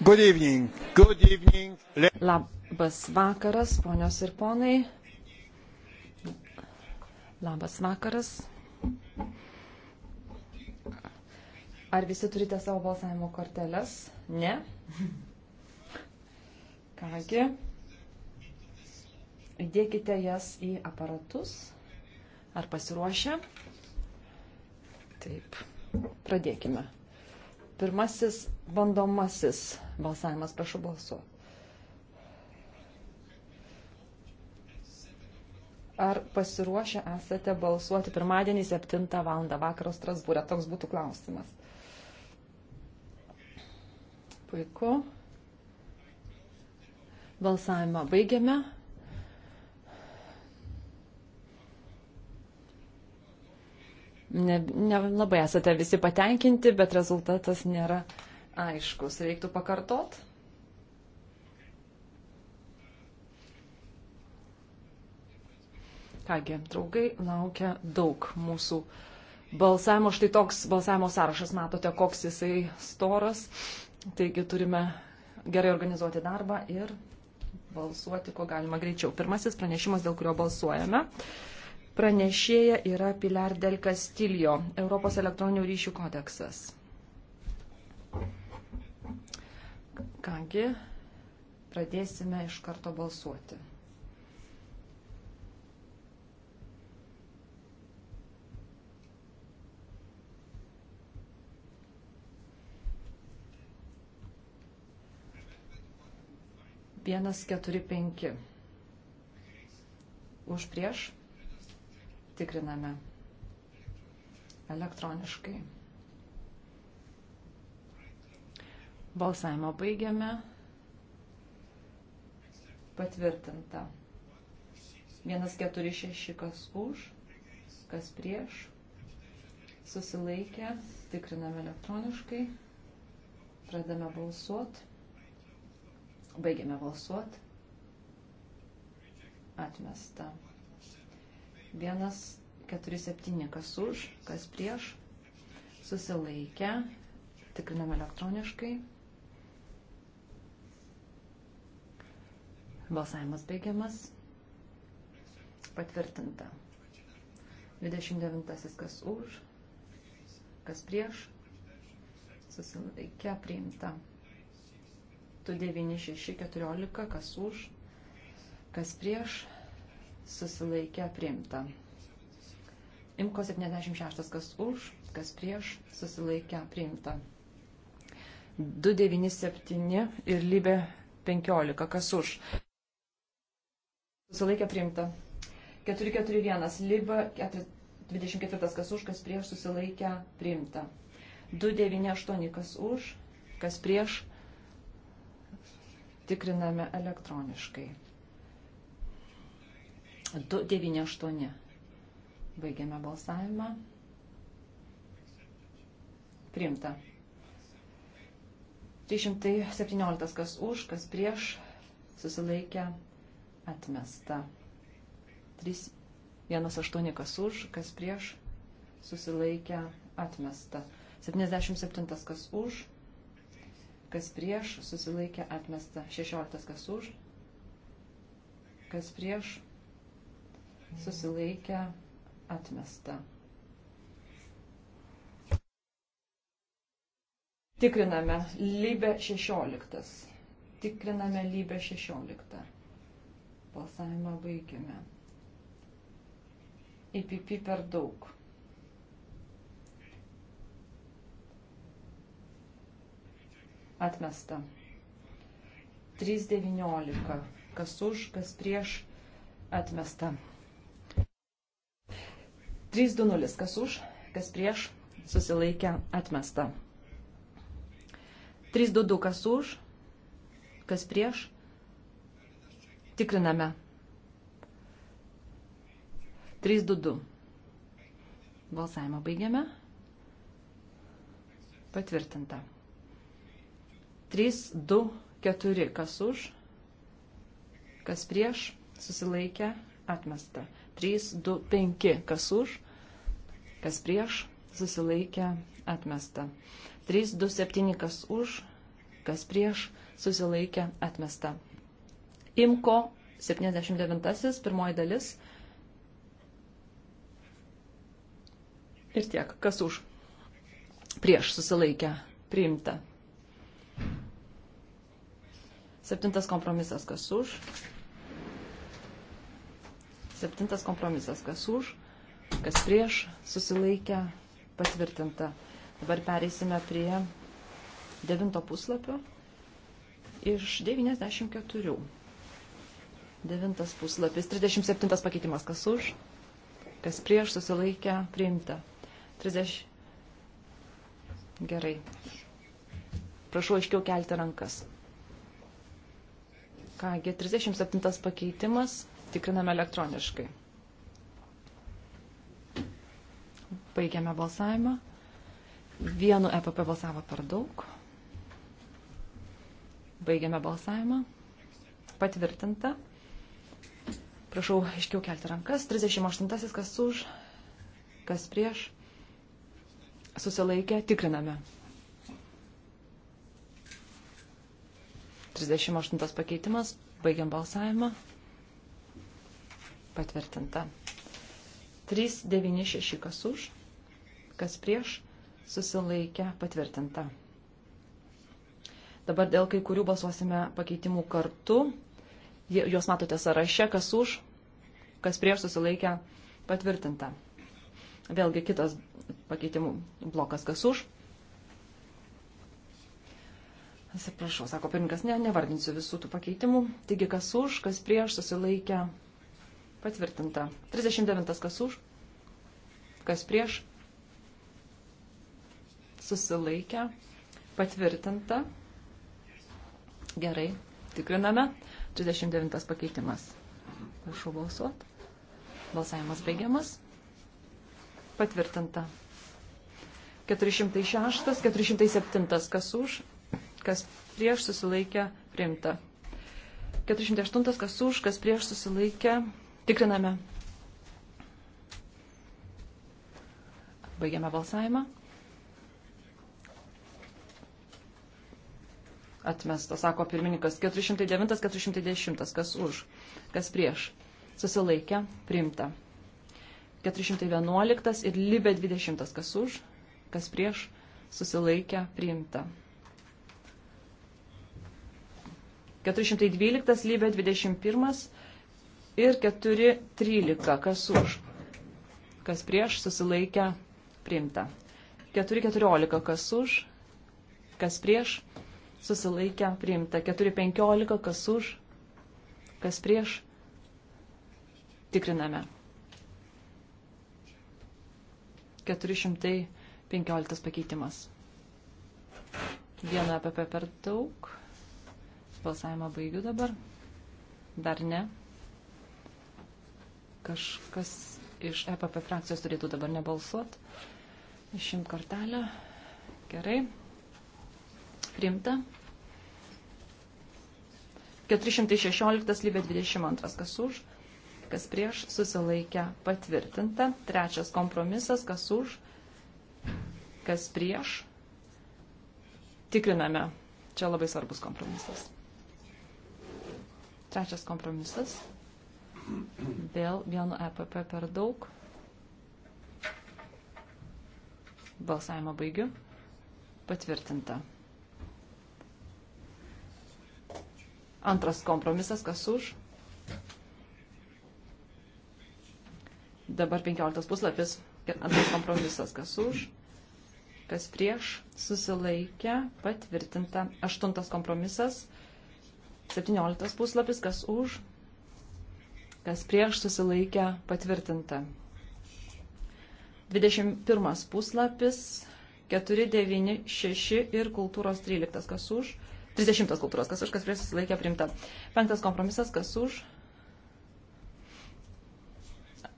Good evening. Good evening. Labas vakaras, ponios ir ponai. Labas vakaras. Ar visi turite savo balsavimo korteles? Ne. Kągi, įdėkite jas į aparatus. Ar pasiruošę? Taip. Pradėkime. Pirmasis bandomasis balsavimas, prašau balsuoti. Ar pasiruošę esate balsuoti pirmadienį 7 val. vakaro Strasbūrė? Toks būtų klausimas. Puiku. Balsavimą baigiame. nelabai ne, ne esate visi patenkinti, bet rezultatas nėra aiškus. Reiktų pakartot. Kągi, draugai, laukia daug mūsų balsavimo. Štai toks balsavimo sąrašas, matote, koks jisai storas. Taigi turime gerai organizuoti darbą ir balsuoti, ko galima greičiau. Pirmasis pranešimas, dėl kurio balsuojame. Pranešėja yra Pilar del Castillo, Europos elektroninių ryšių kodeksas. Kągi, pradėsime iš karto balsuoti. Vienas, keturi, penki. Už prieš tikriname elektroniškai. Balsavimą baigiame. Patvirtinta. 146 kas už, kas prieš. Susilaikę, tikriname elektroniškai. Pradame balsuoti. Baigiame balsuoti. Atmesta. Vienas, keturi, septyni, kas už, kas prieš, susilaikę, tikrinam elektroniškai. Balsavimas baigiamas, patvirtinta. 29 kas už, kas prieš, susilaikę, priimta. Tu 9, 6, 14, kas už, kas prieš, susilaikę susilaikė priimta. Imko 76, kas už, kas prieš, susilaikė priimta. 297 ir lybė 15, kas už. Susilaikė priimta. 441, lyba 24, kas už, kas prieš, susilaikė priimta. 298, kas už, kas prieš, tikriname elektroniškai. 298. Baigiame balsavimą. Priimta. 317 kas už, kas prieš, susilaikę, atmesta. 318 kas už, kas prieš, susilaikę, atmesta. 77 kas už, kas prieš, susilaikę, atmesta. 16 kas už, kas prieš, susilaikę, atmesta. Tikriname lybę 16. Tikriname lybę 16. Balsavimą baigime. IPP per daug. Atmesta. 3.19. Kas už, kas prieš atmesta. 3-2-0, kas už, kas prieš, susilaikė atmesta. 3-2-2, kas už, kas prieš, tikriname. 3-2-2. Balsavimą baigiame. Patvirtinta. 3, 2, 4. Kas už, kas prieš, susilaikė, atmesta. 3-2-2. 3, 2, 5. Kas už, kas prieš, susilaikė, atmesta. 3, 2, 7. Kas už, kas prieš, susilaikė, atmesta. Imko 79, pirmoji dalis. Ir tiek, kas už, prieš, susilaikė, priimta. Septintas kompromisas, kas už, Septintas kompromisas. Kas už, kas prieš, susilaikę, patvirtinta. Dabar pereisime prie devinto puslapio iš 94. Devintas puslapis, 37 pakeitimas. Kas už, kas prieš, susilaikę, priimta. 30. Gerai. Prašau aiškiau kelti rankas. Kągi, 37 pakeitimas. Tikriname elektroniškai. Baigiame balsavimą. Vienu EPP balsavo per daug. Baigiame balsavimą. Patvirtinta. Prašau iškiau kelti rankas. 38. Kas už, kas prieš. Susilaikę. Tikriname. 38 pakeitimas. Baigiam balsavimą patvirtinta. 396 kas už, kas prieš, susilaikė patvirtinta. Dabar dėl kai kurių balsuosime pakeitimų kartu. Juos matote sąraše, kas už, kas prieš susilaikė patvirtinta. Vėlgi kitas pakeitimų blokas, kas už. Atsiprašau, sako pirmininkas, ne, nevardinsiu visų tų pakeitimų. Taigi, kas už, kas prieš susilaikė Patvirtinta. 39 kas už, kas prieš, susilaikę, patvirtinta. Gerai, tikriname. 39 pakeitimas. Prašau balsuot. Balsavimas baigiamas. Patvirtinta. 406, 407 kas už, kas prieš susilaikę, priimta. 408 kas už, kas prieš susilaikę, priimta. Tikriname. Baigiame balsavimą. Atmestas, sako pirmininkas, 409-410, kas už, kas prieš. Susilaikė, priimta. 411 ir Libė 20, kas už, kas prieš, susilaikė, priimta. 412 Libė 21 ir 4.13, kas už, kas prieš, susilaikę, priimta. 4.14, kas už, kas prieš, susilaikę, priimta. 4.15, kas už, kas prieš, tikriname. 415 pakeitimas. Vieną APP e per daug. Balsavimą baigiu dabar. Dar ne kažkas iš EPP frakcijos turėtų dabar nebalsuot. Išim kortelę. Gerai. Primta. 416 lybė 22. Kas už, kas prieš, susilaikę patvirtinta. Trečias kompromisas. Kas už, kas prieš. Tikriname. Čia labai svarbus kompromisas. Trečias kompromisas. Vėl vienu EPP per daug. Balsavimą baigiu. Patvirtinta. Antras kompromisas, kas už. Dabar 15 puslapis. Antras kompromisas, kas už. Kas prieš. Susilaikę. Patvirtinta. Aštuntas kompromisas. 17 puslapis, kas už kas prieš susilaikę patvirtinta. 21 puslapis, 4, 9, 6 ir kultūros 13, kas už, 30 kultūros, kas už, kas prieš susilaikę primta. Penktas kompromisas, kas už.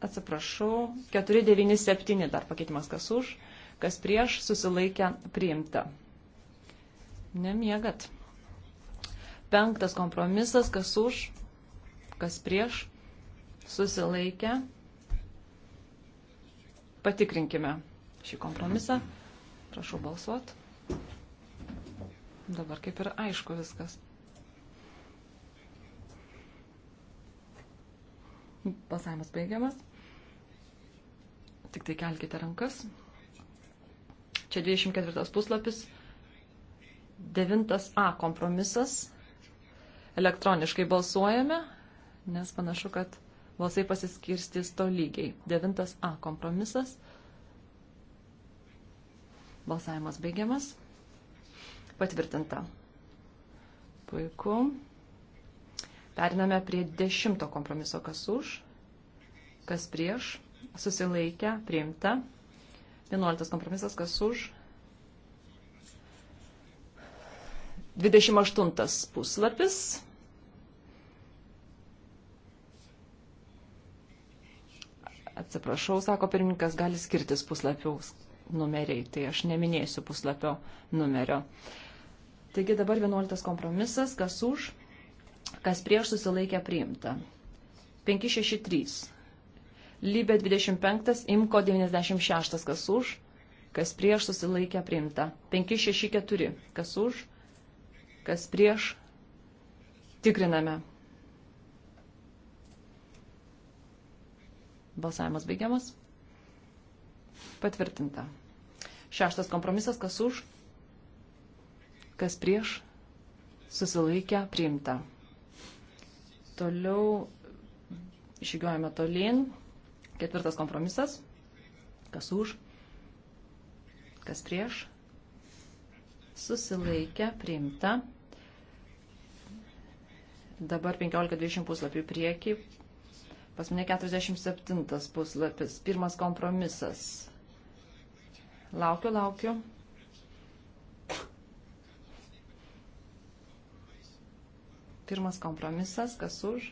Atsiprašau, 497 dar pakeitimas, kas už, kas prieš susilaikę priimta. Nemiegat. Penktas kompromisas, kas už, kas prieš susilaikę. Patikrinkime šį kompromisą. Prašau balsuot. Dabar kaip ir aišku viskas. Balsavimas baigiamas. Tik tai kelkite rankas. Čia 24 puslapis. 9a kompromisas. Elektroniškai balsuojame, nes panašu, kad balsai pasiskirstys tolygiai. Devintas A kompromisas. Balsavimas baigiamas. Patvirtinta. Puiku. Periname prie dešimto kompromiso, kas už, kas prieš, susilaikę, priimta. Vienuoliktas kompromisas, kas už. 28 puslapis Atsiprašau, sako pirmininkas, gali skirtis puslapių numeriai, tai aš neminėsiu puslapio numerio. Taigi dabar 11 kompromisas, kas už, kas prieš susilaikė priimta. 563. Lybė 25, Imko 96, kas už, kas prieš susilaikė priimta. 564, kas už, kas prieš tikriname. Balsavimas baigiamas. Patvirtinta. Šeštas kompromisas, kas už, kas prieš, susilaikę, priimta. Toliau išygiuojame tolin. Ketvirtas kompromisas, kas už, kas prieš, susilaikę, priimta. Dabar 15-20 puslapių prieki Pas mane 47 puslapis, pirmas kompromisas. Laukiu, laukiu. Pirmas kompromisas, kas už,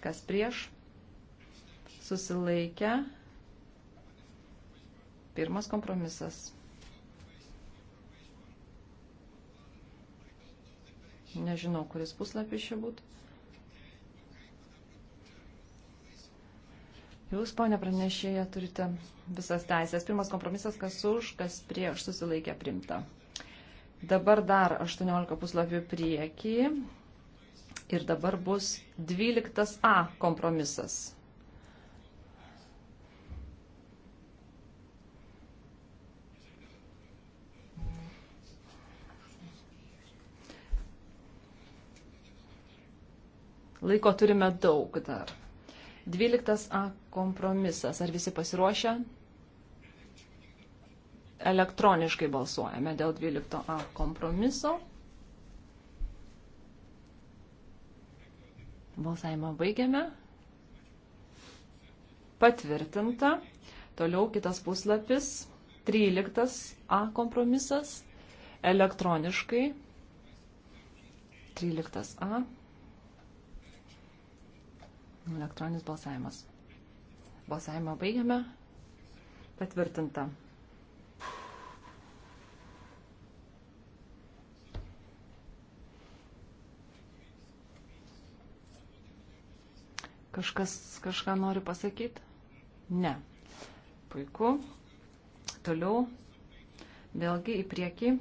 kas prieš, susilaikę. Pirmas kompromisas. Nežinau, kuris puslapis čia būtų. Jūs, ponė pranešėja, turite visas teisės. Pirmas kompromisas, kas už, kas prieš susilaikė primta. Dabar dar 18 puslapių priekį ir dabar bus 12a kompromisas. Laiko turime daug dar. 12a kompromisas. Ar visi pasiruošę? Elektroniškai balsuojame dėl 12a kompromiso. Balsavimą baigiame. Patvirtinta. Toliau kitas puslapis. 13a kompromisas. Elektroniškai. 13a. Elektroninis balsavimas. Balsavimą baigiame. Patvirtinta. Kažkas kažką nori pasakyti? Ne. Puiku. Toliau. Vėlgi į priekį.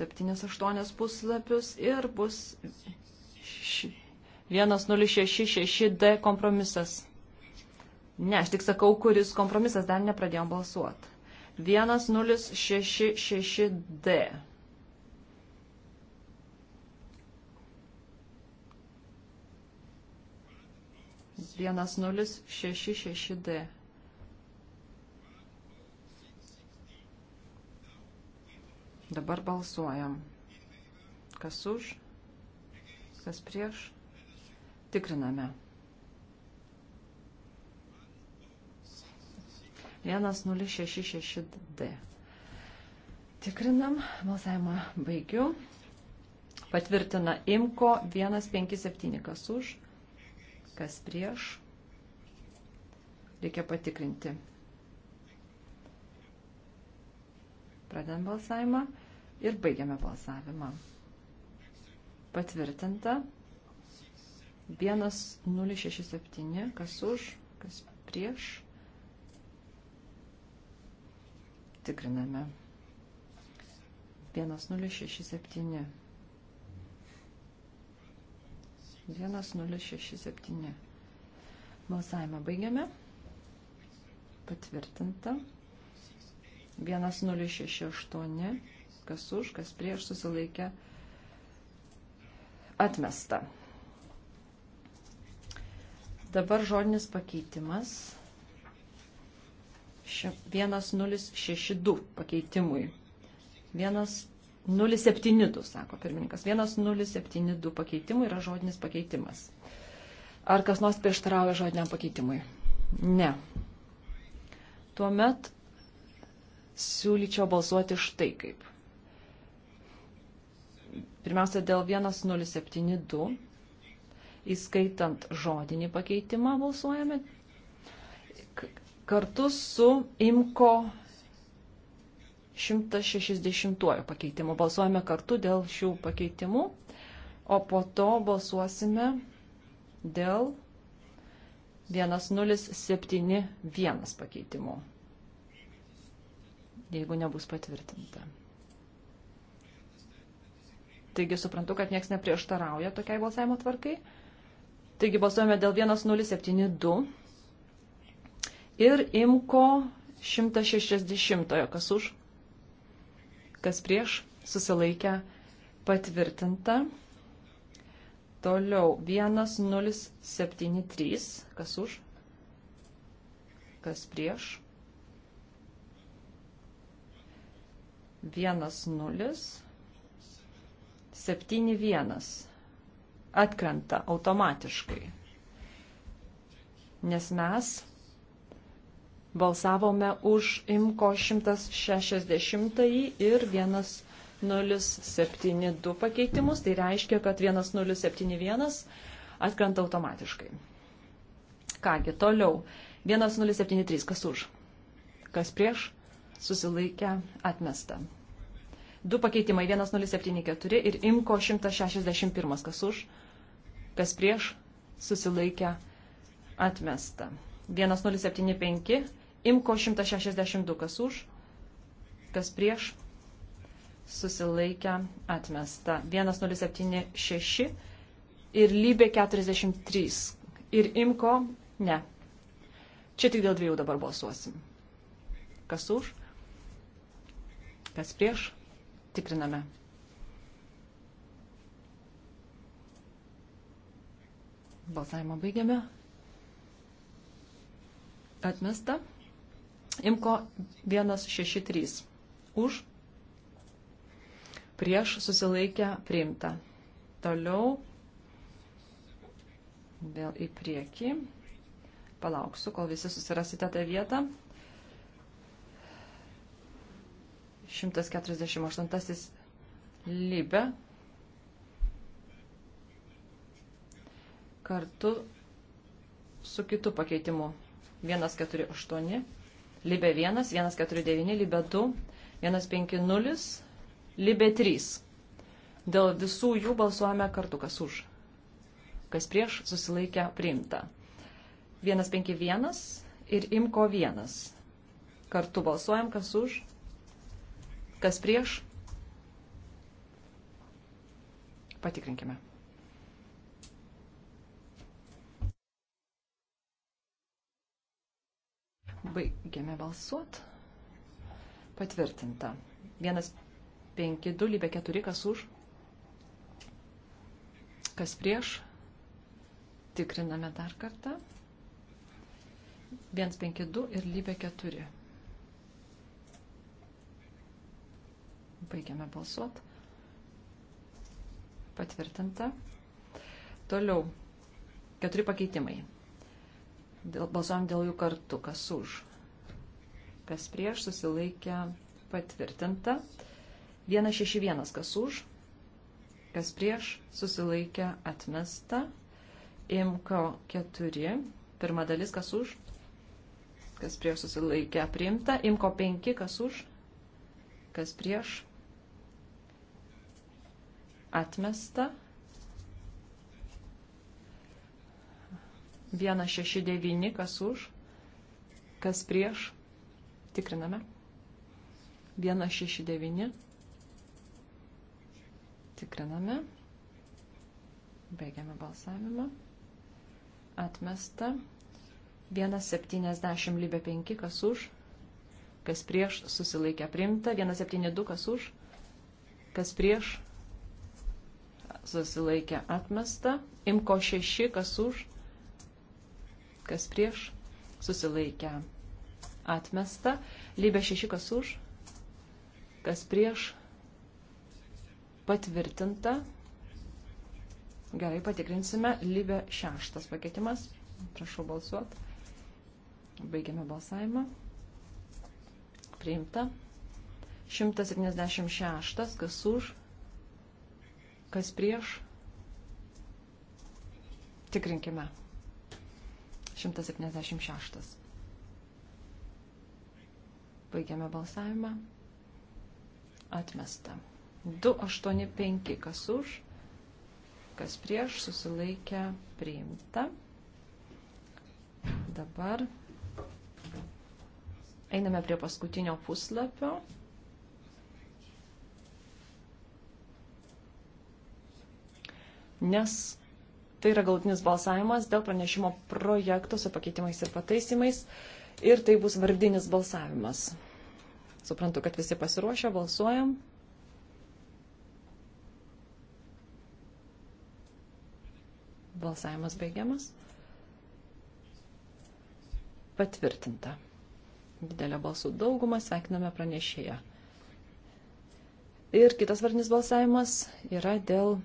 7-8 puslapius ir bus ši, 1066D kompromisas. Ne, aš tik sakau, kuris kompromisas dar nepradėjom balsuoti. 1066D. Vienas nulis šeši šeši D. Dabar balsuojam. Kas už, kas prieš. Tikriname. Vienas nulis šeši šeši D. Tikrinam, balsavimą baigiu. Patvirtina IMKO 157, kas už, kas prieš. Reikia patikrinti. Pradedam balsavimą ir baigiame balsavimą. Patvirtinta. 1067, kas už, kas prieš. Tikriname. 1067. 1067. Balsavimą baigiame. Patvirtinta. 1068. Kas už, kas prieš susilaikė. Atmesta. Dabar žodinis pakeitimas 1062 pakeitimui. 1072, sako pirmininkas. 1072 pakeitimui yra žodinis pakeitimas. Ar kas nors prieštarauja žodiniam pakeitimui? Ne. Tuomet siūlyčiau balsuoti štai kaip. Pirmiausia, dėl 1072 įskaitant žodinį pakeitimą balsuojame, kartu su IMKO 160 pakeitimu. Balsuojame kartu dėl šių pakeitimų, o po to balsuosime dėl 1071 pakeitimu, jeigu nebus patvirtinta. Taigi suprantu, kad nieks neprieštarauja tokiai balsavimo tvarkai. Taigi balsuojame dėl 1072 ir imko 160, kas už, kas prieš, susilaikę patvirtinta. Toliau 1073, kas už, kas prieš. 1 0 7 1 atkrenta automatiškai. Nes mes balsavome už IMKO 160 ir 1072 pakeitimus, tai reiškia, kad 1071 atkrenta automatiškai. Kągi, toliau. 1073, kas už? Kas prieš? Susilaikę atmesta. Du pakeitimai 1074 ir IMKO 161, kas už? kas prieš, susilaikę, atmesta. 1075, imko 162, kas už, kas prieš, susilaikę, atmesta. 1076 ir lybė 43. Ir imko, ne. Čia tik dėl dviejų dabar balsuosim. Kas už, kas prieš, tikriname. Balsavimą baigiame. Atmesta. Imko 163. Už. Prieš susilaikę priimta. Toliau. Vėl į priekį. Palauksiu, kol visi susirasite tą vietą. 148 libe kartu su kitu pakeitimu. 148, Libė 1, 149, Libė 2, 150, Libė 3. Dėl visų jų balsuojame kartu, kas už. Kas prieš susilaikę priimta. 151 ir imko 1. Kartu balsuojam, kas už. Kas prieš. Patikrinkime. Baigėme balsuot. Patvirtinta. 152 lybė 4, kas už, kas prieš. Tikriname dar kartą. 152 ir lybė 4. Baigiame balsuot. Patvirtinta. Toliau. Keturi pakeitimai. Dėl, balsuojam dėl jų kartu, kas už. Kas prieš susilaikė patvirtinta. 161, kas už. Kas prieš susilaikė atmesta. Imko 4, pirma dalis, kas už. Kas prieš susilaikė priimta. Imko 5, kas už. Kas prieš atmesta. 169, kas už, kas prieš. Tikriname. 169. Tikriname. Baigiame balsavimą. Atmesta. 170 lybė 5, kas už, kas prieš susilaikė primta, 172, kas už, kas prieš susilaikė atmesta, imko 6, kas už, kas prieš, susilaikę, atmesta. Lybė šeši, kas už, kas prieš, patvirtinta. Gerai, patikrinsime. Lybė šeštas pakeitimas. Prašau balsuoti. Baigiame balsavimą. Priimta. 176, kas už, kas prieš. Tikrinkime. 176. Baigiame balsavimą. Atmesta. 285. Kas už, kas prieš, susilaikę, priimta. Dabar einame prie paskutinio puslapio. Nes Tai yra galutinis balsavimas dėl pranešimo projekto su pakeitimais ir pataisimais. Ir tai bus vardinis balsavimas. Suprantu, kad visi pasiruošę, balsuojam. Balsavimas baigiamas. Patvirtinta. Didelė balsų dauguma sveikiname pranešėją. Ir kitas vardinis balsavimas yra dėl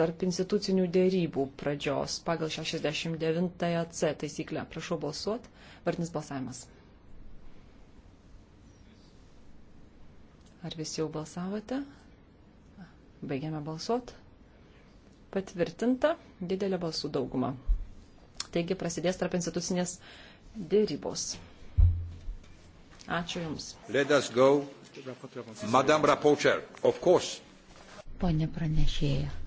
tarp institucinių dėrybų pradžios pagal 69C taisyklę. Prašau balsuot. Vardinis balsavimas. Ar visi jau balsavote? Baigiame balsuot. Patvirtinta didelė balsų dauguma. Taigi prasidės tarp institucinės dėrybos. Ačiū Jums. Let us go. Madame Rapporteur, of course. Pone pranešėja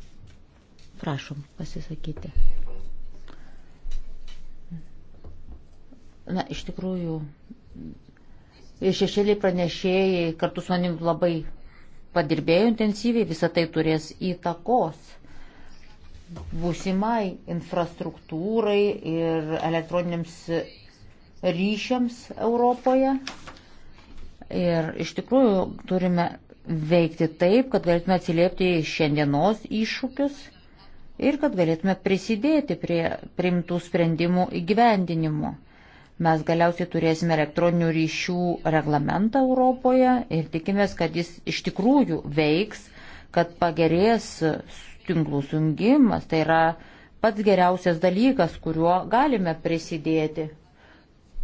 prašom pasisakyti. Na, iš tikrųjų, šešėliai pranešėjai kartu su manim labai padirbėjo intensyviai, visą tai turės įtakos būsimai infrastruktūrai ir elektroniniams ryšiams Europoje. Ir iš tikrųjų turime veikti taip, kad galėtume atsiliepti šiandienos iššūkius ir kad galėtume prisidėti prie primtų sprendimų įgyvendinimo. Mes galiausiai turėsime elektroninių ryšių reglamentą Europoje ir tikimės, kad jis iš tikrųjų veiks, kad pagerės tinklų sungimas. Tai yra pats geriausias dalykas, kuriuo galime prisidėti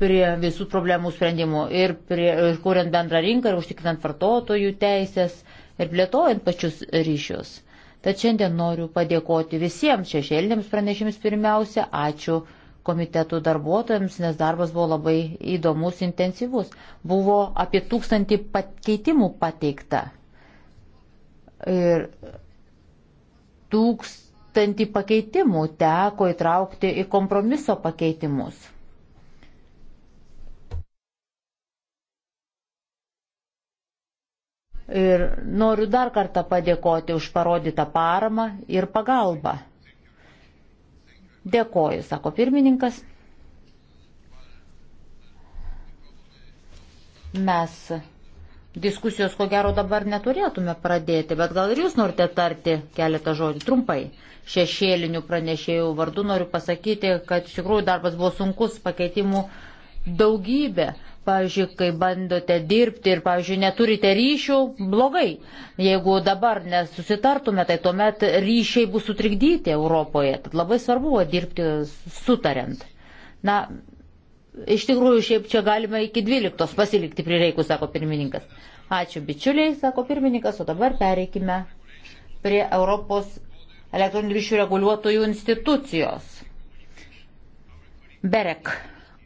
prie visų problemų sprendimų ir, prie, ir kuriant bendrą rinką ir užtikrinant vartotojų teisės ir plėtojant pačius ryšius. Tad šiandien noriu padėkoti visiems šešėlinėms pranešims pirmiausia. Ačiū komitetų darbuotojams, nes darbas buvo labai įdomus, intensyvus. Buvo apie tūkstantį pakeitimų pateikta. Ir tūkstantį pakeitimų teko įtraukti į kompromiso pakeitimus. Ir noriu dar kartą padėkoti už parodytą paramą ir pagalbą. Dėkoju, sako pirmininkas. Mes diskusijos ko gero dabar neturėtume pradėti, bet gal ir jūs norite tarti keletą žodžių trumpai. Šešėlinių pranešėjų vardu noriu pasakyti, kad iš tikrųjų darbas buvo sunkus, pakeitimų daugybė. Pavyzdžiui, kai bandote dirbti ir, pavyzdžiui, neturite ryšių, blogai. Jeigu dabar nesusitartume, tai tuomet ryšiai bus sutrikdyti Europoje. Tad labai svarbu buvo dirbti sutariant. Na, iš tikrųjų, šiaip čia galima iki 12 pasilikti prireikus, sako pirmininkas. Ačiū bičiuliai, sako pirmininkas, o dabar pereikime prie Europos elektroninių ryšių reguliuotojų institucijos. Berek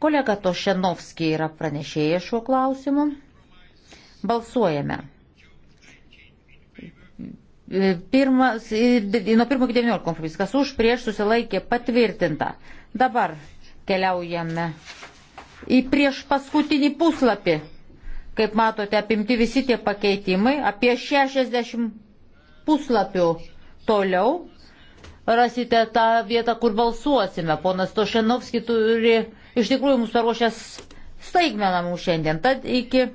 Kolega Tošenovski yra pranešėjęs šiuo klausimu. Balsuojame. Pirmas, nuo 1 iki 19 kompromisas, kas už prieš susilaikė patvirtinta. Dabar keliaujame į prieš paskutinį puslapį. Kaip matote, apimti visi tie pakeitimai, apie 60 puslapių toliau rasite tą vietą, kur balsuosime. Ponas Tošenovski turi iš tikrųjų mums paruošęs staigmeną mums šiandien. Tad iki.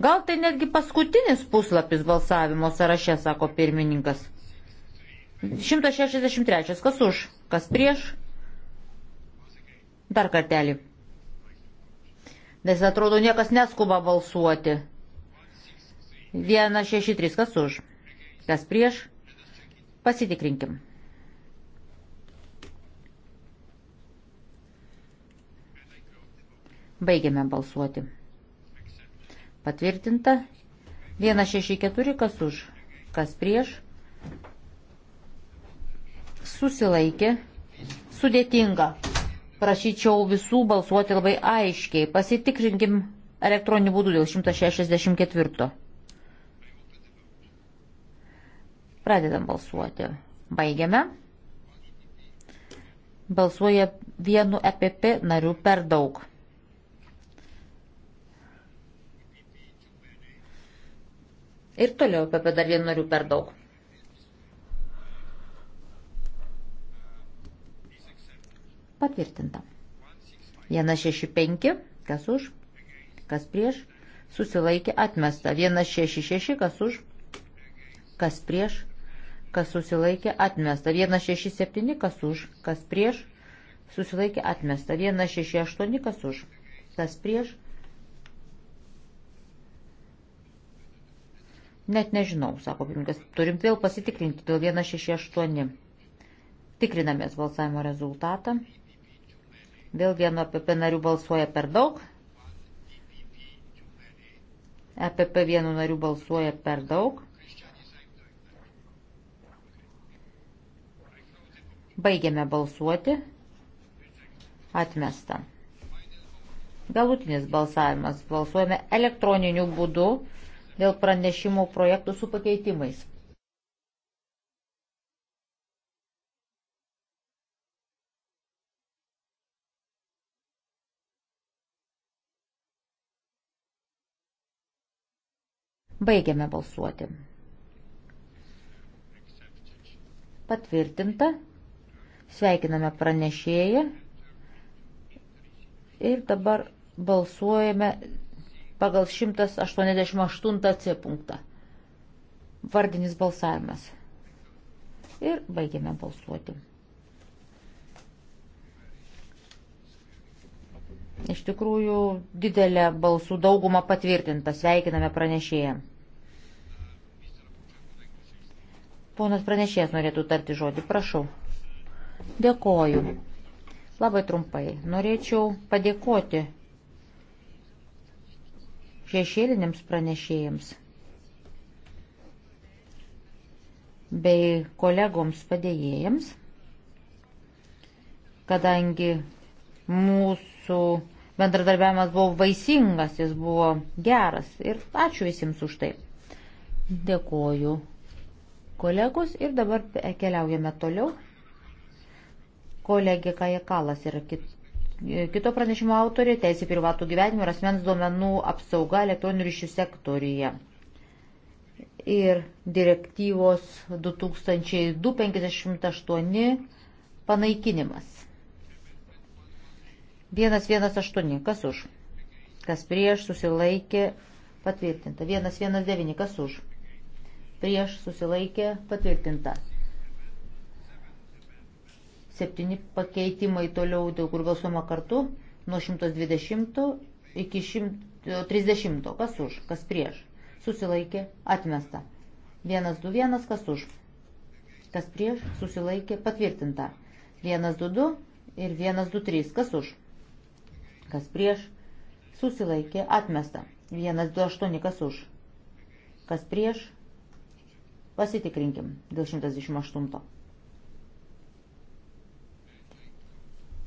Gal tai netgi paskutinis puslapis balsavimo sąraše, sako pirmininkas. 163. Kas už? Kas prieš? Dar kartelį. Nes atrodo, niekas neskuba balsuoti. 163. Kas už? Kas prieš? Pasitikrinkim. Baigiame balsuoti. Patvirtinta. 164 kas už, kas prieš. Susilaikė. Sudėtinga. Prašyčiau visų balsuoti labai aiškiai. Pasitikrinkim elektroniniu būdu dėl 164. Pradedam balsuoti. Baigiame. Balsuoja vienu EPP nariu per daug. Ir toliau apie dar vienu noriu per daug. Patvirtinta. 165, kas už, kas prieš, susilaikė atmesta. 166, kas už, kas prieš, kas susilaikė atmesta. 167, kas už, kas prieš, susilaikė atmesta. 168, kas už, kas prieš, Net nežinau, sako pirmininkas, turim vėl pasitikrinti dėl 168. Tikrinamės balsavimo rezultatą. Vėl vieno EPP narių balsuoja per daug. EPP vienu nariu balsuoja per daug. Baigiame balsuoti. Atmesta. Galutinis balsavimas. Balsuojame elektroniniu būdu dėl pranešimo projektų su pakeitimais. Baigiame balsuoti. Patvirtinta. Sveikiname pranešėją. Ir dabar balsuojame pagal 188 C punktą. Vardinis balsavimas. Ir baigiame balsuoti. Iš tikrųjų, didelė balsų dauguma patvirtinta. Sveikiname pranešėją. Ponas pranešėjas norėtų tarti žodį. Prašau. Dėkoju. Labai trumpai. Norėčiau padėkoti šešėliniams pranešėjams bei kolegoms padėjėjams, kadangi mūsų bendradarbiavimas buvo vaisingas, jis buvo geras ir ačiū visiems už tai. Dėkoju kolegos ir dabar keliaujame toliau. Kolegė Kajakalas yra kitas kito pranešimo autorė - teisė privatų gyvenimą ir asmens duomenų apsauga elektroninių ryšių sektoriuje. Ir direktyvos 2258 panaikinimas. 118. Kas už? Kas prieš susilaikė patvirtinta. 119. Kas už? Prieš susilaikė patvirtinta. Septyni pakeitimai toliau, dėl kur balsuoma kartu, nuo 120 iki 130. Kas už, kas prieš. Susilaikė, atmesta. 121, kas už. Kas prieš, susilaikė, patvirtinta. 122 ir 123, kas už. Kas prieš, susilaikė, atmesta. 128, kas už. Kas prieš, pasitikrinkim dėl 128.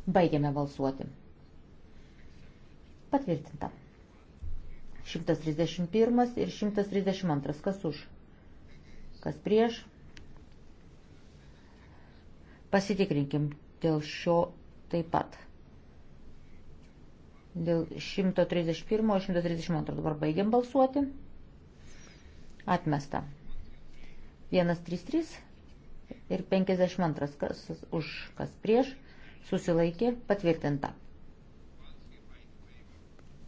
Baigiame balsuoti. Patvirtinta. 131 ir 132. Kas už? Kas prieš? Pasitikrinkim dėl šio taip pat. Dėl 131 ir 132. Dabar baigiam balsuoti. Atmesta. 133 ir 52. Kas už? Kas prieš? susilaikė, patvirtinta.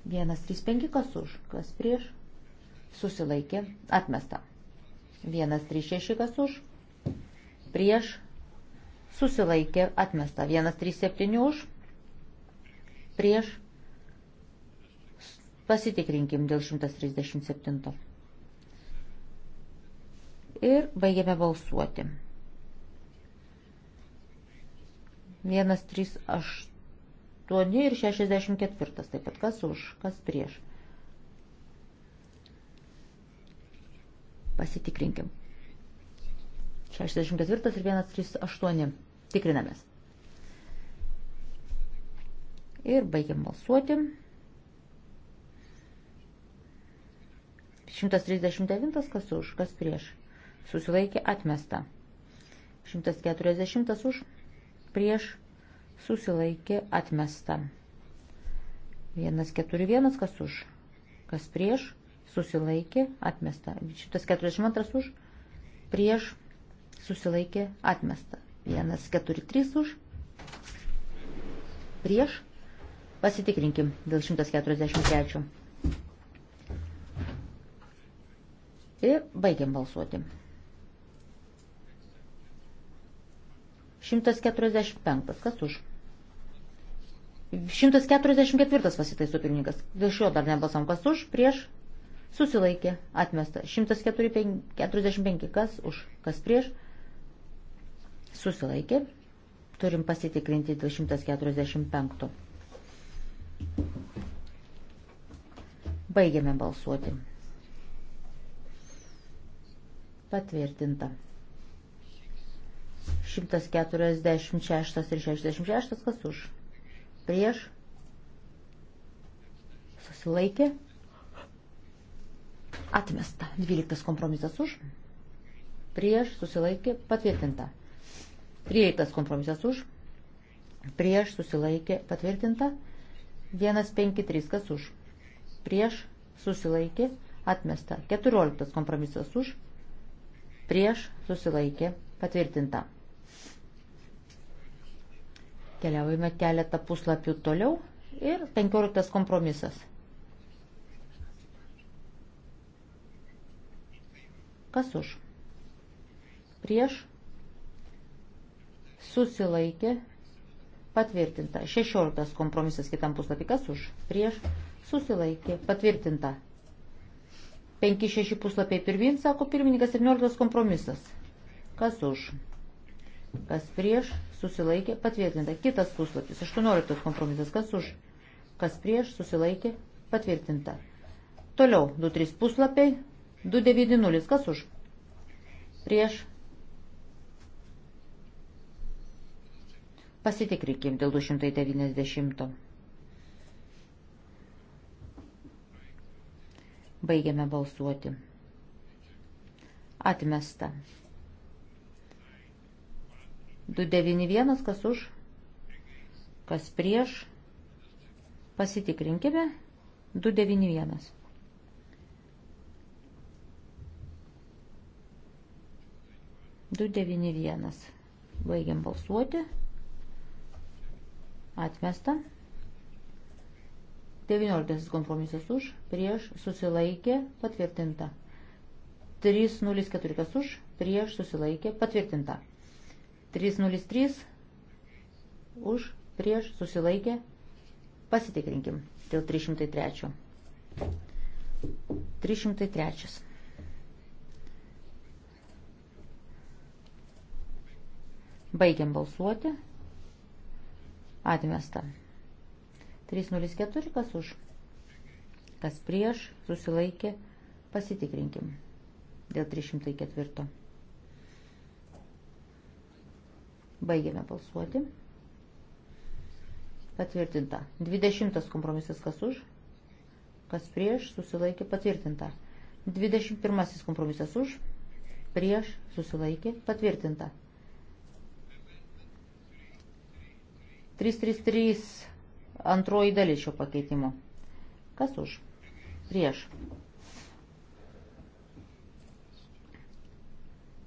135 kas už, kas prieš, susilaikė, atmesta. 136 kas už, prieš, susilaikė, atmesta. 137 už, prieš, pasitikrinkim dėl 137. Ir baigėme balsuoti. 138 ir 64 taip pat kas už, kas prieš. Pasitikrinkim. 64 ir 138. Tikrinamės. Ir baigiam balsuoti. 139 kas už, kas prieš. Susilaikė atmesta. 140 už, prieš susilaikė atmesta. 141 kas už, kas prieš susilaikė atmesta. 142 už, prieš susilaikė atmesta. 143 už, prieš pasitikrinkim dėl 143. Ir baigiam balsuoti. 145. Kas už? 144 pasitaiso pirmininkas. Viešuo dar nebalsavom. Kas už? Prieš? Susilaikė. Atmesta. 145. Kas už? Kas prieš? Susilaikė. Turim pasitikrinti dėl 145. Baigiame balsuoti. Patvirtinta. 146 ir 66, kas už? Prieš? Susilaikė? Atmesta. 12 kompromisas už? Prieš? Susilaikė? Patvirtinta. 13 kompromisas už? Prieš? Susilaikė? Patvirtinta. 153 kas už? Prieš? Susilaikė? Atmesta. 14 kompromisas už? Prieš? Susilaikė? Patvirtinta. Keliaujame keletą puslapių toliau ir 15 kompromisas. Kas už? Prieš susilaikė patvirtinta. 16 kompromisas kitam puslapį. Kas už? Prieš susilaikė patvirtinta. 5-6 puslapiai pirmin, sako pirmininkas, 17 kompromisas. Kas už? kas prieš, susilaikė, patvirtinta. Kitas puslapis, 18 kompromisas, kas už, kas prieš, susilaikė, patvirtinta. Toliau, 2-3 puslapiai, 290, kas už, prieš. Pasitikrikim dėl 290. Baigiame balsuoti. Atmesta. 291, kas už, kas prieš. Pasitikrinkime. 291. Du devini vienas. Baigiam balsuoti. Atmesta. 19 kompromisas už, prieš, susilaikė, patvirtinta. 304 kas už, prieš, susilaikė, patvirtinta. 303 už prieš susilaikė. Pasitikrinkim dėl 303. 303. Baigiam balsuoti. Atmesta. 304 kas už. Kas prieš susilaikė. Pasitikrinkim dėl 304. Baigėme balsuoti. Patvirtinta. 20 kompromisas kas už, kas prieš, susilaikė patvirtinta. 21 kompromisas už, prieš, susilaikė patvirtinta. 333 antroji dalis šio pakeitimo. Kas už? Prieš.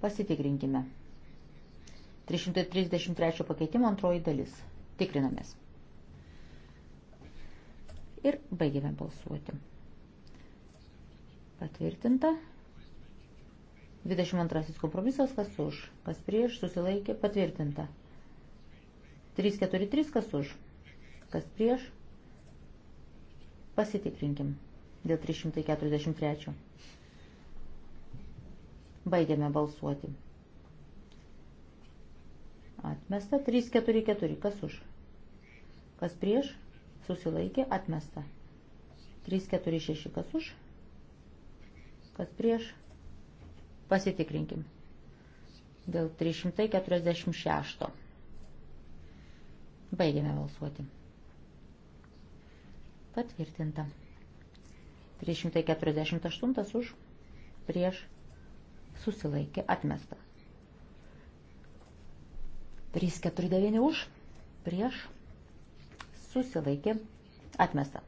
Pasitikrinkime. 333 pakeitimo antroji dalis. Tikrinamės. Ir baigėme balsuoti. Patvirtinta. 22 kompromisas, kas už, kas prieš, susilaikė, patvirtinta. 343, kas už, kas prieš, pasitikrinkim dėl 343. Baigėme balsuoti. Atmesta. 3, 4, 4. Kas už? Kas prieš? Susilaikė. Atmesta. 3, 4, 6. Kas už? Kas prieš? Pasitikrinkim. Dėl 346. Baigėme balsuoti. Patvirtinta. 348 už prieš susilaikė atmesta. 349 už, prieš, susilaikė, atmesta.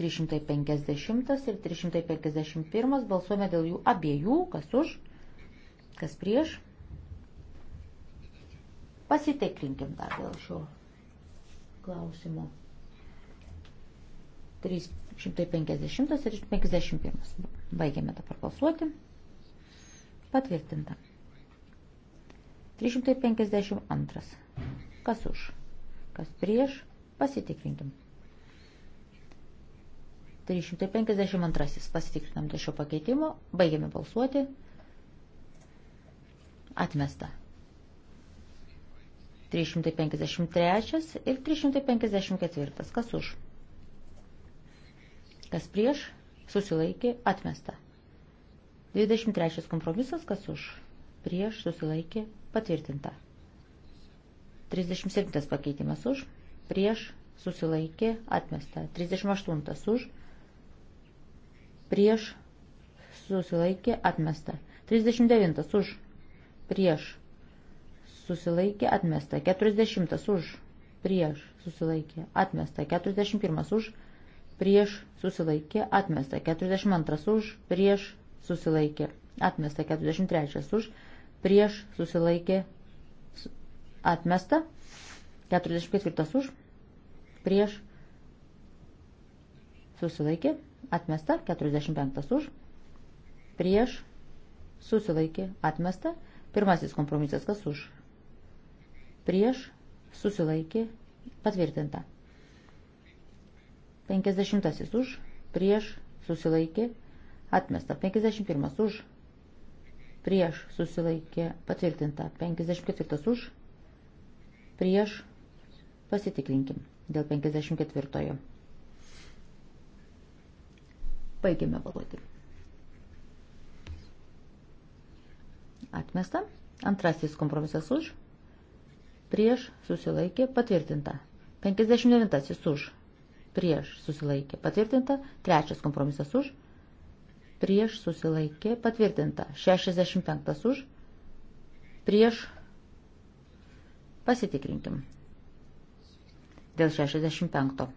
Trys šimtai penkiasdešimtas ir trys šimtai penkiasdešimt pirmas balsuojame dėl jų abiejų, kas už, kas prieš. Pasitikrinkim dar dėl šio klausimo. 350 ir 51. Baigiame dabar balsuoti. Patvirtinta. 352. Kas už? Kas prieš? Pasitikrinkim. 352. Pasitikrinam dėl šio pakeitimo. Baigiame balsuoti. Atmesta. 353 ir 354. Kas už? kas prieš, susilaikė, atmesta. 23 kompromisas, kas už, prieš, susilaikė, patvirtinta. 37 pakeitimas už, prieš, susilaikė, atmesta. 38 už, prieš, susilaikė, atmesta. 39 už, prieš, susilaikė, atmesta. 40 už, prieš, susilaikė, atmesta. 41 už, prieš, prieš susilaikė, atmesta 42 už, prieš susilaikė, atmesta 43 už, prieš susilaikė, atmesta 44 už, prieš susilaikė, atmesta 45 už, prieš susilaikė, atmesta pirmasis kompromisas kas už, prieš susilaikė, patvirtinta. 50 už, prieš, susilaikė, atmesta. 51 už, prieš, susilaikė, patvirtinta. 54 už, prieš, pasitikrinkim dėl 54. Baigėme baloti. Atmesta. Antrasis kompromisas už. Prieš susilaikė patvirtinta. 59 už prieš susilaikė patvirtinta, trečias kompromisas už, prieš susilaikė patvirtinta, 65 už, prieš pasitikrinkim dėl 65.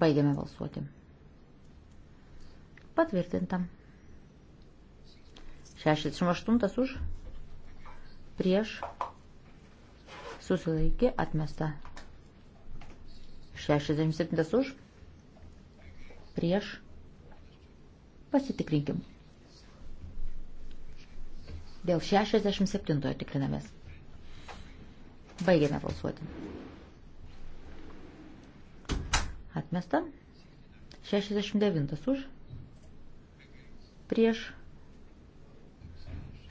Baigiame balsuoti. Patvirtinta. 68 už, prieš susilaikė atmesta. 67 už, prieš, pasitikrinkim. Dėl 67 tikrinamės. Baigėme balsuoti. Atmesta. 69 už, prieš,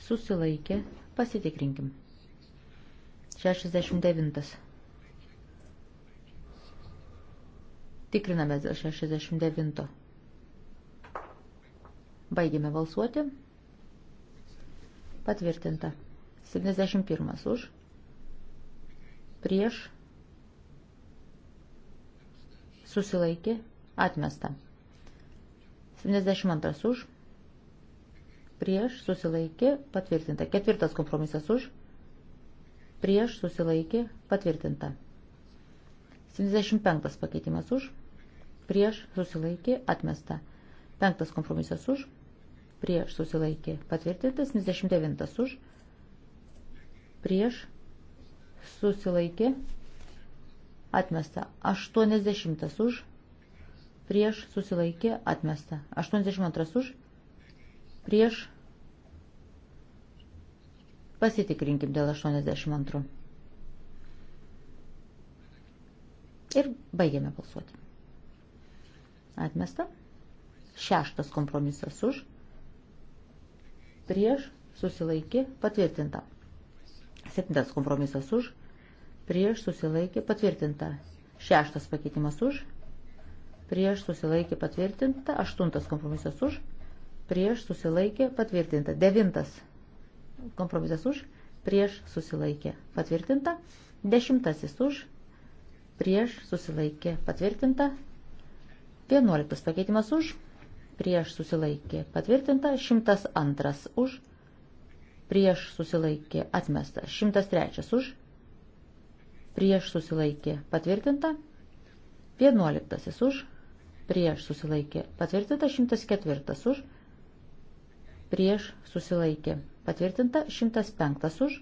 susilaikė, pasitikrinkim. 69. Tikriname 69. Baigėme balsuoti. Patvirtinta. 71 už. Prieš. Susilaikė. Atmesta. 72 už. Prieš. Susilaikė. Patvirtinta. Ketvirtas kompromisas už prieš susilaikė patvirtinta. 75 pakeitimas už, prieš susilaikė atmesta. 5 kompromisas už, prieš susilaikė patvirtintas. 79 už, prieš susilaikė atmesta. 80 už, prieš susilaikė atmesta. 82 už, prieš Pasitikrinkim dėl 82. Ir baigėme balsuoti. Atmesta. Šeštas kompromisas už. Prieš susilaikė patvirtinta. Septintas kompromisas už. Prieš susilaikė patvirtinta. Šeštas pakeitimas už. Prieš susilaikė patvirtinta. Aštuntas kompromisas už. Prieš susilaikė patvirtinta. Devintas Kompromisas už, prieš susilaikė patvirtinta. Dešimtasis už, prieš susilaikė patvirtinta. Vienuoliktas pakeitimas už, prieš susilaikė patvirtinta. Šimtas antras už, prieš susilaikė atmesta. Šimtas trečias už, prieš susilaikė patvirtinta. Vienuoliktasis už, prieš susilaikė patvirtinta. Šimtas ketvirtas už, prieš susilaikė Patvirtinta 105 už,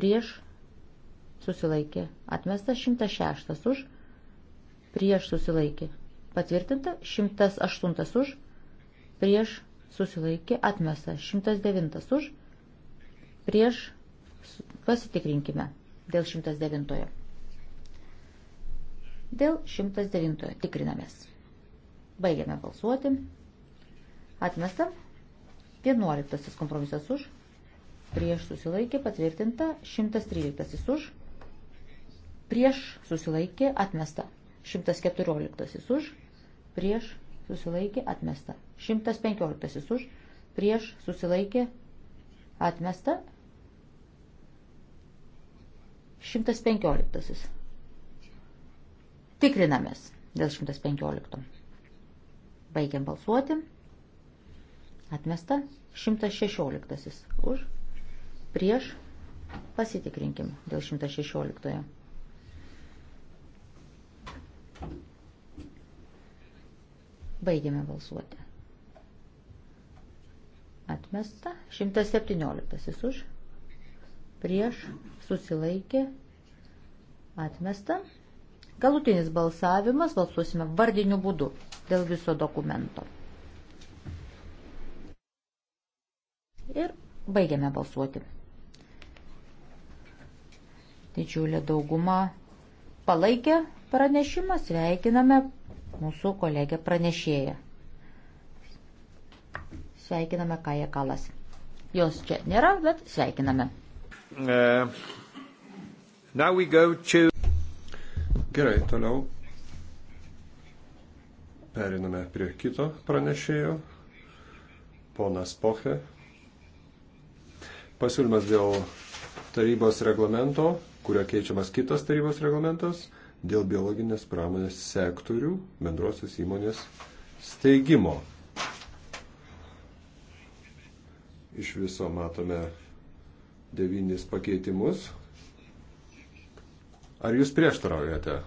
prieš susilaikė. Atmesta 106 už, prieš susilaikė. Patvirtinta 108 už, prieš susilaikė. Atmesta 109 už, prieš pasitikrinkime dėl 109. Dėl 109 tikrinamės. Baigiame balsuoti. Atmestam 11 kompromisas už, prieš susilaikė patvirtinta, 113 už, prieš susilaikė atmesta, 114 už, prieš susilaikė atmesta, 115 už, prieš susilaikė atmesta, 115. Tikrinamės dėl 115. Baigiam balsuoti. Atmesta 116 už. Prieš pasitikrinkim dėl 116. Baigiame balsuoti. Atmesta 117 už. Prieš susilaikė. Atmesta. Galutinis balsavimas balsuosime vardiniu būdu dėl viso dokumento. Ir baigiame balsuoti. Didžiulė dauguma palaikė pranešimą, sveikiname mūsų kolegę pranešėją. Sveikiname Kaja Kalas. Jos čia nėra, bet sveikiname. Uh, to... Gerai, toliau periname prie kito pranešėjo, ponas Poche, Pasiūlymas dėl tarybos reglamento, kurio keičiamas kitas tarybos reglamentas, dėl biologinės pramonės sektorių bendrosios įmonės steigimo. Iš viso matome devynis pakeitimus. Ar jūs prieštaraujate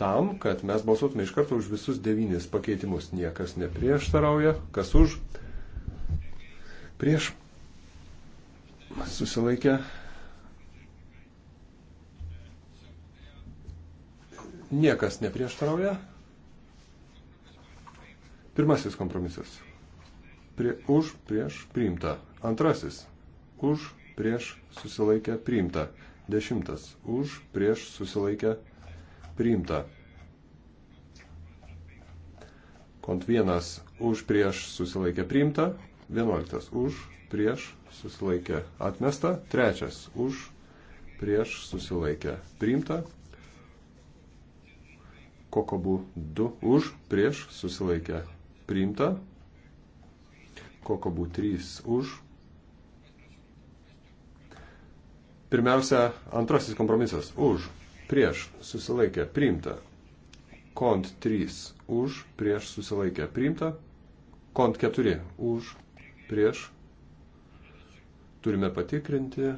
tam, kad mes balsuotume iš karto už visus devynis pakeitimus? Niekas neprieštarauja. Kas už? Prieš susilaikė. Niekas neprieštarauja. Pirmasis kompromisas. Prie, už, prieš, priimta. Antrasis. Už, prieš, susilaikė, priimta. Dešimtas. Už, prieš, susilaikė, priimta. Kont vienas. Už, prieš, susilaikė, priimta. Vienuoliktas. Už, prieš susilaikė atmesta, trečias už, prieš susilaikė priimta, kokobu 2 už, prieš susilaikė priimta, kokobu 3 už. Pirmiausia, antrasis kompromisas už, prieš susilaikė priimta, kont 3 už, prieš susilaikė priimta, kont 4 už, prieš Turime patikrinti.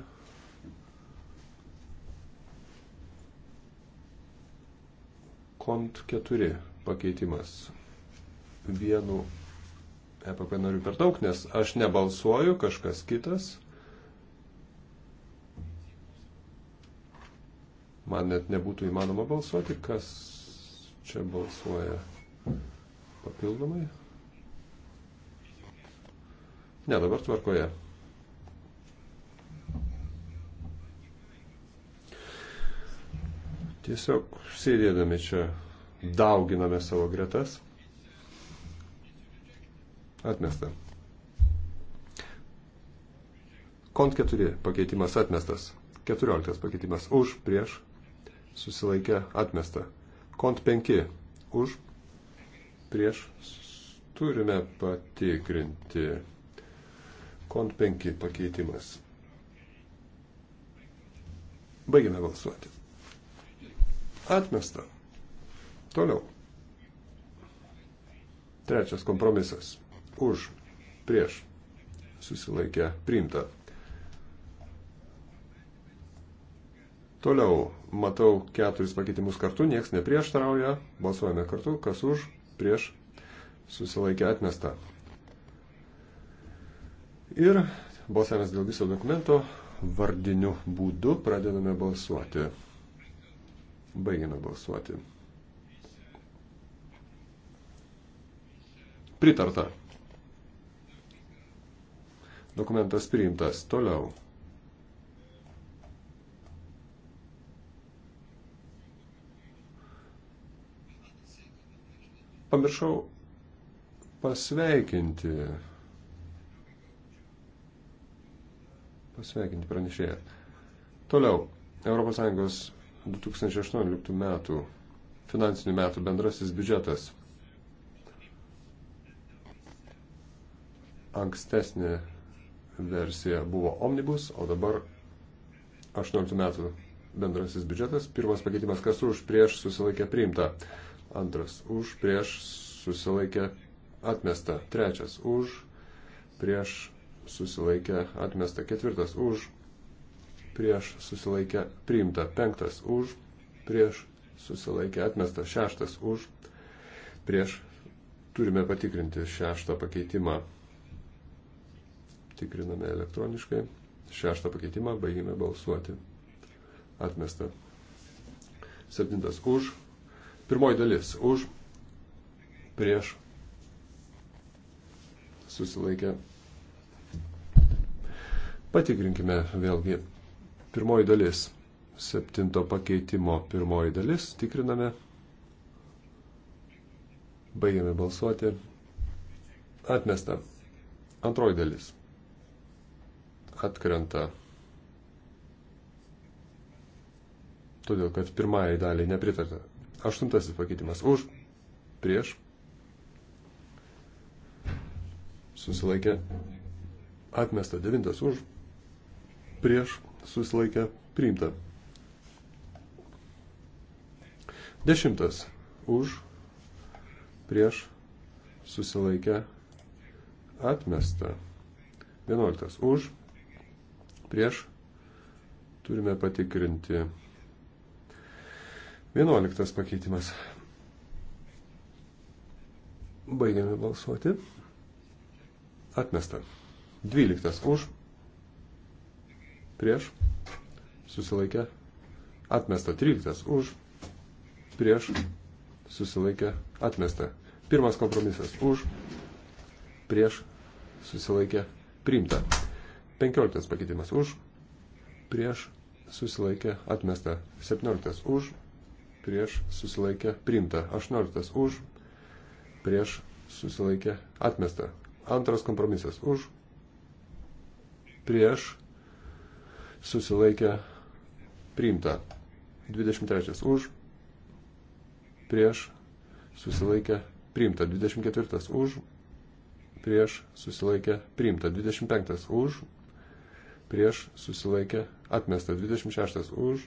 Kont 4 pakeitimas. Vienu EPP noriu per daug, nes aš nebalsuoju, kažkas kitas. Man net nebūtų įmanoma balsuoti, kas čia balsuoja papildomai. Ne, dabar tvarkoje. Tiesiog sėdėdami čia dauginame savo gretas. Atmesta. Kont 4 pakeitimas atmestas. 14 pakeitimas už, prieš, susilaikė atmesta. Kont 5 už, prieš, turime patikrinti. Kont 5 pakeitimas. Baigime balsuoti. Atmesta. Toliau. Trečias kompromisas. Už, prieš, susilaikę, priimta. Toliau matau keturis pakeitimus kartu, nieks neprieštarauja, balsuojame kartu, kas už, prieš, susilaikė atmesta. Ir balsavimas dėl viso dokumento vardiniu būdu pradedame balsuoti. Baigiame balsuoti. Pritarta. Dokumentas priimtas. Toliau. Pamiršau pasveikinti. Pasveikinti pranešėją. Toliau. ES 2018 metų finansinių metų bendrasis biudžetas. Ankstesnė versija buvo omnibus, o dabar 18 metų bendrasis biudžetas. Pirmas pakeitimas, kas už prieš susilaikė priimta. Antras, už prieš susilaikė atmesta. Trečias, už prieš susilaikė atmesta. Ketvirtas, už prieš susilaikę priimta, penktas už, prieš susilaikę atmesta, šeštas už, prieš turime patikrinti šeštą pakeitimą. Tikriname elektroniškai. Šeštą pakeitimą baigime balsuoti. Atmesta. Septintas už. Pirmoji dalis už, prieš susilaikę. Patikrinkime vėlgi Pirmoji dalis. Septinto pakeitimo pirmoji dalis. Tikriname. Baigiame balsuoti. Atmesta. Antroji dalis. Atkrenta. Todėl, kad pirmąjai daliai nepritarta. Aštuntasis pakeitimas. Už. Prieš. Susilaikė. Atmesta. Devintas už. Prieš susilaikė priimta. Dešimtas už, prieš, susilaikė atmesta. Vienuoliktas už, prieš, turime patikrinti. Vienuoliktas pakeitimas. Baigiame balsuoti. Atmesta. Dvyliktas už, prieš, susilaikė, atmesta 13 už, prieš, susilaikė, atmesta. Pirmas kompromisas už, prieš, susilaikė, priimta. 15 pakeitimas už, prieš, susilaikė, atmesta. 17 už, prieš, susilaikė, priimta. 18 už, prieš, susilaikė, atmesta. Antras kompromisas už, prieš, susilaikė priimta. 23 už, prieš, susilaikė priimta. 24 už, prieš, susilaikė priimta. 25 už, prieš, susilaikė atmesta. 26 už,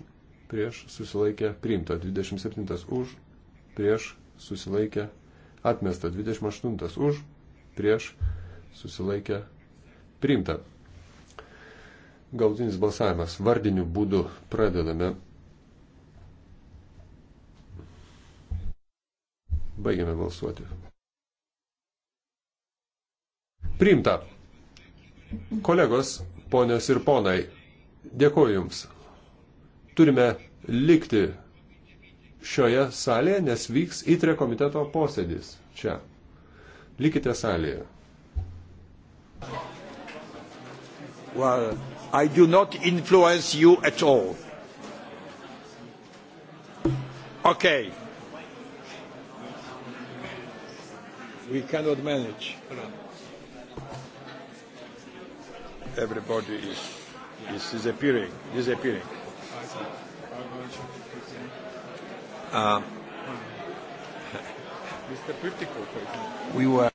prieš, susilaikė priimta. 27 už, prieš, susilaikė atmesta. 28 už, prieš, susilaikė priimta. Galutinis balsavimas. Vardiniu būdu pradedame. Baigiame balsuoti. Priimta. Kolegos, ponios ir ponai, dėkoju Jums. Turime likti šioje salėje, nes vyks įtre komiteto posėdis čia. Likite salėje. Wow. I do not influence you at all. Okay. We cannot manage. Everybody is, is disappearing, disappearing. Uh, Mr. Pritiko, we were.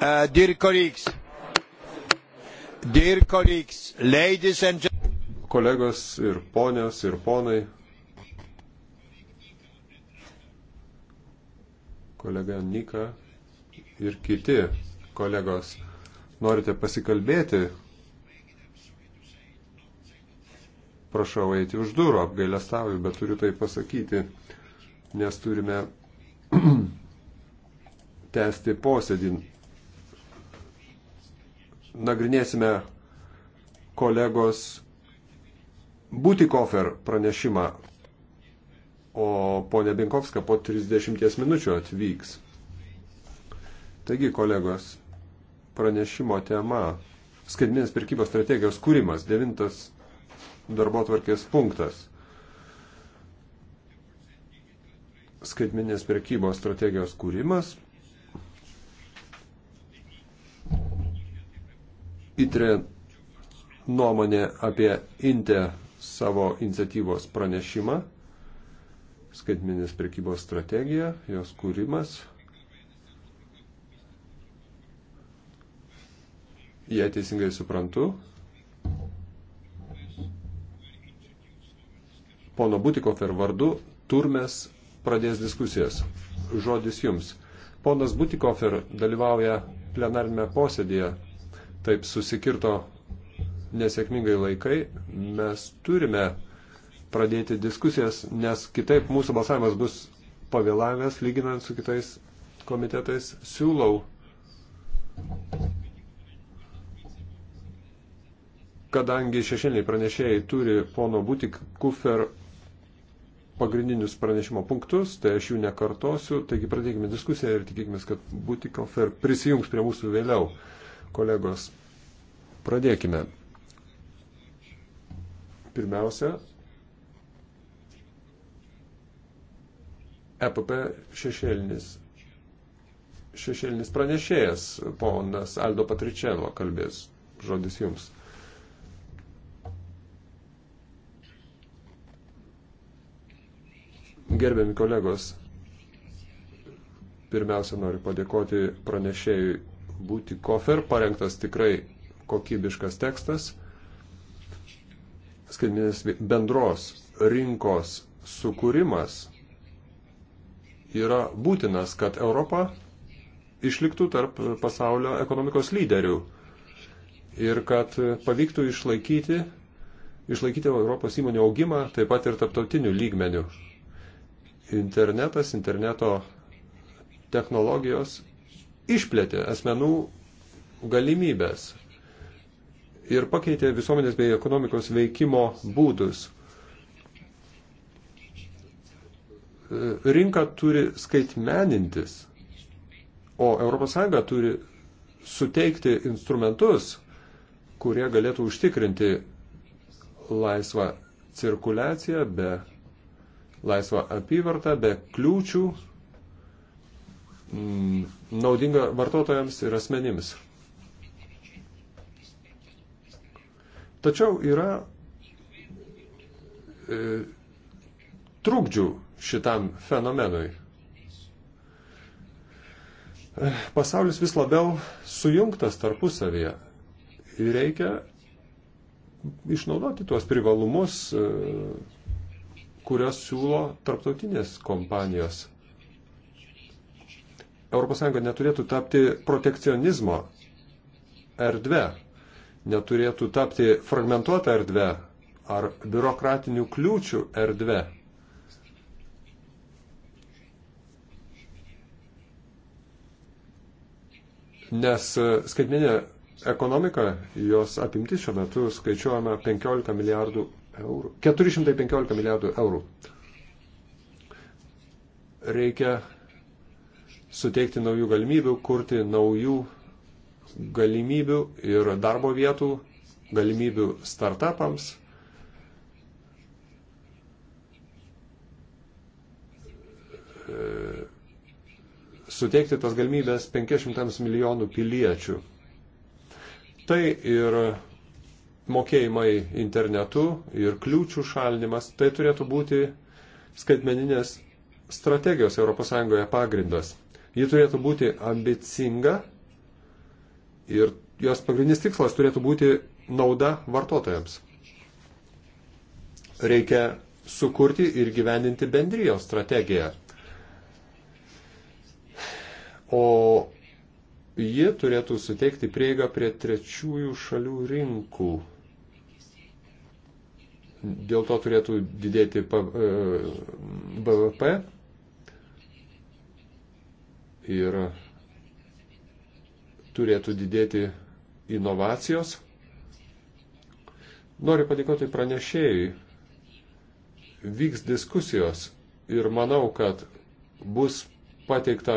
Uh, dear colleagues, dear colleagues, ladies and gentlemen. Kolegos ir ponios ir ponai. Kolega Nika ir kiti kolegos. Norite pasikalbėti? Prašau eiti už durų, apgailestauju, bet turiu tai pasakyti, nes turime tęsti posėdį nagrinėsime kolegos Butikofer pranešimą, o ponė Binkovska po 30 minučių atvyks. Taigi, kolegos, pranešimo tema - skaitminės pirkybos strategijos kūrimas, devintas darbo tvarkės punktas. Skaitminės pirkybos strategijos kūrimas ITRE nuomonė apie INTE savo iniciatyvos pranešimą, skaitminės prekybos strategija, jos kūrimas. Jei teisingai suprantu, pono Butikofer vardu Turmes pradės diskusijas. Žodis jums. Ponas Butikofer dalyvauja plenarinėme posėdėje taip susikirto nesėkmingai laikai, mes turime pradėti diskusijas, nes kitaip mūsų balsavimas bus pavėlavęs, lyginant su kitais komitetais. Siūlau, kadangi šešėliai pranešėjai turi pono Butik Kufer pagrindinius pranešimo punktus, tai aš jų nekartosiu, taigi pradėkime diskusiją ir tikėkime, kad Butik Kufer prisijungs prie mūsų vėliau. Kolegos, pradėkime. Pirmiausia, EPP šešėlinis, šešėlinis pranešėjas, ponas Aldo Patričelo kalbės. Žodis jums. Gerbiami kolegos, pirmiausia noriu padėkoti pranešėjui būti kofer, parengtas tikrai kokybiškas tekstas skaitminės bendros rinkos sukūrimas yra būtinas, kad Europa išliktų tarp pasaulio ekonomikos lyderių ir kad pavyktų išlaikyti, išlaikyti Europos įmonių augimą taip pat ir taptautinių lygmenių. Internetas, interneto technologijos išplėtė asmenų galimybės ir pakeitė visuomenės bei ekonomikos veikimo būdus. Rinka turi skaitmenintis, o ES turi suteikti instrumentus, kurie galėtų užtikrinti laisvą cirkuliaciją be laisvą apyvartą, be kliūčių Mm, naudinga vartotojams ir asmenims. Tačiau yra e, trukdžių šitam fenomenui. E, pasaulis vis labiau sujungtas tarpusavėje ir reikia išnaudoti tuos privalumus, e, kurias siūlo tarptautinės kompanijos. ES neturėtų tapti protekcionizmo erdve, neturėtų tapti fragmentuota erdve ar biurokratinių kliūčių erdve. Nes skaitminė ekonomika, jos apimtis šiuo metu skaičiuojama 15 milijardų eurų. 415 milijardų eurų. Reikia suteikti naujų galimybių, kurti naujų galimybių ir darbo vietų, galimybių startupams. suteikti tas galimybės 500 milijonų piliečių. Tai ir mokėjimai internetu ir kliūčių šalinimas, tai turėtų būti skaitmeninės strategijos ES pagrindas. Ji turėtų būti ambicinga ir jos pagrindinis tikslas turėtų būti nauda vartotojams. Reikia sukurti ir gyvendinti bendrijos strategiją. O ji turėtų suteikti prieigą prie trečiųjų šalių rinkų. Dėl to turėtų didėti e, BVP ir turėtų didėti inovacijos. Noriu padėkoti pranešėjui. Vyks diskusijos ir manau, kad bus pateikta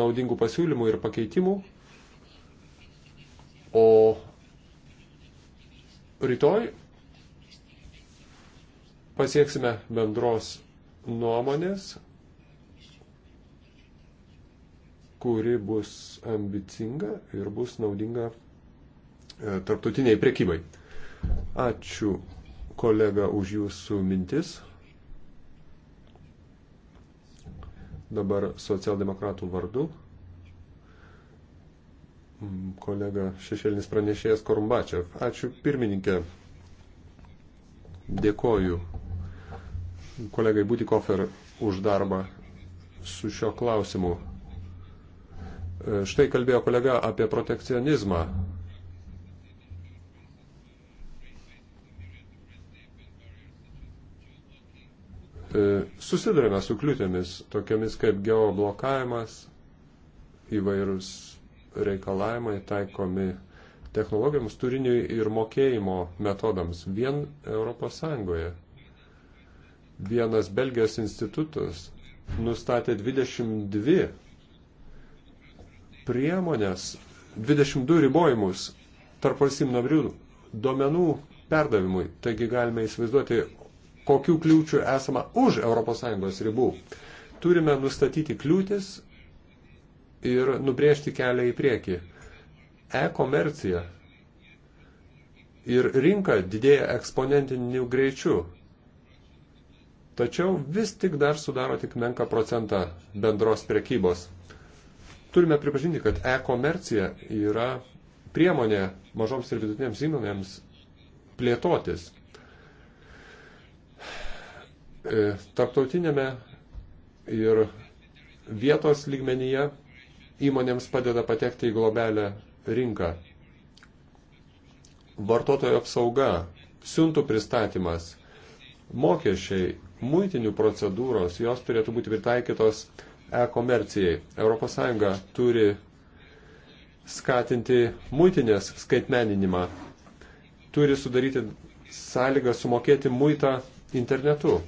naudingų pasiūlymų ir pakeitimų, o rytoj pasieksime bendros nuomonės kuri bus ambicinga ir bus naudinga e, tarptautiniai prekybai. Ačiū kolega už jūsų mintis. Dabar socialdemokratų vardu mm, kolega šešėlinis pranešėjas Korumbačev. Ačiū pirmininkė. Dėkoju kolegai Būtikofer už darbą su šio klausimu. Štai kalbėjo kolega apie protekcionizmą. E, Susidurime su kliūtėmis, tokiamis kaip geoblokavimas, įvairūs reikalavimai taikomi technologijoms, turiniui ir mokėjimo metodams vien ES. Vienas Belgijos institutas nustatė 22 priemonės, 22 ribojimus tarp valstybių narių duomenų perdavimui. Taigi galime įsivaizduoti, kokių kliūčių esama už ES ribų. Turime nustatyti kliūtis ir nubrėžti kelią į priekį. E-komercija ir rinka didėja eksponentiniu greičiu. Tačiau vis tik dar sudaro tik menką procentą bendros prekybos. Turime pripažinti, kad e-komercija yra priemonė mažoms ir vidutinėms įmonėms plėtotis. E, tarptautinėme ir vietos lygmenyje įmonėms padeda patekti į globelę rinką. Vartotojo apsauga, siuntų pristatymas, mokesčiai, muitinių procedūros, jos turėtų būti pritaikytos e-komercijai. ES turi skatinti muitinės skaitmeninimą, turi sudaryti sąlygą sumokėti muitą internetu,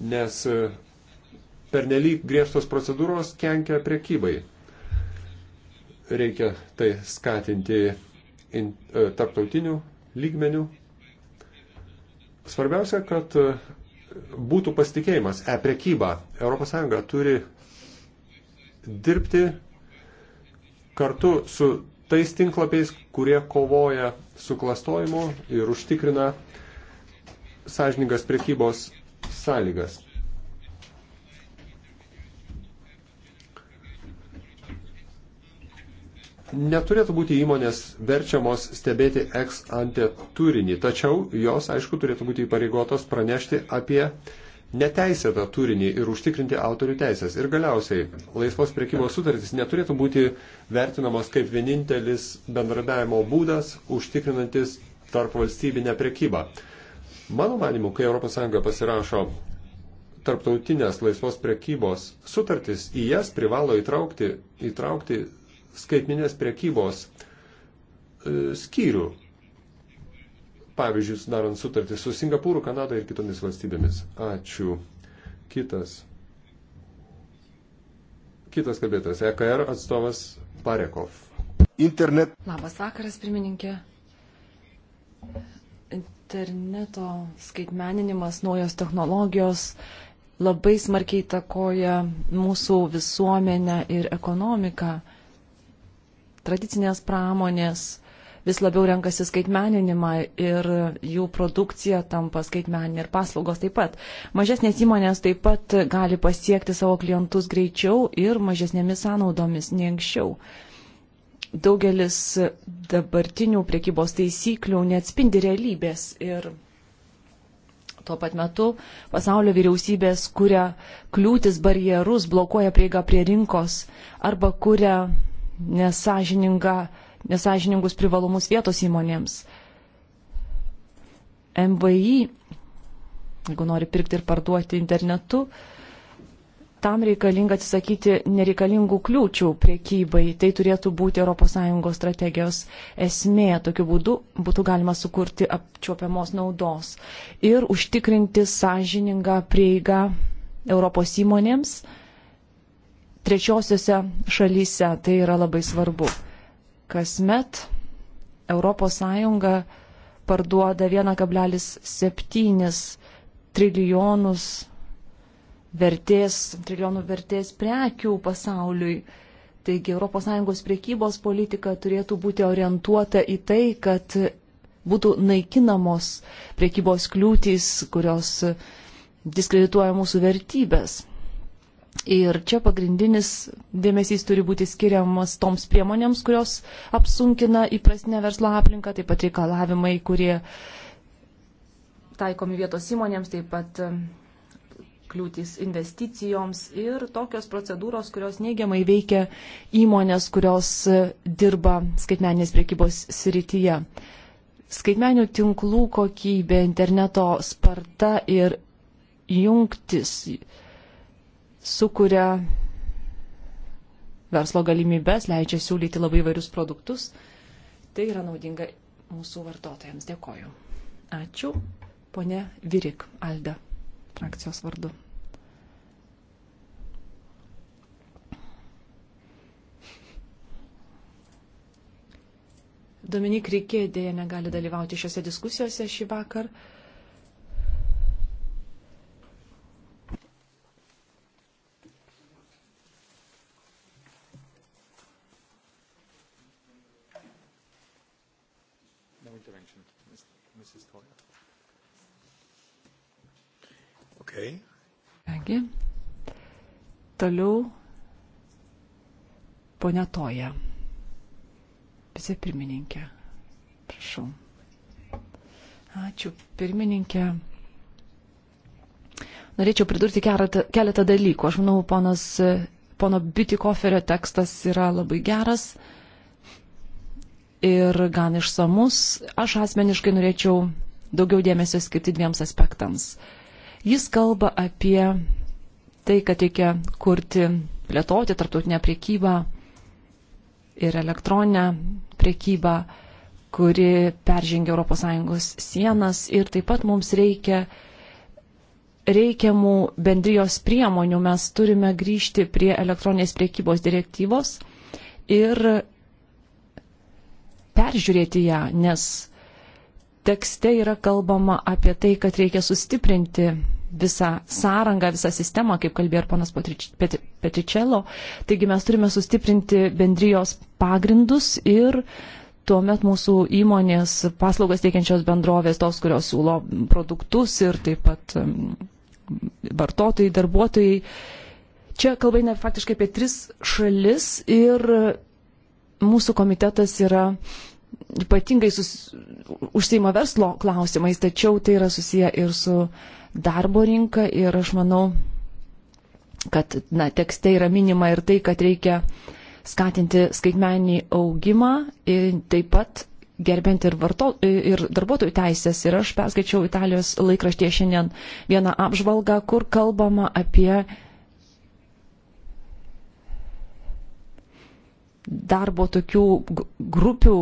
nes e, pernelyg griežtos procedūros kenkia prekybai. Reikia tai skatinti in, e, tarptautinių lygmenių. Svarbiausia, kad e, būtų pasitikėjimas, e-prekyba. ES turi dirbti kartu su tais tinklapiais, kurie kovoja su klastojimu ir užtikrina sąžiningas prekybos sąlygas. neturėtų būti įmonės verčiamos stebėti ex ante turinį, tačiau jos, aišku, turėtų būti įpareigotos pranešti apie neteisėtą turinį ir užtikrinti autorių teisės. Ir galiausiai laisvos priekybos sutartys neturėtų būti vertinamos kaip vienintelis bendradarbiavimo būdas užtikrinantis tarp valstybinę priekybą. Mano manimu, kai ES pasirašo tarptautinės laisvos priekybos sutartys, į jas privalo įtraukti, įtraukti skaitminės prekybos e, skyrių, pavyzdžiui, sudarant sutartį su Singapūru, Kanada ir kitomis valstybėmis. Ačiū. Kitas. Kitas kalbėtas, EKR er atstovas Parekov. Internet. Labas vakaras, pirmininkė. Interneto skaitmeninimas, naujos technologijos labai smarkiai takoja mūsų visuomenę ir ekonomiką tradicinės pramonės vis labiau renkasi skaitmeninimą ir jų produkcija tampa skaitmeninė ir paslaugos taip pat. Mažesnės įmonės taip pat gali pasiekti savo klientus greičiau ir mažesnėmis sąnaudomis nei anksčiau. Daugelis dabartinių priekybos taisyklių neatspindi realybės ir tuo pat metu pasaulio vyriausybės kuria kliūtis barjerus, blokuoja prieigą prie rinkos arba kuria nesažiningus privalumus vietos įmonėms. MVI, jeigu nori pirkti ir parduoti internetu, tam reikalinga atsisakyti nereikalingų kliūčių priekybai. Tai turėtų būti ES strategijos esmė. Tokiu būdu būtų galima sukurti apčiopiamos naudos ir užtikrinti sąžiningą prieigą Europos įmonėms trečiosiose šalyse. Tai yra labai svarbu. Kasmet ES parduoda 1,7 trilijonus vertės, trilijonų vertės prekių pasauliui. Taigi ES priekybos politika turėtų būti orientuota į tai, kad būtų naikinamos priekybos kliūtys, kurios diskredituoja mūsų vertybės. Ir čia pagrindinis dėmesys turi būti skiriamas toms priemonėms, kurios apsunkina įprastinę verslo aplinką, taip pat reikalavimai, kurie taikomi vietos įmonėms, taip pat e, kliūtis investicijoms ir tokios procedūros, kurios neigiamai veikia įmonės, kurios e, dirba skaitmeninės priekybos srityje. Skaitmeninių tinklų kokybė, interneto sparta ir jungtis sukuria verslo galimybės, leidžia siūlyti labai įvairius produktus. Tai yra naudinga mūsų vartotojams. Dėkoju. Ačiū. Pone Virik, Alda, frakcijos vardu. Dominik Rikė dėja negali dalyvauti šiuose diskusijose šį vakar. Uh, Toliau ponia Toja, vicepirmininkė. Prašau. Ačiū, pirmininkė. Norėčiau pridurti keletą, keletą dalykų. Aš manau, ponas, pono Bitikoferio tekstas yra labai geras ir gan išsamus. Aš asmeniškai norėčiau daugiau dėmesio skirti dviems aspektams. Jis kalba apie tai, kad reikia kurti, plėtoti tarptautinę priekybą ir elektroninę priekybą, kuri peržengia ES sienas ir taip pat mums reikia reikiamų bendrijos priemonių. Mes turime grįžti prie elektroninės priekybos direktyvos ir peržiūrėti ją, nes tekste yra kalbama apie tai, kad reikia sustiprinti visą sąrangą, visą sistemą, kaip kalbėjo ir ponas Petričelo. Taigi mes turime sustiprinti bendrijos pagrindus ir tuomet mūsų įmonės paslaugas teikiančios bendrovės, tos, kurios siūlo produktus ir taip pat mm, vartotojai, darbuotojai. Čia kalba eina faktiškai apie tris šalis ir mūsų komitetas yra ypatingai sus, užsieima verslo klausimais, tačiau tai yra susiję ir su uh, darbo rinką ir aš manau, kad na, tekste yra minima ir tai, kad reikia skatinti skaitmeninį augimą ir taip pat gerbent ir, varto, ir darbuotojų teisės. Ir aš perskaičiau Italijos laikraštie šiandien vieną apžvalgą, kur kalbama apie darbo tokių grupių,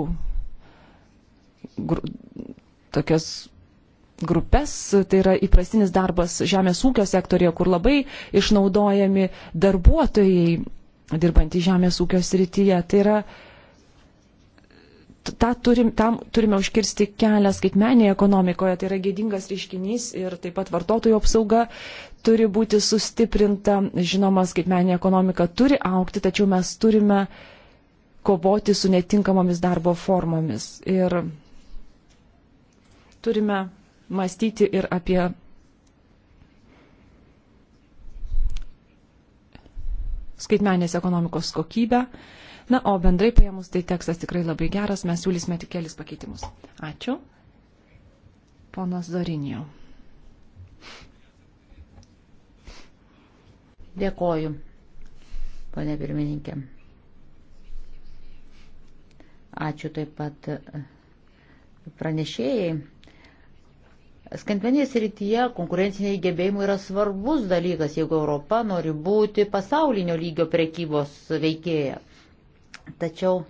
gru, tokias grupės, tai yra įprastinis darbas žemės ūkio sektorėje, kur labai išnaudojami darbuotojai dirbantį žemės ūkio srityje. Tai yra, ta turim, tam turime užkirsti kelią skaitmenėje ekonomikoje, tai yra gėdingas reiškinys ir taip pat vartotojų apsauga turi būti sustiprinta. Žinoma, skaitmenė ekonomika turi aukti, tačiau mes turime kovoti su netinkamomis darbo formomis. Ir turime mąstyti ir apie skaitmenės ekonomikos kokybę. Na, o bendrai paėmus, tai tekstas tikrai labai geras, mes siūlysime tik kelis pakeitimus. Ačiū. Ponas Zorinio. Dėkoju, ponė pirmininkė. Ačiū taip pat pranešėjai Skaitmeninės rytyje konkurenciniai gebėjimai yra svarbus dalykas, jeigu Europa nori būti pasaulinio lygio prekybos veikėja. Tačiau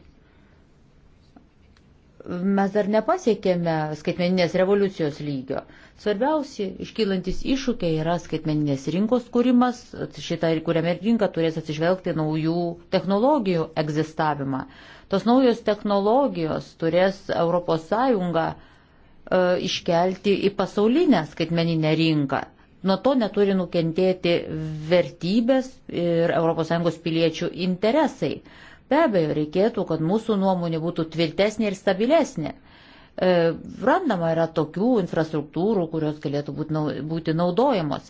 mes dar nepasiekėme skaitmeninės revoliucijos lygio. Svarbiausi iškylantis iššūkiai yra skaitmeninės rinkos kūrimas, šitą ir kuriame rinka turės atsižvelgti naujų technologijų egzistavimą. Tos naujos technologijos turės ES E, iškelti į pasaulinę skaitmeninę rinką. Nuo to neturi nukentėti vertybės ir ES piliečių interesai. Be abejo, reikėtų, kad mūsų nuomonė būtų tvirtesnė ir stabilesnė. E, randama yra tokių infrastruktūrų, kurios galėtų būti naudojamos.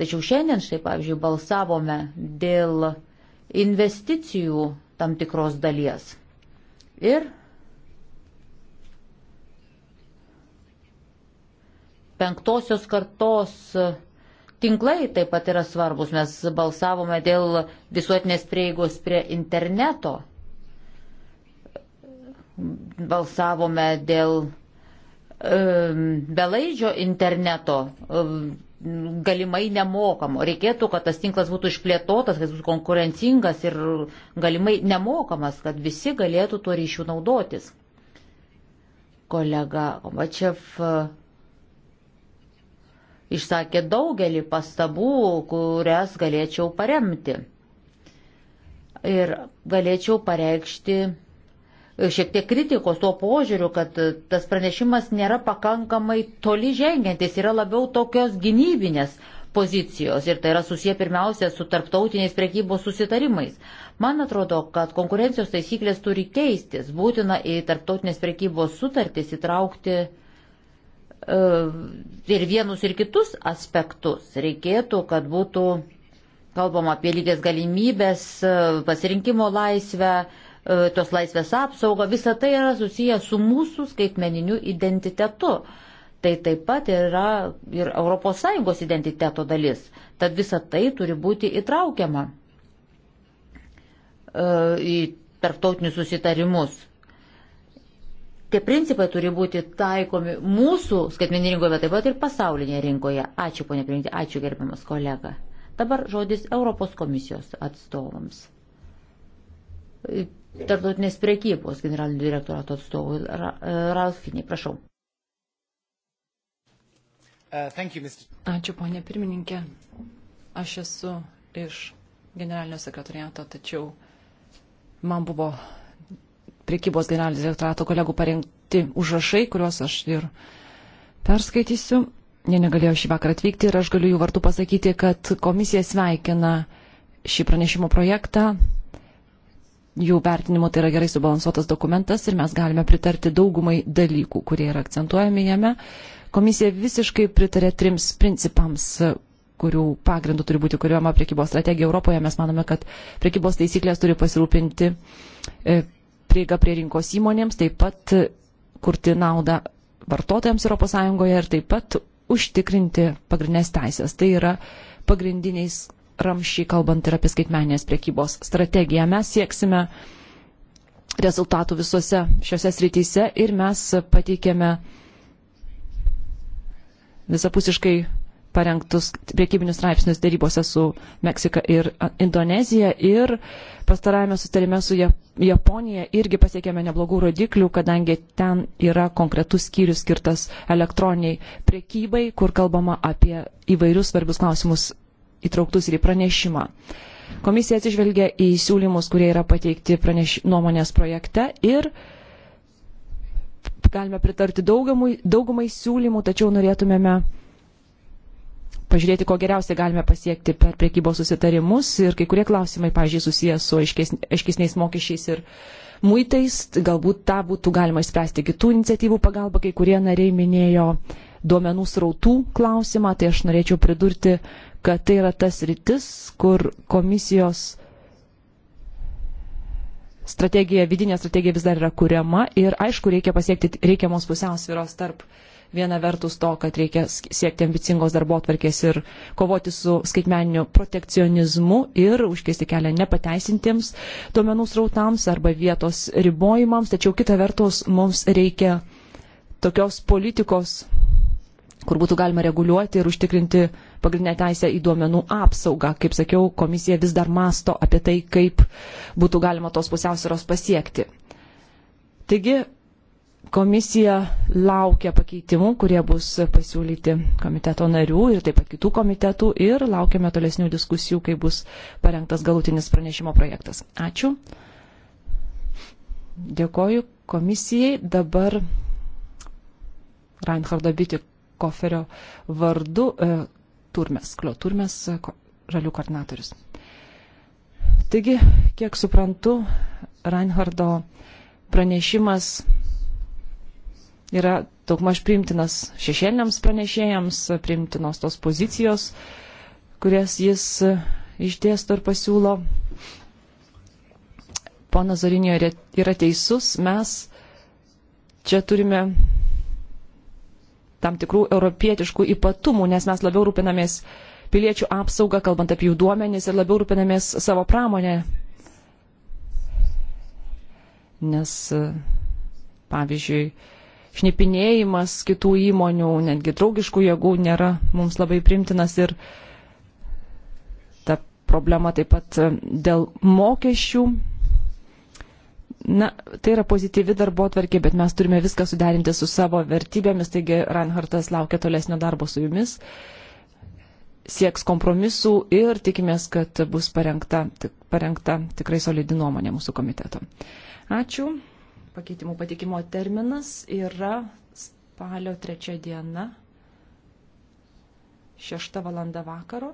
Tačiau šiandien štai, pavyzdžiui, balsavome dėl investicijų tam tikros dalies. Ir penktosios kartos tinklai taip pat yra svarbus. Mes balsavome dėl visuotinės prieigos prie interneto, balsavome dėl um, belaidžio interneto. Um, galimai nemokamo. Reikėtų, kad tas tinklas būtų išplėtotas, kad jis būtų konkurencingas ir galimai nemokamas, kad visi galėtų tuo ryšiu naudotis. Kolega Omačev uh, išsakė daugelį pastabų, kurias galėčiau paremti. Ir galėčiau pareikšti šiek tiek kritikos tuo požiūriu, kad tas pranešimas nėra pakankamai toli žengiantis, yra labiau tokios gynybinės pozicijos ir tai yra susiję pirmiausia su tarptautiniais prekybos susitarimais. Man atrodo, kad konkurencijos taisyklės turi keistis, būtina į tarptautinės prekybos sutartys įtraukti uh, E, ir vienus ir kitus aspektus. Reikėtų, kad būtų kalbama apie lygės galimybės, e, pasirinkimo laisvę, e, tos laisvės apsaugą. Visa tai yra susiję su mūsų skaitmeniniu identitetu. Tai taip pat yra ir ES identiteto dalis. Tad visa tai turi būti įtraukiama į tarptautinius susitarimus. Tie principai turi būti taikomi mūsų skaitmeninėje rinkoje, bet taip pat ir pasaulinėje rinkoje. Ačiū, ponė Pirinkti, ačiū gerbiamas kolega. Dabar žodis Europos komisijos atstovams. Tarptautinės priekybos generalinio direktorato atstovui Ra e, Ralfinį, prašau. Uh, you, ačiū, ponė pirmininkė. Aš esu iš generalinio sekretoriato, tačiau man buvo priekybos generalinio direktorato kolegų parengti užrašai, kuriuos aš ir perskaitysiu. Jie negalėjo šį vakarą atvykti ir aš galiu jų vartų pasakyti, kad komisija sveikina šį pranešimo projektą. Jų vertinimu tai yra gerai subalansuotas dokumentas ir mes galime pritarti daugumai dalykų, kurie yra akcentuojami jame. Komisija visiškai pritarė trims principams, kurių pagrindų turi būti kuriuoma priekybos strategija Europoje. Mes manome, kad priekybos taisyklės turi pasirūpinti e, prieigą prie rinkos įmonėms, taip pat kurti naudą vartotojams ES ir taip pat užtikrinti pagrindinės teisės. Tai yra pagrindiniais ramšiai kalbant ir apie skaitmeninės priekybos strategiją. Mes sieksime rezultatų visose šiose srityse ir mes pateikėme visapusiškai parengtus priekybinius straipsnius dėrybose su Meksika ir Indonezija ir pastarajame sustarime su Japonija irgi pasiekėme neblogų rodiklių, kadangi ten yra konkretus skyrius skirtas elektroniniai priekybai, kur kalbama apie įvairius svarbius klausimus įtrauktus ir į pranešimą. Komisija atsižvelgia į siūlymus, kurie yra pateikti praneš... nuomonės projekte ir galime pritarti daugumai, daugumai siūlymų, tačiau norėtumėme pažiūrėti, ko geriausiai galime pasiekti per priekybos susitarimus ir kai kurie klausimai, pažiūrėjau, susijęs su aiškesniais mokesčiais ir muitais, galbūt tą būtų galima išspręsti kitų iniciatyvų pagalba, kai kurie nariai minėjo duomenų srautų klausimą, tai aš norėčiau pridurti, kad tai yra tas rytis, kur komisijos strategija, vidinė strategija vis dar yra kuriama ir aišku, reikia pasiekti reikiamos pusiausvyros tarp uh, viena vertus to, kad reikia siekti ambicingos darbo atvarkės ir kovoti su skaitmeniniu protekcionizmu ir užkesti kelią nepateisintiems duomenų srautams arba vietos ribojimams, tačiau kita vertus mums reikia tokios politikos kur būtų galima reguliuoti ir užtikrinti pagrindinę teisę į duomenų apsaugą. Kaip sakiau, komisija vis dar masto apie tai, kaip būtų galima tos pusiausvėros pasiekti. Taigi, Komisija laukia pakeitimų, kurie bus pasiūlyti komiteto narių ir taip pat kitų komitetų ir laukiame tolesnių diskusijų, kai bus parengtas galutinis pranešimo projektas. Ačiū. Dėkoju komisijai. Dabar Reinhardo Biti koferio vardu e, Turmes, Klio Turmes, ko, žalių koordinatorius. Taigi, kiek suprantu, Reinhardo pranešimas yra daugmaž priimtinas šešėliniams pranešėjams, priimtinos tos pozicijos, kurias jis e, išdėsto ir pasiūlo. Pana Zarinio yra teisus, mes čia turime tam tikrų europietiškų ypatumų, nes mes labiau rūpinamės piliečių apsaugą, kalbant apie jų duomenys ir labiau rūpinamės savo pramonę. Nes, e, pavyzdžiui, šnipinėjimas kitų įmonių, netgi draugiškų jėgų nėra mums labai primtinas ir ta problema taip pat e, dėl mokesčių. Na, tai yra pozityvi darbo atvarkė, bet mes turime viską suderinti su savo vertybėmis, taigi Reinhardas laukia tolesnio darbo su jumis, sieks kompromisų ir tikimės, kad bus parengta, parengta tikrai solidi nuomonė mūsų komiteto. Ačiū. Pakeitimų patikimo terminas yra spalio 3 diena, 6 val. vakaro.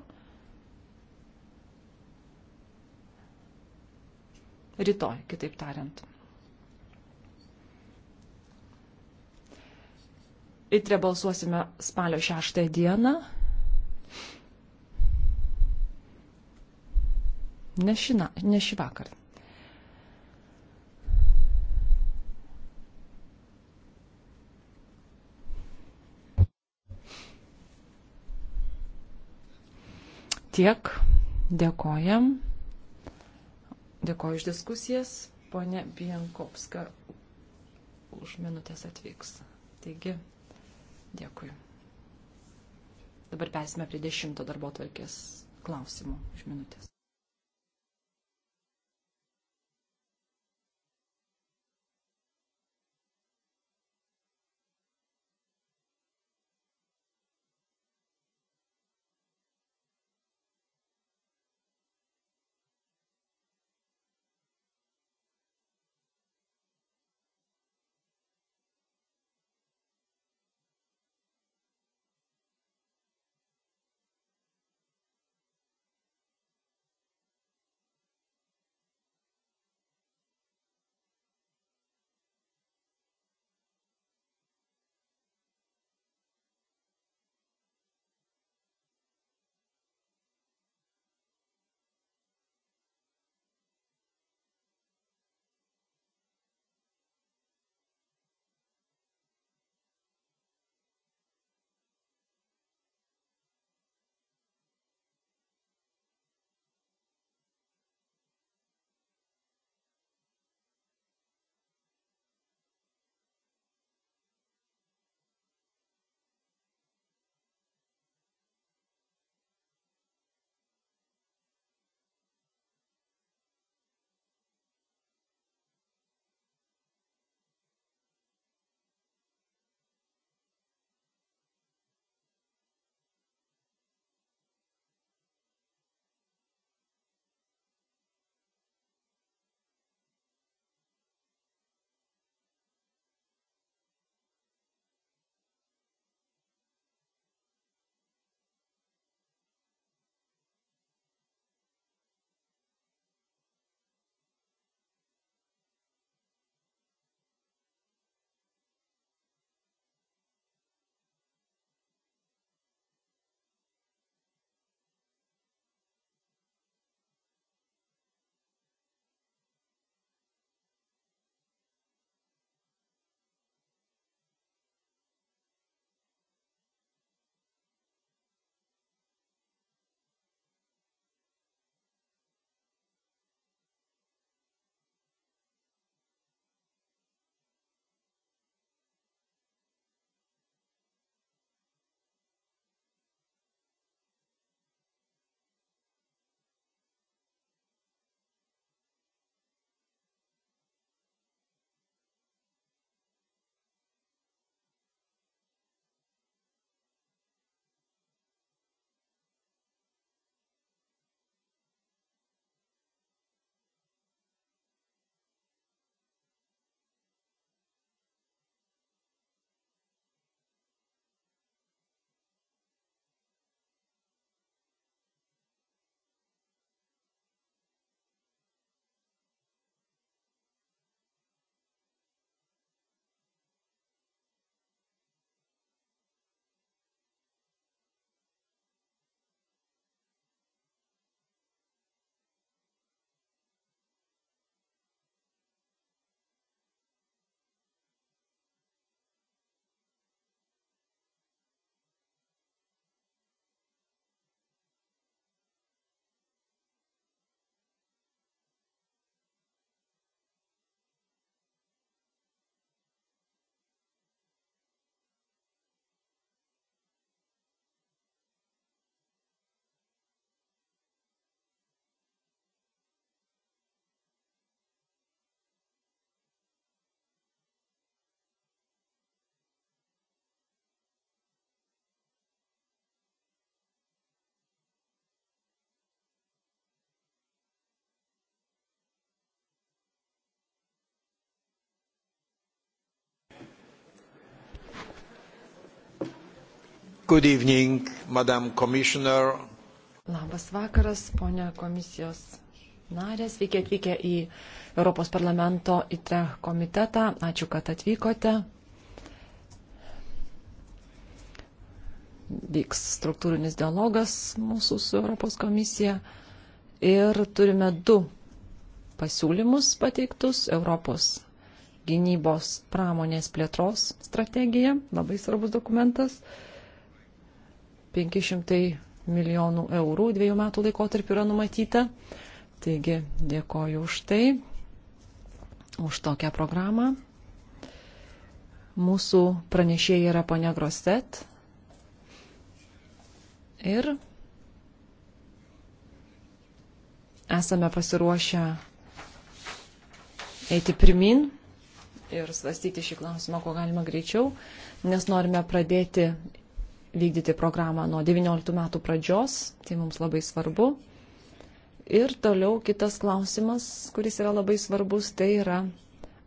Rytoj, kitaip tariant. Itre balsuosime spalio 6 dieną. Ne šį vakarą. tiek. Dėkojam. Dėkoju iš diskusijas. Pone Bienkovska už minutės atvyks. Taigi, dėkui. Dabar persime prie dešimto darbo tvarkės klausimų už minutės. Good evening, Madam Commissioner. Labas vakaras, ponia komisijos narė. Sveiki atvykę į Europos parlamento ITRE komitetą. Ačiū, kad atvykote. Vyks struktūrinis dialogas mūsų su Europos komisija. Ir turime du pasiūlymus pateiktus Europos gynybos pramonės plėtros strategija, labai svarbus dokumentas, 500 milijonų eurų dviejų metų laikotarpiu yra numatyta. Taigi dėkoju už tai, už tokią programą. Mūsų pranešėjai yra ponia Grostet. Ir esame pasiruošę eiti pirmin ir svastyti šį klausimą, kuo galima greičiau, nes norime pradėti vykdyti programą nuo 19 metų pradžios, tai mums labai svarbu. Ir toliau kitas klausimas, kuris yra labai svarbus, tai yra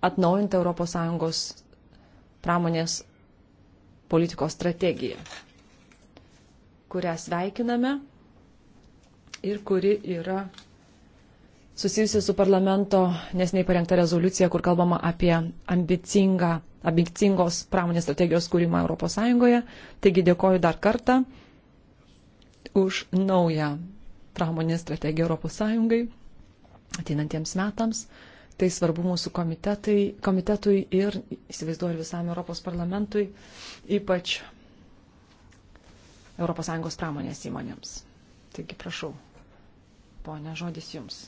atnaujinti ES pramonės politikos strategiją, kurią sveikiname ir kuri yra susijusi su parlamento nesnei parengta rezoliucija, kur kalbama apie ambicingą abikcingos pramonės strategijos kūrimą ES. Taigi dėkoju dar kartą už naują pramonės strategiją ES ateinantiems metams. Tai svarbu mūsų komitetui ir, įsivaizduoju, visam Europos parlamentui, ypač ES pramonės įmonėms. Taigi prašau, ponia, žodis jums.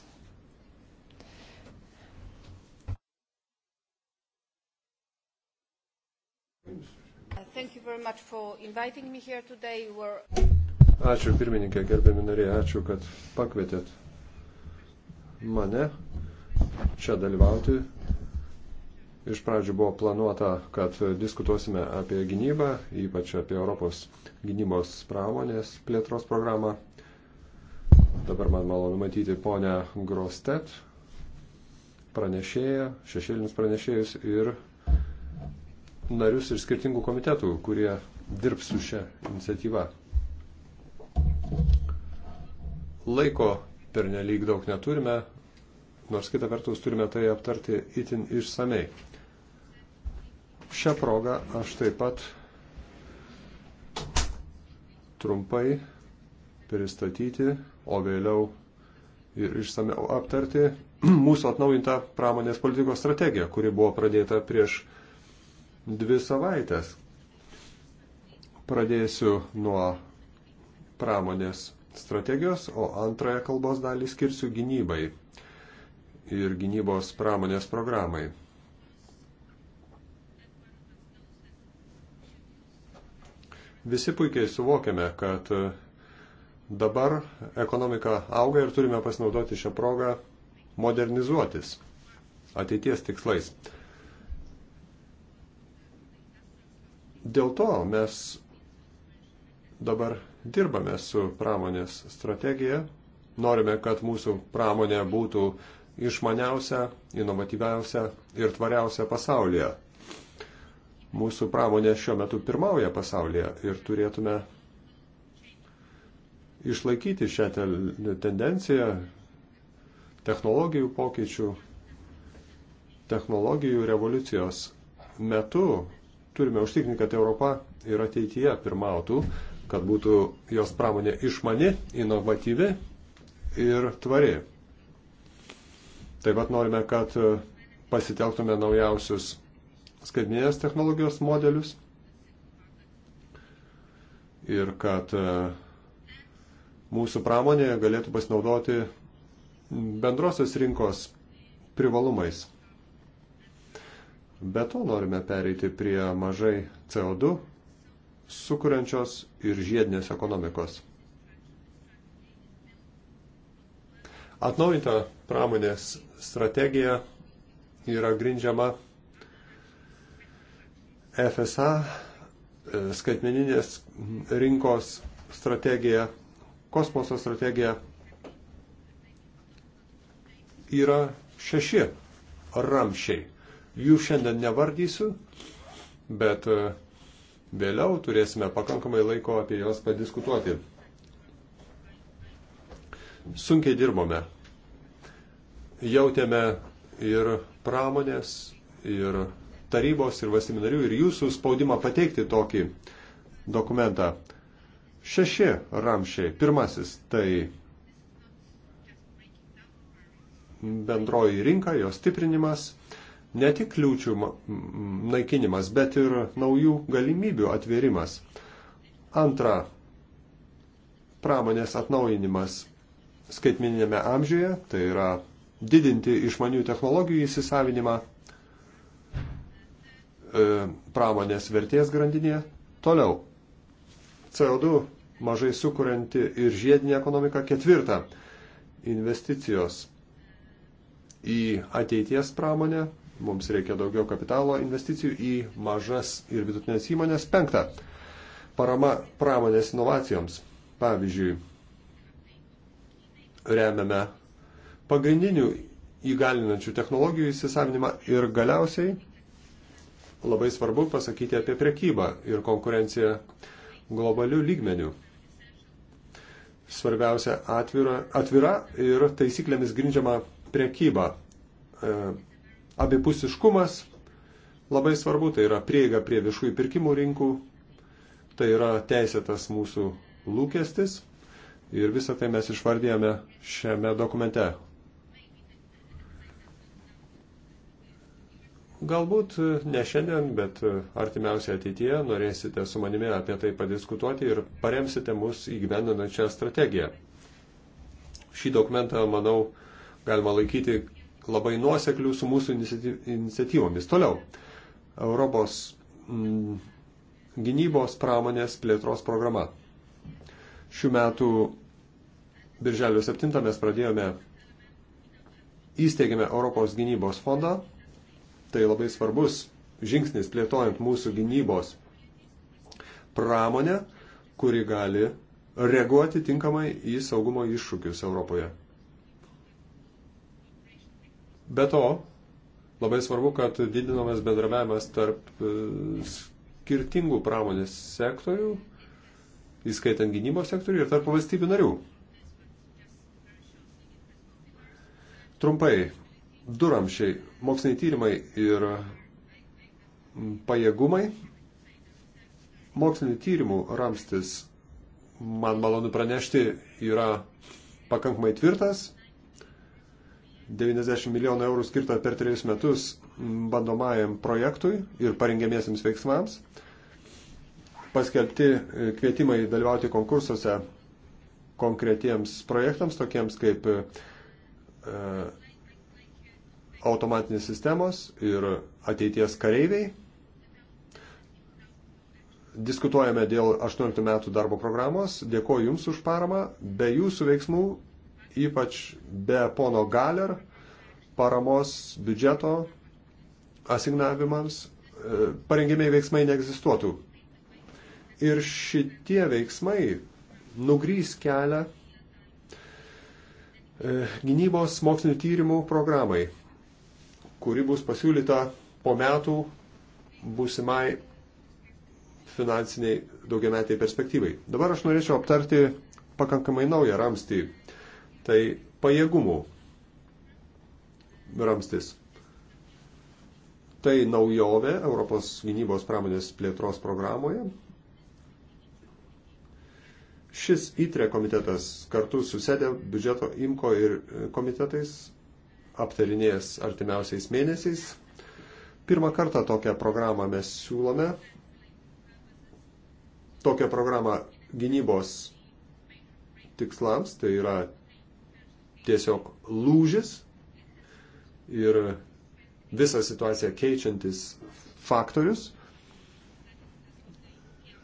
Ačiū pirmininkė, gerbėmi nariai, ačiū, kad pakvietėt mane čia dalyvauti. Iš pradžių buvo planuota, kad diskutuosime apie gynybą, ypač apie Europos gynybos pramonės plėtros programą. Dabar man malonu matyti ponę Grostet, pranešėją, šešėlinius pranešėjus ir narius ir skirtingų komitetų, kurie dirbs su šią iniciatyvą. Laiko per nelik daug neturime, nors kitą vertus turime tai aptarti itin išsamei. Šią progą aš taip pat trumpai pristatyti, o vėliau ir išsameu aptarti mūsų atnaujintą pramonės politikos strategiją, kuri buvo pradėta prieš dvi savaitės. Pradėsiu nuo pramonės strategijos, o antrąją kalbos dalį skirsiu gynybai ir gynybos pramonės programai. Visi puikiai suvokiame, kad dabar ekonomika auga ir turime pasinaudoti šią progą modernizuotis ateities tikslais. Dėl to mes dabar dirbame su pramonės strategija. Norime, kad mūsų pramonė būtų išmaniausia, inovatyviausia ir tvariausia pasaulyje. Mūsų pramonė šiuo metu pirmauja pasaulyje ir turėtume išlaikyti šią tendenciją technologijų pokyčių, technologijų revoliucijos metu Turime užtikrinti, kad Europa ir ateityje pirmautų, kad būtų jos pramonė išmani, inovatyvi ir tvari. Taip pat norime, kad pasitelktume naujausius skaitminės technologijos modelius ir kad e, mūsų pramonė galėtų pasinaudoti bendrosios rinkos privalumais. Be to norime pereiti prie mažai CO2 sukuriančios ir žiedinės ekonomikos. Atnaujinta pramonės strategija yra grindžiama FSA e, skaitmeninės rinkos strategija, kosmoso strategija yra šeši ramšiai. Jų šiandien nevardysiu, bet e, vėliau turėsime pakankamai laiko apie juos padiskutuoti. Sunkiai dirbome. Jautėme ir pramonės, ir tarybos, ir valstybinarių, ir jūsų spaudimą pateikti tokį dokumentą. Šeši ramšiai. Pirmasis tai bendroji rinka, jos stiprinimas ne tik kliūčių naikinimas, bet ir naujų galimybių atvėrimas. Antra, pramonės atnaujinimas skaitmininėme amžiuje, tai yra didinti išmanių technologijų įsisavinimą e, pramonės vertės grandinėje. Toliau, CO2 mažai sukurianti ir žiedinė ekonomika. Ketvirta, investicijos į ateities pramonę Mums reikia daugiau kapitalo investicijų į mažas ir vidutinės įmonės. Penkta. Parama pramonės inovacijoms. Pavyzdžiui, remiame pagrindinių įgalinančių technologijų įsisavinimą ir galiausiai labai svarbu pasakyti apie prekybą ir konkurenciją globalių lygmenių. Svarbiausia atvira, atvira ir taisyklėmis grindžiama prekyba. E, Abipusiškumas labai svarbu, tai yra prieiga prie viešųjų pirkimų rinkų, tai yra teisėtas mūsų lūkestis ir visą tai mes išvardėjome šiame dokumente. Galbūt ne šiandien, bet artimiausiai ateityje norėsite su manimi apie tai padiskutuoti ir paremsite mus įgyvendinančią strategiją. Šį dokumentą, manau, galima laikyti labai nuoseklių su mūsų iniciatyvomis. Toliau, Europos mm, gynybos pramonės plėtros programa. Šių metų birželio 7 mes pradėjome, įsteigėme Europos gynybos fondą. Tai labai svarbus žingsnis plėtojant mūsų gynybos pramonę, kuri gali reaguoti tinkamai į saugumo iššūkius Europoje. Be to, labai svarbu, kad didinamas bendravimas tarp e, skirtingų pramonės sektorių, įskaitant gynybos sektorių ir tarp valstybių narių. Trumpai, du ramšiai - moksliniai tyrimai ir pajėgumai. Mokslinių tyrimų ramstis, man malonu pranešti, yra pakankamai tvirtas 90 milijonų eurų skirta per trejus metus bandomajam projektui ir parengiamiesiams veiksmams. Paskelbti e, kvietimai dalyvauti konkursuose konkretiems projektams, tokiems kaip e, automatinės sistemos ir ateities kareiviai. Diskutuojame dėl 18 metų darbo programos. Dėkoju Jums už paramą. Be Jūsų veiksmų ypač be pono Galer paramos biudžeto asignavimams e, parengimiai veiksmai neegzistuotų. Ir šitie veiksmai nugrys kelią e, gynybos mokslinių tyrimų programai, kuri bus pasiūlyta po metų būsimai finansiniai daugiametiai perspektyvai. Dabar aš norėčiau aptarti pakankamai naują ramstį tai pajėgumų ramstis. Tai naujovė Europos gynybos pramonės plėtros programoje. Šis ITRE komitetas kartu susėdė biudžeto imko ir e, komitetais aptarinės artimiausiais mėnesiais. Pirmą kartą tokią programą mes siūlome. Tokią programą gynybos tikslams, tai yra tiesiog lūžis ir visą situaciją keičiantis faktorius.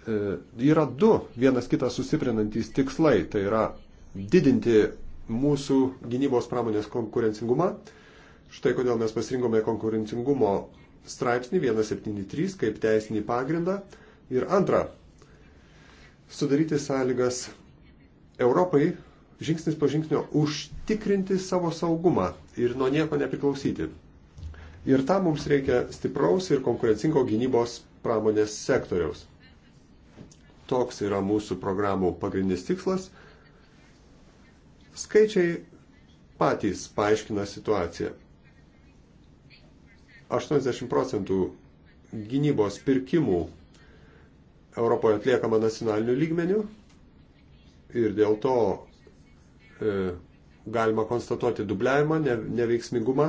E, yra du vienas kitas sustiprinantys tikslai, tai yra didinti mūsų gynybos pramonės konkurencingumą. Štai kodėl mes pasirinkome konkurencingumo straipsnį 173 kaip teisinį pagrindą. Ir antra, sudaryti sąlygas Europai žingsnis po žingsnio užtikrinti savo saugumą ir nuo nieko nepriklausyti. Ir tam mums reikia stipraus ir konkurencingo gynybos pramonės sektoriaus. Toks yra mūsų programų pagrindinis tikslas. Skaičiai patys paaiškina situaciją. 80 procentų gynybos pirkimų Europoje atliekama nacionaliniu lygmeniu ir dėl to E, galima konstatuoti dubliavimą, neveiksmingumą.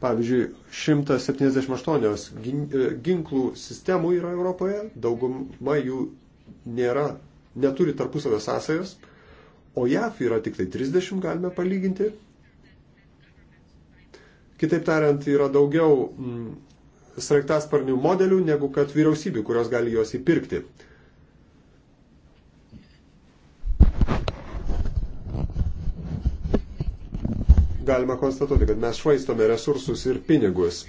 Pavyzdžiui, 178 e, ginklų sistemų yra Europoje, dauguma jų nėra, neturi tarpusavio sąsajos, o JAF yra tik tai 30, galime palyginti. Kitaip tariant, yra daugiau mm, sraigtasparnių modelių negu kad vyriausybių, kurios gali juos įpirkti. galima konstatuoti, kad mes švaistome resursus ir pinigus.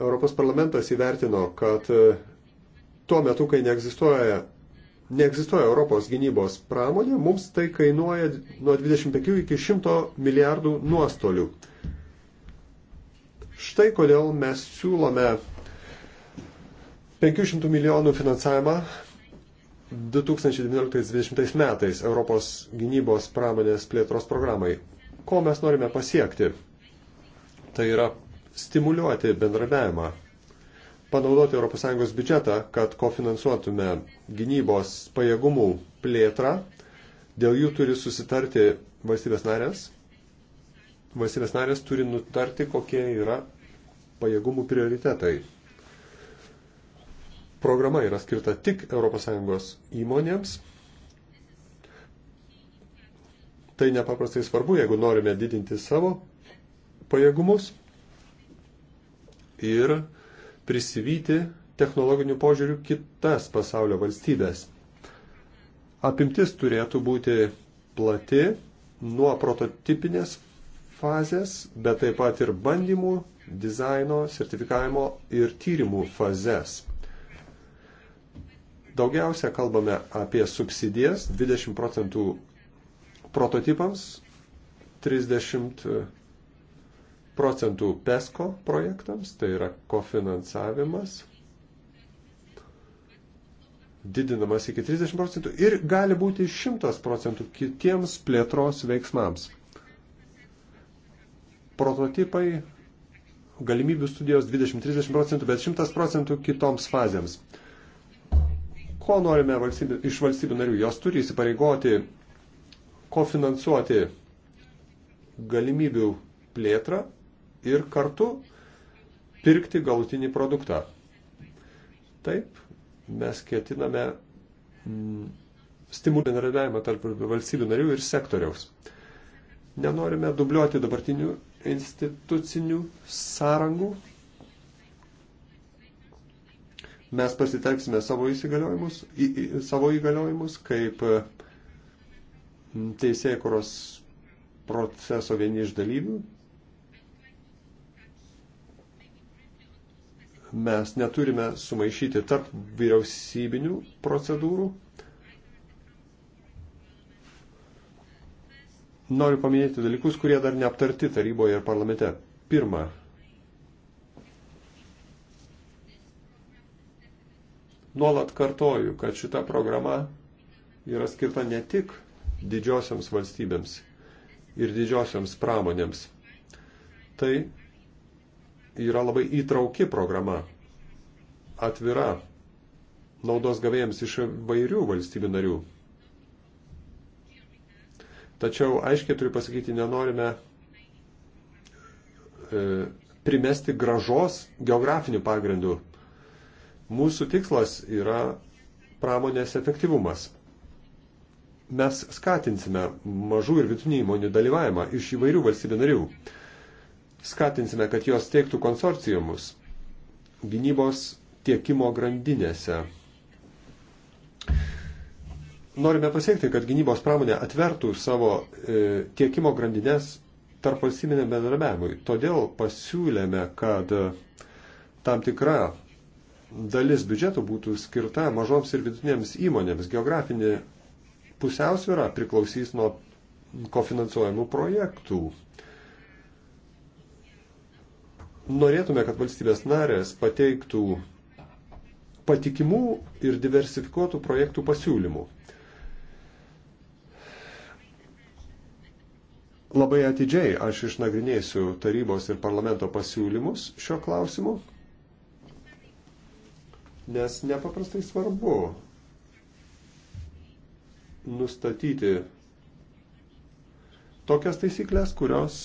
Europos parlamentas įvertino, kad e, tuo metu, kai neegzistuoja, neegzistuoja Europos gynybos pramonė, mums tai kainuoja nuo 25 iki 100 milijardų nuostolių. Štai kodėl mes siūlome 500 milijonų finansavimą 2019-2020 metais Europos gynybos pramonės plėtros programai. Ko mes norime pasiekti? Tai yra stimuliuoti bendradarbiavimą, panaudoti ES biudžetą, kad kofinansuotume gynybos pajėgumų plėtrą. Dėl jų turi susitarti valstybės narės. Valstybės narės turi nutarti, kokie yra pajėgumų prioritetai. Programa yra skirta tik ES įmonėms. Tai nepaprastai svarbu, jeigu norime didinti savo pajėgumus ir prisivyti technologinių požiūrių kitas pasaulio valstybės. Apimtis turėtų būti plati nuo prototipinės fazės, bet taip pat ir bandymų, dizaino, sertifikavimo ir tyrimų fazes. Daugiausia kalbame apie subsidijas, 20 procentų prototipams, 30 e, procentų PESCO projektams, tai yra kofinansavimas, didinamas iki 30 procentų ir gali būti 100 procentų kitiems plėtros veiksmams. Prototipai, galimybių studijos 20-30 procentų, bet 100 procentų kitoms fazėms ko norime valstybių, iš valstybių narių? Jos turi įsipareigoti kofinansuoti galimybių plėtrą ir kartu pirkti galutinį produktą. Taip, mes ketiname mm, stimulinti bendradarbiavimą tarp valstybių narių ir sektoriaus. Nenorime dubliuoti dabartinių institucinių sąrangų, Mes pasiteksime savo, įsigaliojimus, į, į, savo įgaliojimus kaip teisėkuros proceso vieni iš dalyvių. Mes neturime sumaišyti tarp vyriausybinių procedūrų. Noriu paminėti dalykus, kurie dar neaptarti taryboje ir parlamente. Pirma, Nuolat kartoju, kad šita programa yra skirta ne tik didžiosioms valstybėms ir didžiosioms pramonėms. Tai yra labai įtrauki programa, atvira naudos gavėjams iš vairių valstybių narių. Tačiau aiškiai turiu pasakyti, nenorime e, primesti gražos geografinių pagrindų Mūsų tikslas yra pramonės efektyvumas. Mes skatinsime mažų ir vidutinių įmonių dalyvavimą iš įvairių valstybių narių. Skatinsime, kad jos teiktų konsorcijumus gynybos tiekimo grandinėse. Norime pasiekti, kad gynybos pramonė atvertų savo e, tiekimo grandinės tarp valstybinėm bendradarbiavimui. Todėl pasiūlėme, kad e, tam tikra dalis biudžeto būtų skirta mažoms ir vidutinėms įmonėms. Geografinė pusiausvėra priklausys nuo kofinansuojamų projektų. Norėtume, kad valstybės narės pateiktų patikimų ir diversifikuotų projektų pasiūlymų. Labai atidžiai aš išnagrinėsiu tarybos ir parlamento pasiūlymus šio klausimu nes nepaprastai svarbu nustatyti tokias taisyklės, kurios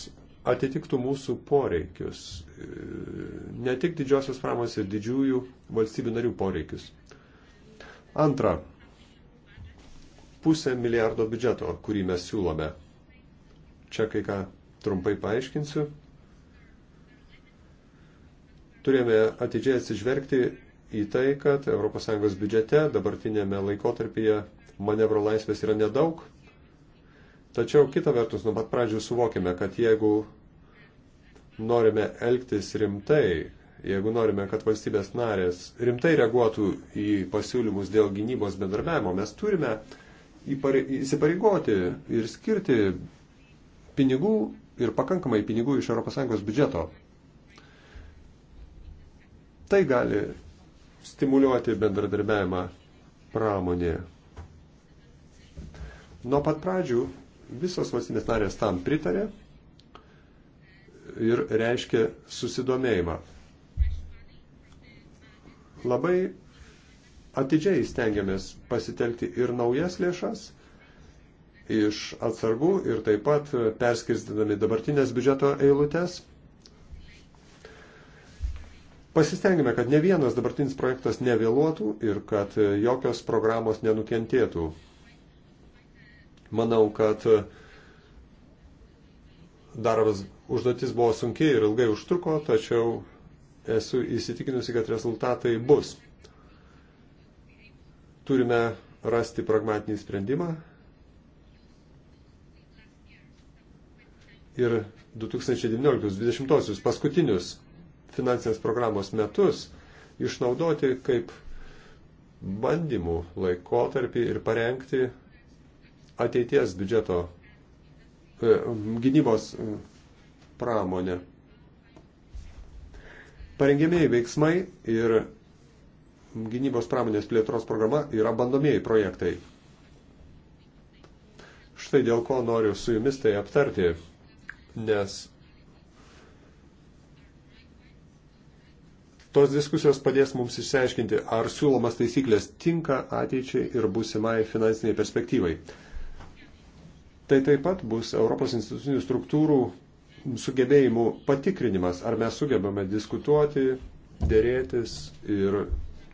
atitiktų mūsų poreikius. Ne tik didžiosios pramos ir didžiųjų valstybių narių poreikius. Antra, pusę milijardo biudžeto, kurį mes siūlome. Čia kai ką trumpai paaiškinsiu. Turėjome atidžiai atsižvelgti į tai, kad ES biudžete dabartinėme laikotarpyje manevro laisvės yra nedaug. Tačiau kita vertus, nuo pat pradžių suvokime, kad jeigu norime elgtis rimtai, jeigu norime, kad valstybės narės rimtai reaguotų į pasiūlymus dėl gynybos bendarbiavimo, mes turime įsipareigoti ir skirti pinigų ir pakankamai pinigų iš ES biudžeto. Tai gali stimuliuoti bendradarbiavimą pramonėje. Nuo pat pradžių visos valstybės narės tam pritarė ir reiškia susidomėjimą. Labai atidžiai stengiamės pasitelkti ir naujas lėšas iš atsargų ir taip pat perskirstydami dabartinės biudžeto eilutes Pasistengime, kad ne vienas dabartinis projektas nevėluotų ir kad e, jokios programos nenukentėtų. Manau, kad e, darbas užduotis buvo sunkiai ir ilgai užtruko, tačiau esu įsitikinusi, kad rezultatai bus. Turime rasti pragmatinį sprendimą ir 2019-2020 paskutinius finansinės programos metus išnaudoti kaip bandymų laikotarpį ir parengti ateities biudžeto e, gynybos e, pramonę. Parengėmiai veiksmai ir gynybos pramonės plėtros programa yra bandomieji projektai. Štai dėl ko noriu su jumis tai aptarti, nes Tos diskusijos padės mums išsiaiškinti, ar siūlomas taisyklės tinka ateičiai ir būsimai finansiniai perspektyvai. Tai taip pat bus Europos institucinių struktūrų sugebėjimų patikrinimas, ar mes sugebame diskutuoti, dėrėtis ir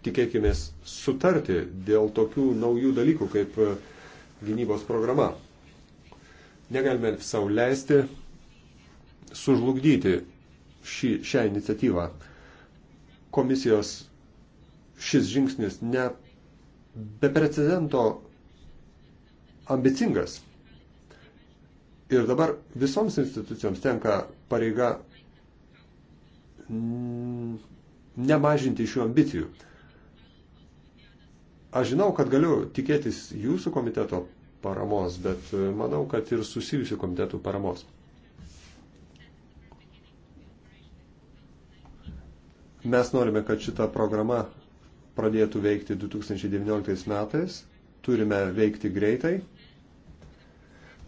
tikėkime sutarti dėl tokių naujų dalykų kaip gynybos programa. Negalime savo leisti sužlugdyti šį, šią iniciatyvą komisijos šis žingsnis ne beprecedento ambicingas. Ir dabar visoms institucijoms tenka pareiga nemažinti šių ambicijų. Aš žinau, kad galiu tikėtis jūsų komiteto paramos, bet e, manau, kad ir susijusių komitetų paramos. Mes norime, kad šita programa pradėtų veikti 2019 metais. Turime veikti greitai.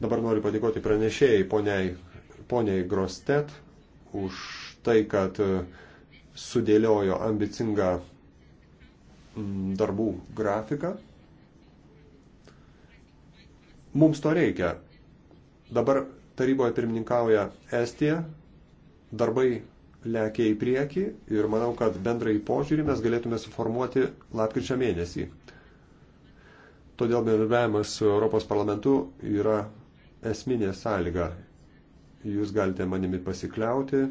Dabar noriu padėkoti pranešėjai poniai, poniai Grostet už tai, kad e, sudėliojo ambicingą mm, darbų grafiką. Mums to reikia. Dabar taryboje pirmininkauja Estija. Darbai lekia į priekį ir manau, kad bendrai požiūrį mes galėtume suformuoti lapkričio mėnesį. Todėl bendravimas su Europos parlamentu yra esminė sąlyga. Jūs galite manimi pasikliauti.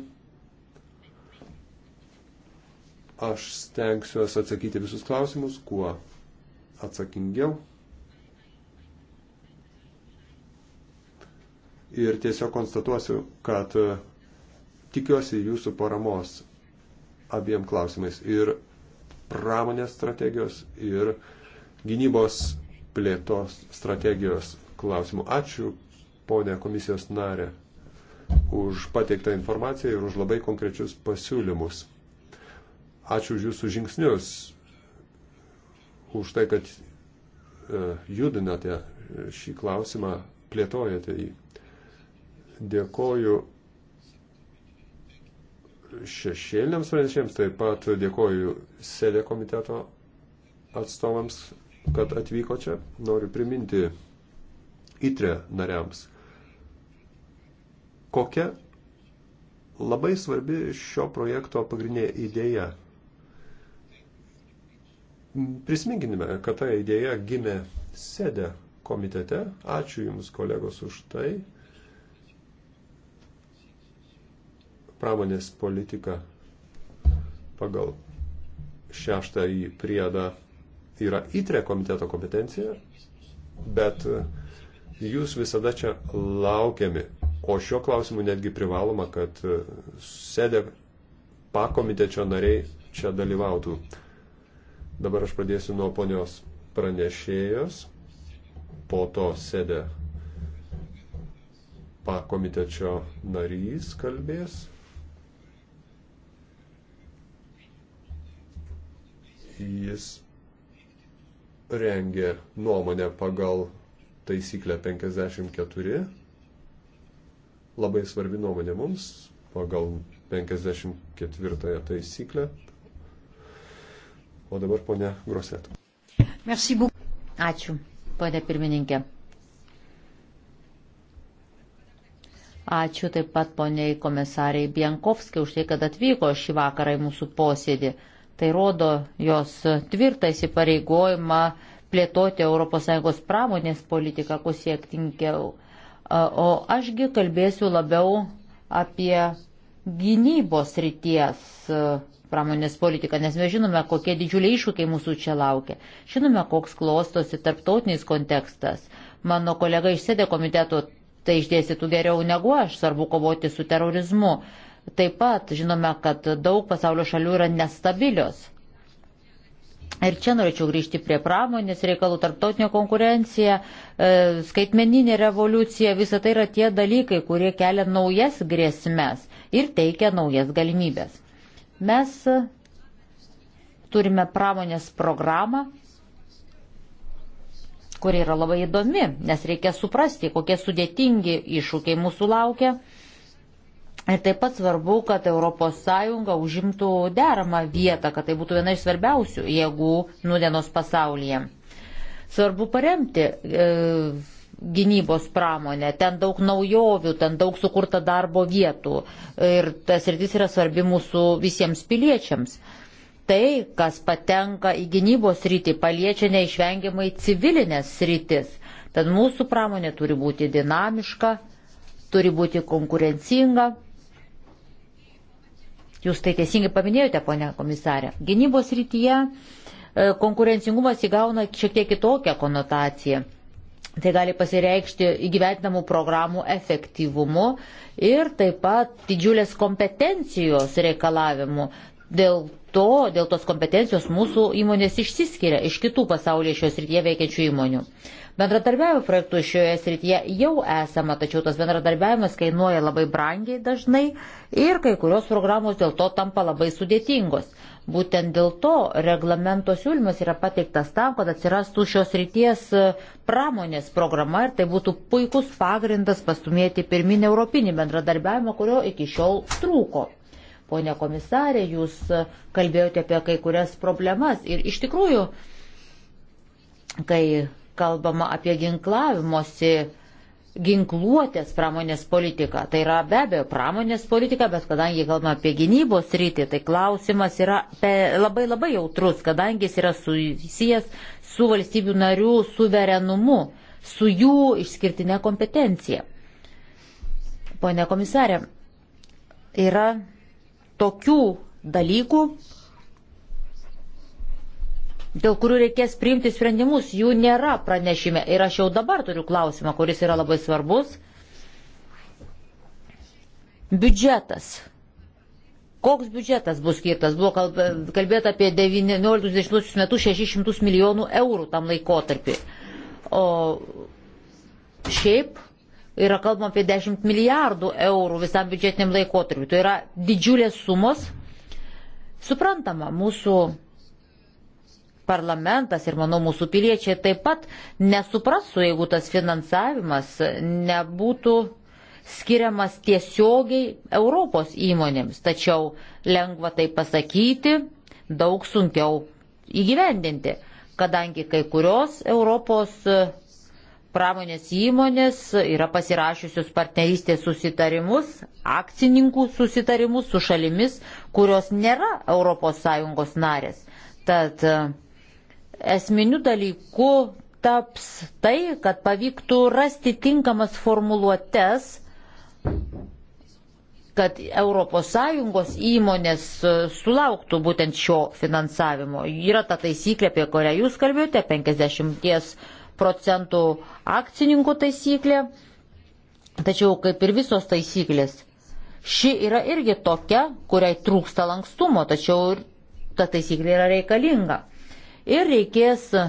Aš stengsiuosi atsakyti visus klausimus, kuo atsakingiau. Ir tiesiog konstatuosiu, kad Tikiuosi jūsų paramos abiem klausimais ir pramonės strategijos ir gynybos plėtos strategijos klausimų. Ačiū, ponė komisijos narė, už pateiktą informaciją ir už labai konkrečius pasiūlymus. Ačiū už jūsų žingsnius, už tai, kad e, judinate šį klausimą, plėtojate jį. Dėkoju šešėliniams pranešėjams, taip pat dėkoju sėdė komiteto atstovams, kad atvyko čia. Noriu priminti įtrė nariams, kokia labai svarbi šio projekto pagrindinė idėja. Prisiminkime, kad ta idėja gimė sėdė komitete. Ačiū Jums, kolegos, už tai. pramonės politika pagal šeštąjį priedą yra įtrė komiteto kompetencija, bet jūs visada čia laukiami. O šiuo klausimu netgi privaloma, kad sėdė pakomitečio nariai čia dalyvautų. Dabar aš pradėsiu nuo ponios pranešėjos, po to sėdė pakomitečio narys kalbės, jis rengė nuomonę pagal taisyklę 54. Labai svarbi nuomonė mums pagal 54 taisyklę. O dabar ponia Groset. Ačiū, ponia pirmininkė. Ačiū taip pat poniai komisariai Bienkovskiai už tai, kad atvyko šį vakarą į mūsų posėdį. Tai rodo jos tvirtą įsipareigojimą plėtoti ES pramonės politiką, kuo siektingiau. O ašgi kalbėsiu labiau apie gynybos ryties pramonės politiką, nes mes žinome, kokie didžiuliai iššūkiai mūsų čia laukia. Žinome, koks klostosi tarptautinis kontekstas. Mano kolega iš sėdė komiteto tai išdėstytų geriau negu aš, svarbu kovoti su terorizmu. Taip pat žinome, kad daug pasaulio šalių yra nestabilios. Ir čia norėčiau grįžti prie pramonės reikalų, tarptautinė konkurencija, e, skaitmeninė revoliucija, visa tai yra tie dalykai, kurie kelia naujas grėsmės ir teikia naujas galimybės. Mes turime pramonės programą, kuri yra labai įdomi, nes reikia suprasti, kokie sudėtingi iššūkiai mūsų laukia Ir taip pat svarbu, kad ES užimtų deramą vietą, kad tai būtų viena iš svarbiausių jėgų nudienos pasaulyje. Svarbu paremti e, gynybos pramonę, ten daug naujovių, ten daug sukurta darbo vietų ir tas rytis yra svarbi mūsų visiems piliečiams. Tai, kas patenka į gynybos rytį, paliečia neišvengiamai civilinės rytis. Tad mūsų pramonė turi būti dinamiška, turi būti konkurencinga Jūs tai teisingai paminėjote, ponia komisarė. Gynybos rytyje e, konkurencingumas įgauna šiek tiek kitokią konotaciją. Tai gali pasireikšti įgyventinamų programų efektyvumu ir taip pat didžiulės kompetencijos reikalavimu. Dėl to, dėl tos kompetencijos mūsų įmonės išsiskiria iš kitų pasaulyje šios rytyje veikiančių įmonių. Bendradarbiavimo projektų šioje srityje jau esama, tačiau tas bendradarbiavimas kainuoja labai brangiai dažnai ir kai kurios programos dėl to tampa labai sudėtingos. Būtent dėl to reglamento siūlymas yra pateiktas tam, kad atsirastų šios ryties e, pramonės programa ir tai būtų puikus pagrindas pastumėti pirminį europinį bendradarbiavimą, kurio iki šiol trūko. Pone komisarė, jūs e, kalbėjote apie kai kurias problemas ir iš tikrųjų, kai kalbama apie ginklavimosi, ginkluotės pramonės politiką. Tai yra be abejo pramonės politika, bet kadangi kalbame apie gynybos rytį, tai klausimas yra labai labai jautrus, kadangi jis yra susijęs su valstybių narių suverenumu, su jų išskirtinė kompetencija. Pone komisarė, yra tokių dalykų, dėl kurių reikės priimti sprendimus, jų nėra pranešime. Ir aš jau dabar turiu klausimą, kuris yra labai svarbus. Biudžetas. Koks biudžetas bus skirtas? Buvo kalbėta apie 19-20 metus 600 milijonų eurų tam laikotarpį. O šiaip yra kalbama apie 10 milijardų eurų visam biudžetiniam laikotarpiu. Tai yra didžiulės sumos. Suprantama, mūsų parlamentas ir, manau, mūsų piliečiai taip pat nesuprastų, jeigu tas finansavimas nebūtų skiriamas tiesiogiai Europos įmonėms. Tačiau lengva tai pasakyti, daug sunkiau įgyvendinti, kadangi kai kurios Europos e, pramonės įmonės yra pasirašiusios partnerystės susitarimus, akcininkų susitarimus su šalimis, kurios nėra ES narės. Tad e, esminiu dalyku taps tai, kad pavyktų rasti tinkamas formuluotės, kad ES įmonės e, sulauktų būtent šio finansavimo. Yra ta taisyklė, apie kurią jūs kalbėjote, 50 procentų akcininkų taisyklė. Tačiau, kaip ir visos taisyklės, ši yra irgi tokia, kuriai trūksta lankstumo, tačiau ta taisyklė yra reikalinga ir reikės e,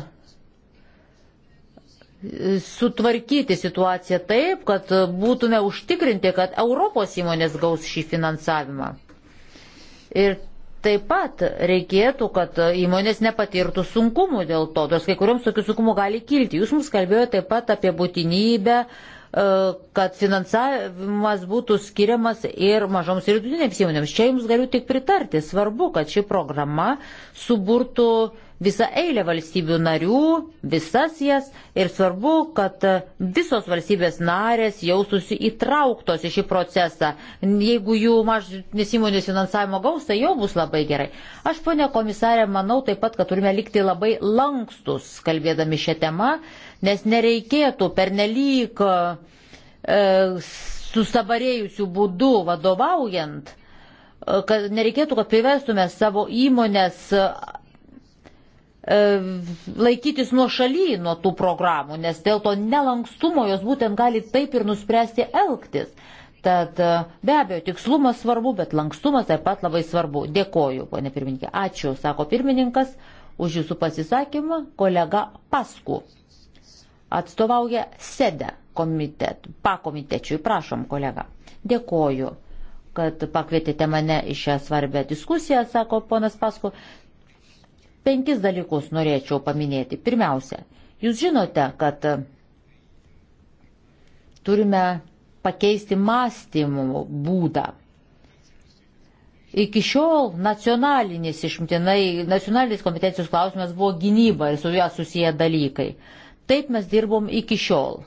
sutvarkyti situaciją taip, kad būtume užtikrinti, kad Europos įmonės gaus šį finansavimą. Ir taip pat reikėtų, kad įmonės nepatirtų sunkumų dėl to, nors kai kuriuoms tokių sunkumų gali kilti. Jūs mums kalbėjote taip pat apie būtinybę, e, kad finansavimas būtų skiriamas ir mažoms ir vidutinėms įmonėms. Čia jums galiu tik pritarti. Svarbu, kad ši programa suburtų visą eilę valstybių narių, visas jas ir svarbu, kad visos valstybės narės jaustųsi įtrauktos į šį procesą. Jeigu jų mažnis įmonės finansavimo gaus, tai jau bus labai gerai. Aš, ponė komisarė, manau taip pat, kad turime likti labai lankstus, kalbėdami šią temą, nes nereikėtų pernelyg e, sustabarėjusių būdų vadovaujant, e, kad nereikėtų, kad privestume savo įmonės E, laikytis nuo šaly nuo tų programų, nes dėl to nelankstumo jos būtent gali taip ir nuspręsti elgtis. Tad e, be abejo, tikslumas svarbu, bet lankstumas taip pat labai svarbu. Dėkoju, ponė pirmininkė. Ačiū, sako pirmininkas, už jūsų pasisakymą kolega Pasku. Atstovauja sėdę komitet, pakomitečiui, prašom, kolega. Dėkoju, kad pakvietėte mane į šią svarbę diskusiją, sako ponas Pasku. Penkis dalykus norėčiau paminėti. Pirmiausia, jūs žinote, kad e, turime pakeisti mąstymų būdą. Iki šiol nacionalinis išimtinai, nacionalinis kompetencijos klausimas buvo gynyba ir su juo susiję dalykai. Taip mes dirbom iki šiol.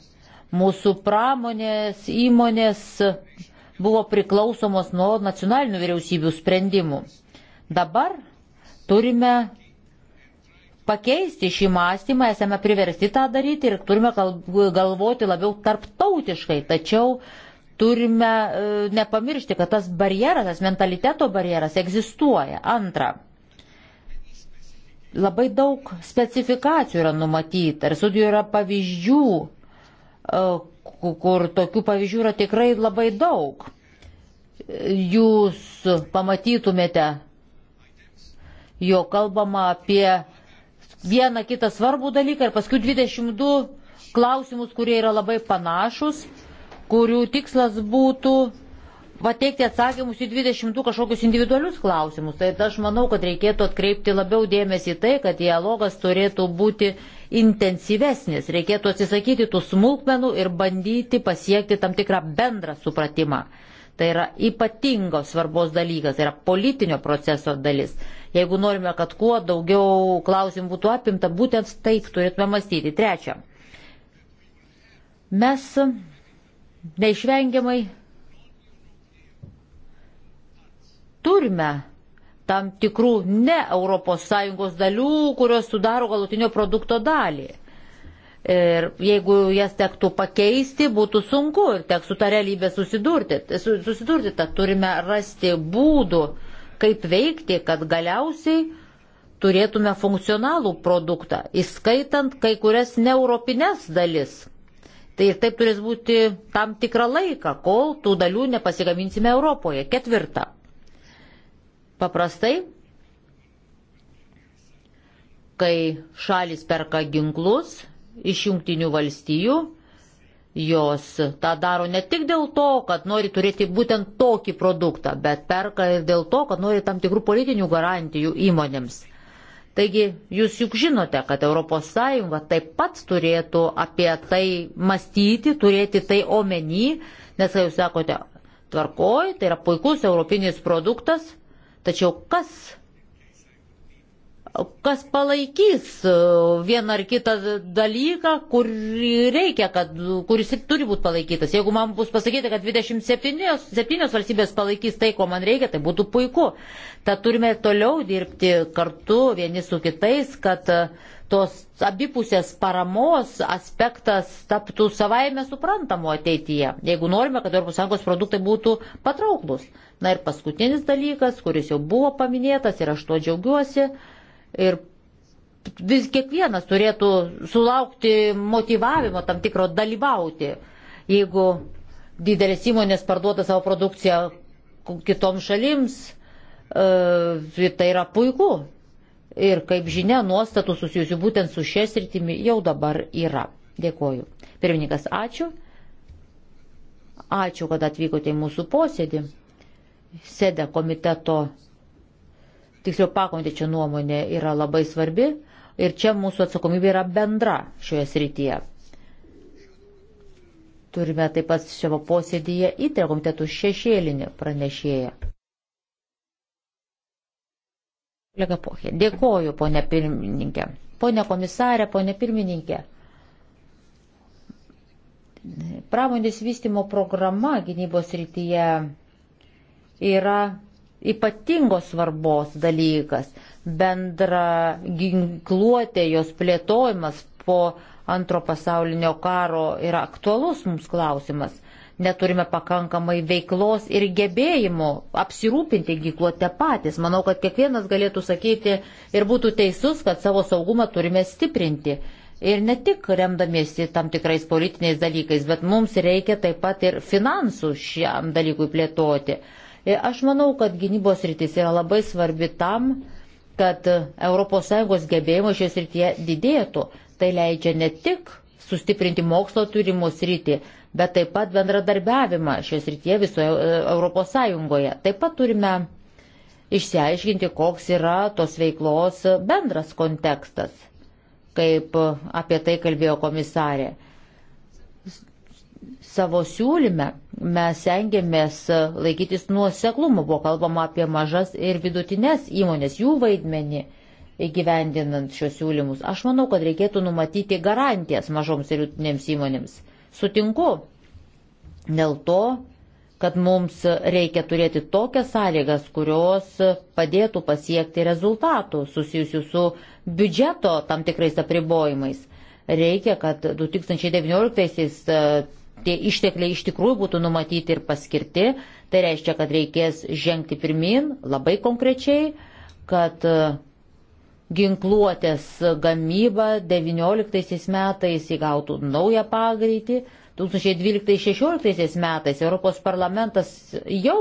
Mūsų pramonės, įmonės buvo priklausomos nuo nacionalinių vyriausybių sprendimų. Dabar turime pakeisti šį mąstymą, esame priversti tą daryti ir turime galvoti labiau tarptautiškai, tačiau turime e, nepamiršti, kad tas barjeras, tas mentaliteto barjeras egzistuoja. Antra, labai daug specifikacijų yra numatyta ir studijų yra pavyzdžių, e, kur tokių pavyzdžių yra tikrai labai daug. Jūs pamatytumėte, jo kalbama apie vieną kitą svarbų dalyką ir paskui 22 klausimus, kurie yra labai panašus, kurių tikslas būtų pateikti atsakymus į 20 kažkokius individualius klausimus. Tai aš manau, kad reikėtų atkreipti labiau dėmesį į tai, kad dialogas turėtų būti intensyvesnis, reikėtų atsisakyti tų smulkmenų ir bandyti pasiekti tam tikrą bendrą supratimą. Tai yra ypatingos svarbos dalykas, tai yra politinio proceso dalis. Jeigu norime, kad kuo daugiau klausimų būtų apimta, būtent taip turėtume mąstyti. Trečia, mes neišvengiamai turime tam tikrų ne ES dalių, kurios sudaro galutinio produkto dalį. Ir jeigu jas tektų pakeisti, būtų sunku ir teks su tą realybę susidurti. Susidurti, tad turime rasti būdų, kaip veikti, kad galiausiai turėtume funkcionalų produktą, įskaitant kai kurias neuropines dalis. Tai ir taip turės būti tam tikrą laiką, kol tų dalių nepasigaminsime Europoje. Ketvirta. Paprastai, kai šalis perka ginklus, iš jungtinių valstijų. Jos tą daro ne tik dėl to, kad nori turėti būtent tokį produktą, bet perka ir dėl to, kad nori tam tikrų politinių garantijų įmonėms. Taigi jūs juk žinote, kad ES taip pat turėtų apie tai mąstyti, turėti tai omeny, nes, kai jūs sakote, tvarkoj, tai yra puikus europinis produktas, tačiau kas kas palaikys e, vieną ar kitą dalyką, kur reikia, kad, kuris turi būti palaikytas. Jeigu man bus pasakyti, kad 27 valstybės palaikys tai, ko man reikia, tai būtų puiku. Tad turime toliau dirbti kartu vieni su kitais, kad e, tos abipusės paramos aspektas taptų savaime suprantamu ateityje, jeigu norime, kad ES produktai būtų patrauklus. Na ir paskutinis dalykas, kuris jau buvo paminėtas ir aš tuo džiaugiuosi, Ir vis kiekvienas turėtų sulaukti motivavimo tam tikro dalyvauti, jeigu didelės įmonės parduoda savo produkciją kitoms šalims, e, tai yra puiku. Ir kaip žinia, nuostatų susijusių būtent su šias rytimi jau dabar yra. Dėkoju. Pirmininkas, ačiū. Ačiū, kad atvykote į mūsų posėdį. Sėdė komiteto tiksliau pakomitečio nuomonė yra labai svarbi ir čia mūsų atsakomybė yra bendra šioje srityje. Turime taip pat šiame posėdėje įtrė komitetų šešėlinį pranešėją. Kolega Pohė, dėkoju, ponė pirmininkė. Pone komisarė, ponė pirmininkė. Pramonės vystimo programa gynybos rytyje yra ypatingos svarbos dalykas. Bendra ginkluotė, jos plėtojimas po antro pasaulinio karo yra aktualus mums klausimas. Neturime pakankamai veiklos ir gebėjimų apsirūpinti ginkluotę patys. Manau, kad kiekvienas galėtų sakyti ir būtų teisus, kad savo saugumą turime stiprinti. Ir ne tik remdamiesi tam tikrais politiniais dalykais, bet mums reikia taip pat ir finansų šiam dalykui plėtoti. E, aš manau, kad gynybos rytis yra labai svarbi tam, kad ES gebėjimo šioje srityje didėtų. Tai leidžia ne tik sustiprinti mokslo turimų sritį, bet taip pat bendradarbiavimą šioje srityje visoje ES. Taip pat turime išsiaiškinti, koks yra tos veiklos bendras kontekstas, kaip apie tai kalbėjo komisarė. Savo siūlyme mes engiamės laikytis nuoseklumo, buvo kalbama apie mažas ir vidutinės įmonės, jų vaidmenį įgyvendinant šios siūlymus. Aš manau, kad reikėtų numatyti garantijas mažoms ir vidutinėms įmonėms. Sutinku dėl to, kad mums reikia turėti tokias sąlygas, kurios padėtų pasiekti rezultatų susijusių su biudžeto tam tikrais apribojimais. Reikia, kad 2019 tie ištekliai iš tikrųjų būtų numatyti ir paskirti. Tai reiškia, kad reikės žengti pirmin labai konkrečiai, kad e, ginkluotės gamyba 19 metais įgautų naują pagreitį. 2012-2016 metais Europos parlamentas jau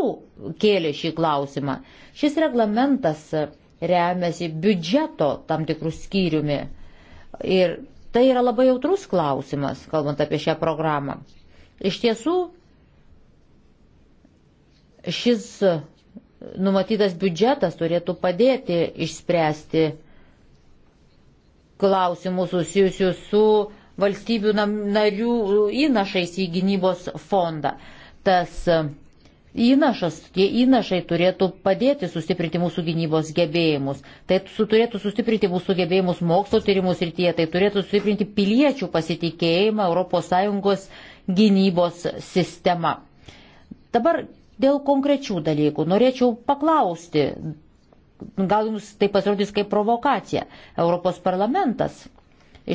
kėlė šį klausimą. Šis reglamentas remiasi biudžeto tam tikrų skyriumi. Ir tai yra labai jautrus klausimas, kalbant apie šią programą. Iš tiesų, šis e, numatytas biudžetas turėtų padėti išspręsti klausimus susijusius su valstybių narių įnašais į gynybos fondą. Tas e, įnašas, tie įnašai turėtų padėti sustiprinti mūsų gynybos gebėjimus. Tai turėtų sustiprinti mūsų gebėjimus mokslo tyrimus ir tie, tai turėtų sustiprinti piliečių pasitikėjimą ES gynybos sistema. Dabar dėl konkrečių dalykų norėčiau paklausti, gal jums tai pasirodys kaip provokacija. Europos parlamentas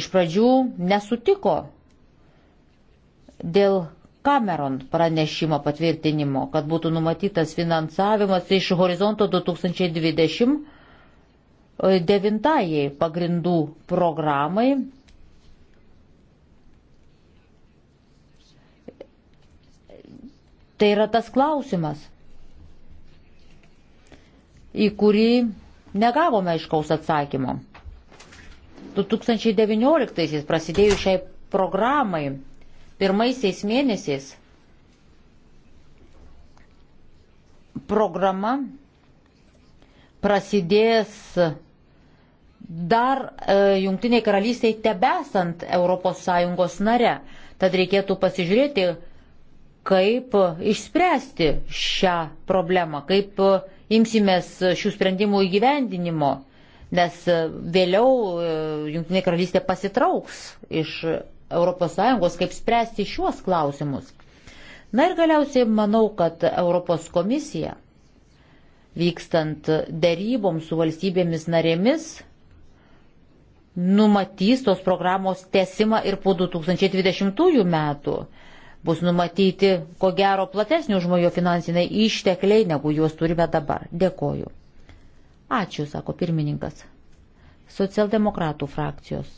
iš pradžių nesutiko dėl Cameron pranešimo patvirtinimo, kad būtų numatytas finansavimas iš horizonto 2020 e, devintajai pagrindų programai Tai yra tas klausimas, į kurį negavome iškaus atsakymo. 2019 prasidėjus šiai programai pirmaisiais mėnesiais programa prasidės dar e, jungtiniai karalystiai tebesant ES nare. Tad reikėtų pasižiūrėti, kaip išspręsti šią problemą, kaip imsimės šių sprendimų įgyvendinimo, nes vėliau e, Junktinė karalystė pasitrauks iš ES, kaip spręsti šiuos klausimus. Na ir galiausiai manau, kad Europos komisija, vykstant daryboms su valstybėmis narėmis, numatys tos programos tesimą ir po 2020 metų Bus numatyti, ko gero, platesnių žmonių finansiniai ištekliai, negu juos turime dabar. Dėkoju. Ačiū, sako pirmininkas. Socialdemokratų frakcijos.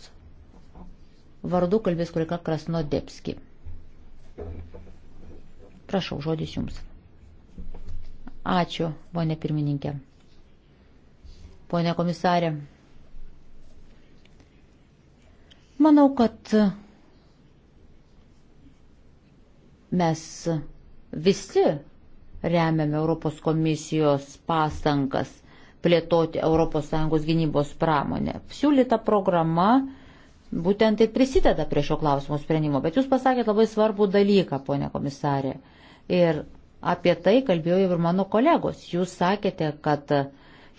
Vardu kalbės kurika Krasnodepski. Prašau, žodis jums. Ačiū, ponė pirmininkė. Pone komisarė. Manau, kad Mes visi remiame Europos komisijos pastangas plėtoti ES gynybos pramonę. Siūlyta programa būtent ir prisideda prie šio klausimo sprendimo, bet jūs pasakėt labai svarbų dalyką, ponė komisarė. Ir apie tai kalbėjo ir mano kolegos. Jūs sakėte, kad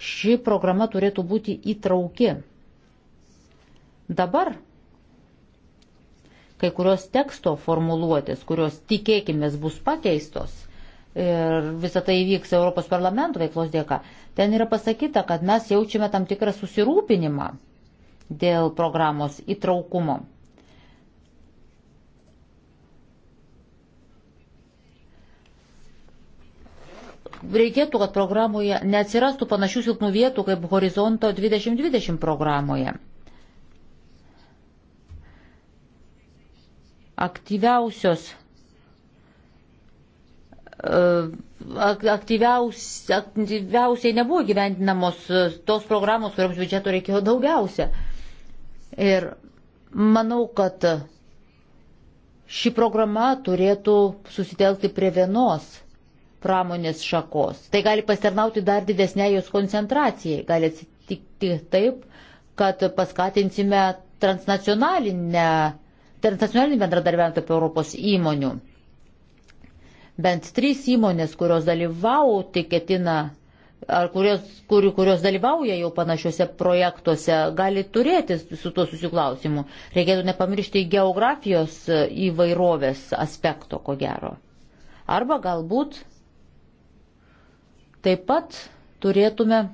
ši programa turėtų būti įtrauki. Dabar Kai kurios teksto formuluotės, kurios tikėkime bus pakeistos ir visą tai įvyks Europos parlamento veiklos dėka, ten yra pasakyta, kad mes jaučiame tam tikrą susirūpinimą dėl programos įtraukumo. reikėtų, kad programoje neatsirastų panašių silpnų vietų kaip Horizonto 2020 programoje. aktyviausios e, aktyviausiai, aktyviausiai nebuvo gyventinamos e, tos programos, kuriams biudžeto reikėjo daugiausia. Ir manau, kad ši programa turėtų susitelkti prie vienos pramonės šakos. Tai gali pasitarnauti dar didesnė jos koncentracijai. Gali atsitikti taip, kad paskatinsime transnacionalinę transnacionalinį bendradarbiavimą tarp Europos įmonių. Bent trys įmonės, kurios dalyvauti ketina ar kurios, kur, kurios dalyvauja jau panašiuose projektuose, gali turėti su tuo susiklausimu. Reikėtų nepamiršti geografijos įvairovės aspekto, ko gero. Arba galbūt taip pat turėtume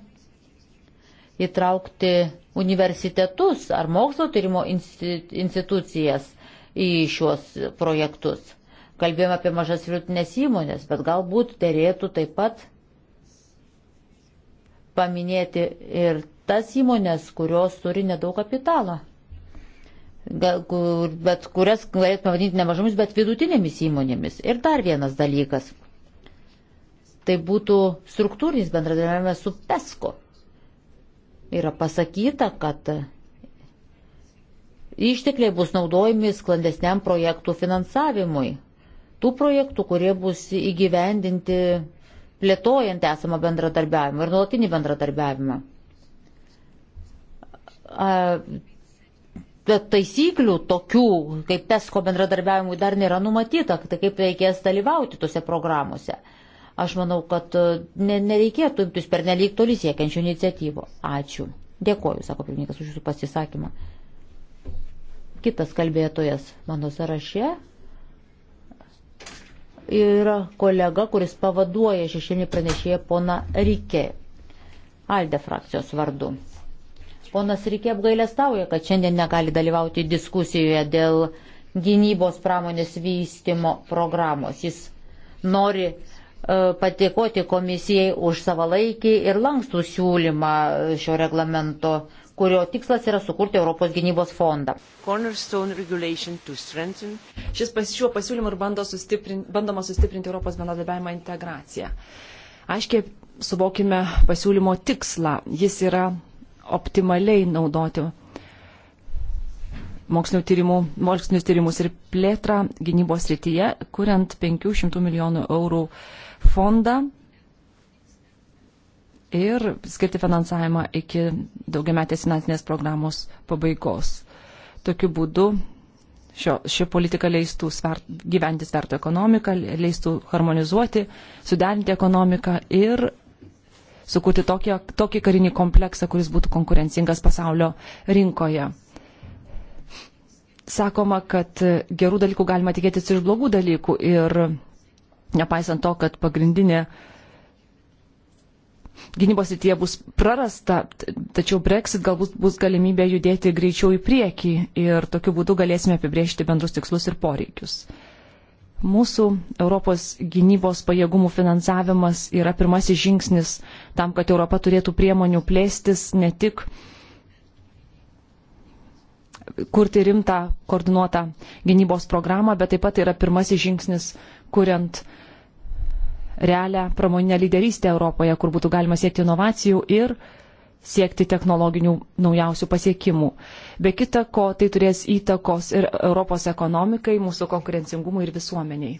įtraukti universitetus ar mokslo tyrimo institucijas į šiuos projektus. Kalbėjome apie mažas vidutinės įmonės, bet galbūt dėrėtų taip pat paminėti ir tas įmonės, kurios turi nedaug kapitalo, Gal, kur, bet kurias galėtume pavadinti ne mažomis, bet vidutinėmis įmonėmis. Ir dar vienas dalykas. Tai būtų struktūrinis bendradarbiavimas su PESCO. Yra pasakyta, kad Ištekliai bus naudojami sklandesniam projektų finansavimui. Tų projektų, kurie bus įgyvendinti plėtojant esamą bendradarbiavimą ir nuolatinį bendradarbiavimą. Bet taisyklių tokių, kaip PESCO bendradarbiavimui, dar nėra numatyta, tai kaip reikės dalyvauti tose programuose. Aš manau, kad e, ne, nereikėtų imtis per nelik toli siekiančių iniciatyvų. Ačiū. Dėkoju, sako pirmininkas, už jūsų pasisakymą. Kitas kalbėtojas mano sąraše yra kolega, kuris pavaduoja šešėlinį pranešėją pona Rikė. Alde frakcijos vardu. Ponas Rikė apgailestauja, kad šiandien negali dalyvauti diskusijoje dėl gynybos pramonės vystimo programos. Jis nori e, patikoti komisijai už savalaikį ir lankstų siūlymą šio reglamento kurio tikslas yra sukurti Europos gynybos fondą. Šis šiuo pasiūlymu ir bando sustiprin, bandoma sustiprinti Europos bendradarbiavimą integraciją. Aiškiai suvokime pasiūlymo tikslą. Jis yra optimaliai naudoti mokslinių tyrimų, mokslinius tyrimus ir plėtrą gynybos rytyje, kuriant 500 milijonų eurų fondą ir skirti finansavimą iki daugiametės finansinės programos pabaigos. Tokiu būdu šio, ši politika leistų svert, gyventi svertų ekonomiką, leistų harmonizuoti, suderinti ekonomiką ir sukurti tokį, tokį karinį kompleksą, kuris būtų konkurencingas pasaulio rinkoje. Sakoma, kad gerų dalykų galima tikėtis iš blogų dalykų ir nepaisant to, kad pagrindinė uh, gynybos rytyje bus prarasta, tačiau Brexit galbūt bus galimybė judėti greičiau į priekį ir tokiu būdu galėsime apibriežti bendrus tikslus ir poreikius. Mūsų Europos gynybos pajėgumų finansavimas yra pirmasis žingsnis tam, kad Europa turėtų priemonių plėstis ne tik kurti rimtą koordinuotą gynybos programą, bet taip pat yra pirmasis žingsnis, kuriant uh, realią pramoninę lyderystę Europoje, kur būtų galima siekti inovacijų ir siekti technologinių naujausių pasiekimų. Be kita ko, tai turės įtakos ir Europos ekonomikai, mūsų konkurencingumui ir visuomeniai.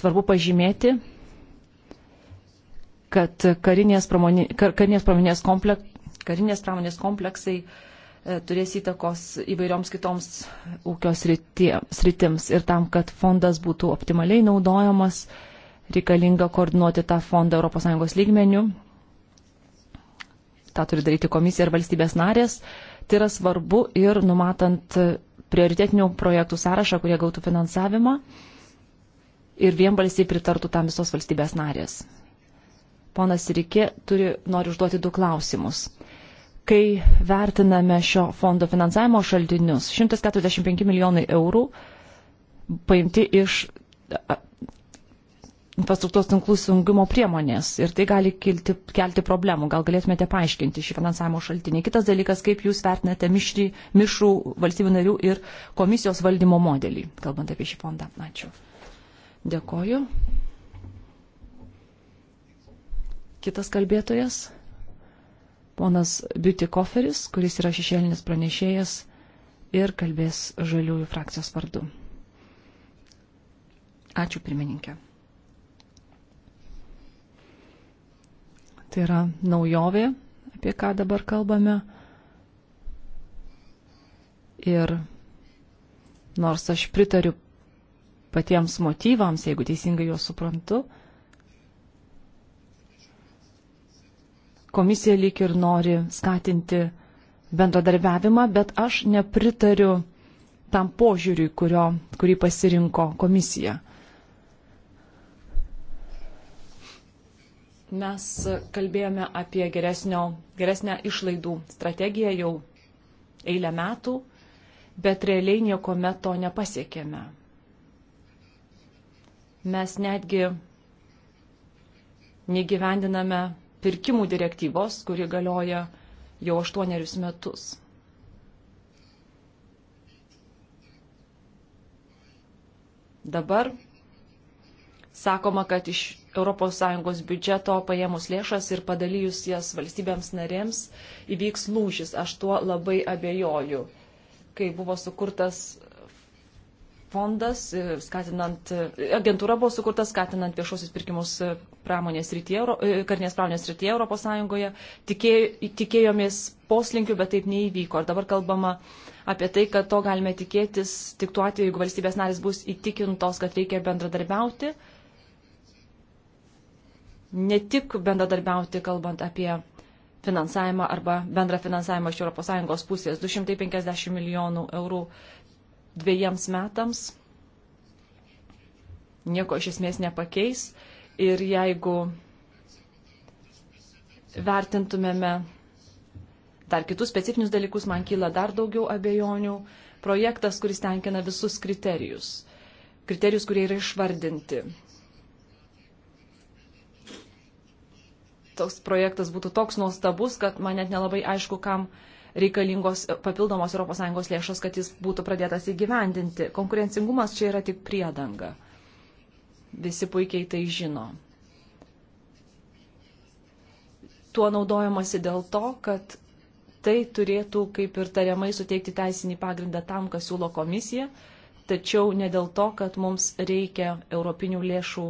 Svarbu pažymėti, kad karinės, pramoni, kar, karinės, pramonės, komplek, karinės pramonės kompleksai e, turės įtakos įvairioms kitoms ūkio sritims ir tam, kad fondas būtų optimaliai naudojamas, uh, reikalinga koordinuoti tą fondą ES lygmenių. Ta turi daryti komisija ir valstybės narės. Tai yra svarbu ir numatant prioritetinių projektų sąrašą, kurie gautų finansavimą ir vienbalsiai pritartų tam visos valstybės narės. Ponas Sirikė turi, nori užduoti du klausimus. Kai vertiname šio fondo finansavimo šaltinius, 145 milijonai eurų paimti iš infrastruktūros tinklų sujungimo priemonės ir tai gali kilti, kelti problemų. Gal galėtumėte paaiškinti šį finansavimo šaltinį. Kitas dalykas, kaip jūs vertinate mišrį, mišrų valstybių narių ir komisijos valdymo modelį, kalbant apie šį fondą. Ačiū. Dėkoju. Kitas kalbėtojas, ponas Biuti Koferis, kuris yra šešėlinis pranešėjas ir kalbės žaliųjų frakcijos vardu. Ačiū pirmininkė. Tai yra naujovė, apie ką dabar kalbame. Ir nors aš pritariu patiems motyvams, jeigu teisingai juos suprantu, komisija lyg ir nori skatinti bendradarbiavimą, bet aš nepritariu tam požiūriui, kurio, kurį pasirinko komisija. Mes kalbėjome apie geresnio, geresnę išlaidų strategiją jau eilę metų, bet realiai nieko meto nepasiekėme. Mes netgi negyvendiname pirkimų direktyvos, kuri galioja jau aštuonerius metus. Dabar sakoma, kad iš ES biudžeto paėmus lėšas ir padalyjus jas valstybėms narėms įvyks lūžis. Aš tuo labai abejoju. Kai buvo sukurtas fondas, e, skatinant, e, agentūra buvo sukurta skatinant viešosius pirkimus e, pramonės rytyje, karinės pramonės rytyje Europos Sąjungoje. Tikėjo, tikėjomės poslinkių, bet taip neįvyko. Ir dabar kalbama apie tai, kad to galime tikėtis tik tuo atveju, jeigu valstybės narės bus įtikintos, kad reikia bendradarbiauti ne tik bendradarbiauti, kalbant apie finansavimą arba bendrą finansavimą iš ES pusės 250 milijonų eurų dviejams metams. Nieko iš esmės nepakeis. Ir jeigu vertintumėme dar kitus specifinius dalykus, man kyla dar daugiau abejonių. Projektas, kuris tenkina visus kriterijus. Kriterijus, kurie yra išvardinti toks projektas būtų toks nuostabus, kad man net nelabai aišku, kam reikalingos papildomos ES lėšos, kad jis būtų pradėtas įgyvendinti. Konkurencingumas čia yra tik priedanga. Visi puikiai tai žino. Tuo naudojamasi dėl to, kad tai turėtų kaip ir tariamai suteikti teisinį pagrindą tam, kas siūlo komisija, tačiau ne dėl to, kad mums reikia europinių lėšų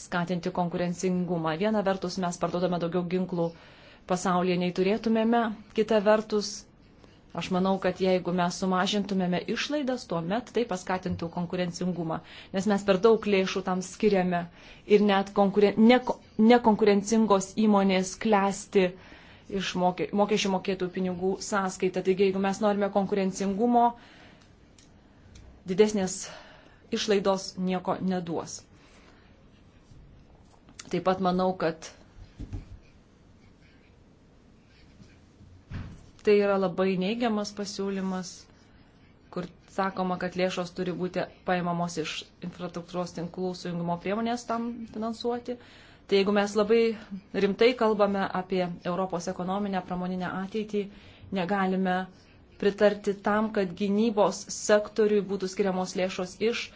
skatinti konkurencingumą. Viena vertus mes parduodame daugiau ginklų pasaulyje nei turėtumėme, kita vertus Aš manau, kad jeigu mes sumažintumėme išlaidas, tuomet tai paskatintų konkurencingumą, nes mes per daug lėšų tam skiriame ir net konkuren... ne... nekonkurencingos įmonės klesti iš mokė... mokesčių mokėtų pinigų sąskaitą. Taigi, jeigu mes norime konkurencingumo, didesnės išlaidos nieko neduos. Taip pat manau, kad tai yra labai neigiamas pasiūlymas, kur sakoma, kad lėšos turi būti paimamos iš infrastruktūros tinklų sujungimo priemonės tam finansuoti. Tai jeigu mes labai rimtai kalbame apie Europos ekonominę, pramoninę ateitį, negalime pritarti tam, kad gynybos sektoriui būtų skiriamos lėšos iš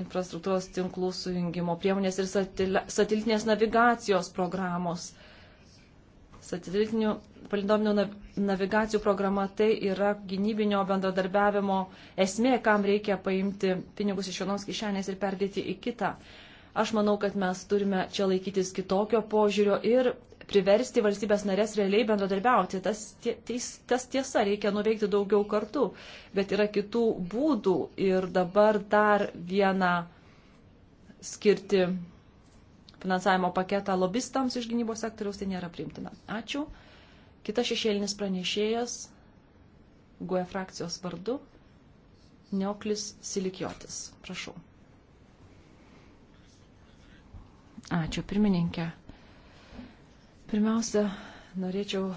infrastruktūros tinklų sujungimo priemonės ir satelitinės navigacijos programos. Satelitinių palindominių navigacijų programa tai yra gynybinio bendradarbiavimo esmė, kam reikia paimti pinigus iš vienos kišenės ir perdėti į kitą. Aš manau, kad mes turime čia laikytis kitokio požiūrio ir priversti valstybės narės realiai bendradarbiauti. Tas, ties, tas tiesa, reikia nuveikti daugiau kartų, bet yra kitų būdų ir dabar dar vieną skirti finansavimo paketą lobistams iš gynybos sektoriaus tai nėra primtina. Ačiū. Kitas šešėlinis pranešėjas, GUE frakcijos vardu, Neoklis Silikiotis. Prašau. Ačiū, pirmininkė. Pirmiausia, norėčiau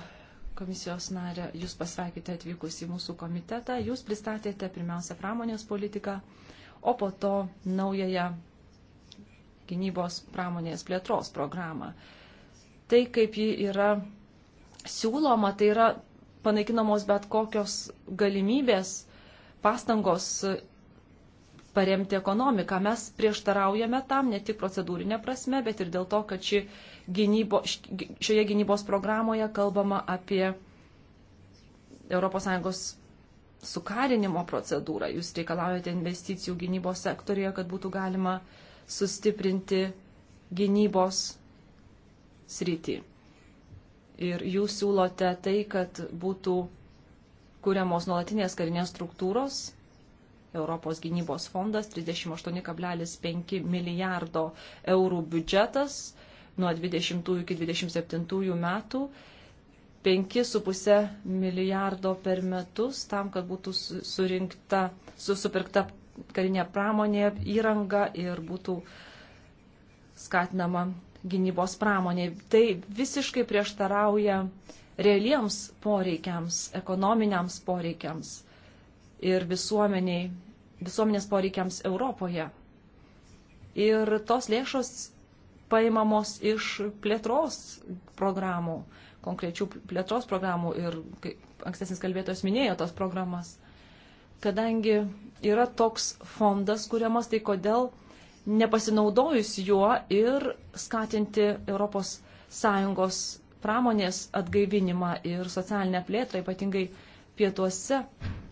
komisijos narę, jūs pasveikite atvykus į mūsų komitetą. Jūs pristatėte pirmiausia pramonės politiką, o po to naująją gynybos pramonės plėtros programą. Tai, kaip ji yra siūloma, tai yra panaikinamos bet kokios galimybės, pastangos paremti ekonomiką. Mes prieštaraujame tam ne tik procedūrinė prasme, bet ir dėl to, kad ši gynybo, šioje gynybos programoje kalbama apie ES sukarinimo procedūrą. Jūs reikalaujate investicijų gynybos sektorijoje, kad būtų galima sustiprinti gynybos sritį. Ir jūs siūlote tai, kad būtų kuriamos nuolatinės karinės struktūros, Europos gynybos fondas 38,5 milijardo eurų biudžetas, nuo 20 iki 27 metų 5,5 milijardo per metus tam, kad būtų surinkta, susipirkta karinė pramonė, įranga ir būtų skatinama gynybos pramonė. Tai visiškai prieštarauja realiems poreikiams, ekonominiams poreikiams ir visuomeniai, visuomenės poreikiams Europoje. Ir tos lėšos paimamos iš plėtros programų, konkrečių plėtros programų ir, kaip ankstesnis kalbėtojas minėjo, tos programas. Kadangi yra toks fondas kuriamas, tai kodėl nepasinaudojus juo ir skatinti ES pramonės atgaivinimą ir socialinę plėtrą, ypatingai pietuose,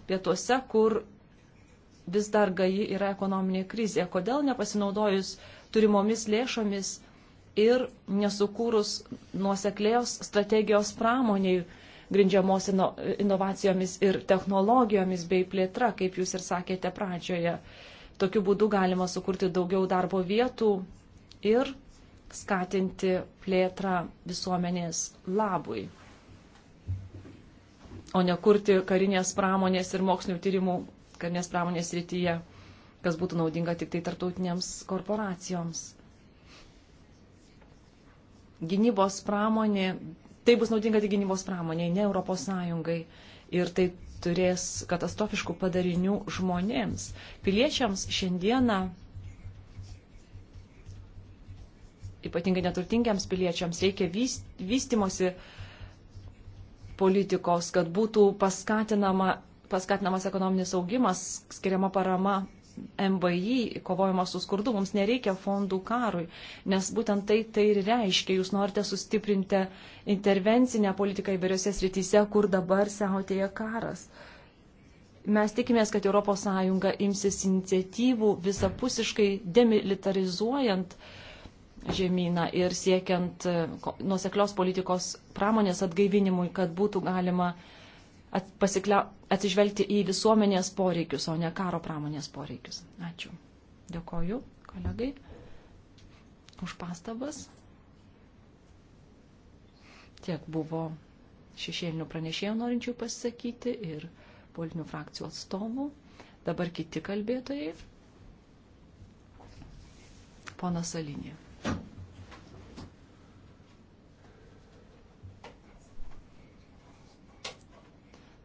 pietuose kur vis dar gaji yra ekonominė krizė. Kodėl nepasinaudojus turimomis lėšomis ir nesukūrus nuoseklėjos strategijos pramoniai grindžiamos ino, inovacijomis ir technologijomis bei plėtra, kaip jūs ir sakėte pradžioje. Tokiu būdu galima sukurti daugiau darbo vietų ir skatinti plėtrą visuomenės labui, o ne kurti karinės pramonės ir mokslinių tyrimų karinės pramonės rytyje kas būtų naudinga tik tai tarptautinėms korporacijoms. Gynybos pramonė, tai bus naudinga tik gynybos pramoniai, ne Europos Sąjungai. Ir tai turės katastrofiškų padarinių žmonėms. Piliečiams šiandieną, ypatingai neturtingiams piliečiams, reikia vystimosi politikos, kad būtų paskatinama paskatinamas ekonominis augimas, skiriama parama MVI kovojimo su skurdu, mums nereikia fondų karui, nes būtent tai tai ir reiškia, jūs norite sustiprinti intervencinę politiką įvairiose srityse, kur dabar siautėja karas. Mes tikimės, kad ES imsis iniciatyvų visapusiškai demilitarizuojant žemyną ir siekiant nuoseklios politikos pramonės atgaivinimui, kad būtų galima uh, atsižvelgti į visuomenės poreikius, o ne karo pramonės poreikius. Ačiū. Dėkoju kolegai už pastabas. Tiek buvo šešėlinių pranešėjų norinčių pasisakyti ir politinių frakcijų atstovų. Dabar kiti kalbėtojai. Ponas Salinė.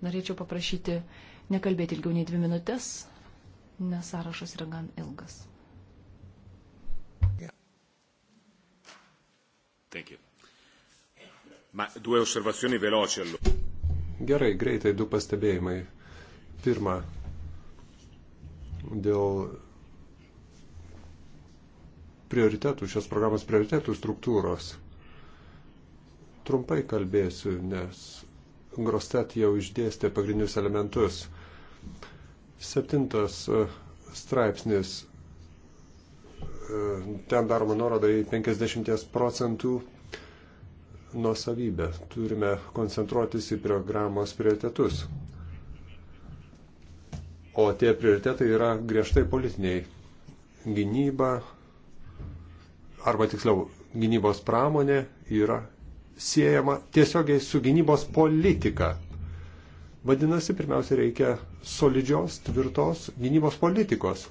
Norėčiau paprašyti nekalbėti ilgiau nei dvi minutės, nes sąrašas yra gan ilgas. Gerai, greitai du pastebėjimai. Pirma, dėl prioritetų, šios programos prioritetų struktūros. Trumpai kalbėsiu, nes Grostet jau išdėstė pagrindinius elementus. Septintas e, straipsnis. E, ten daroma nuoroda į 50 procentų nuosavybę. Turime koncentruotis į programos prioritetus. O tie prioritetai yra griežtai politiniai. Gynyba, arba tiksliau, gynybos pramonė yra siejama tiesiogiai su gynybos politika. Vadinasi, pirmiausia, reikia solidžios, tvirtos gynybos politikos.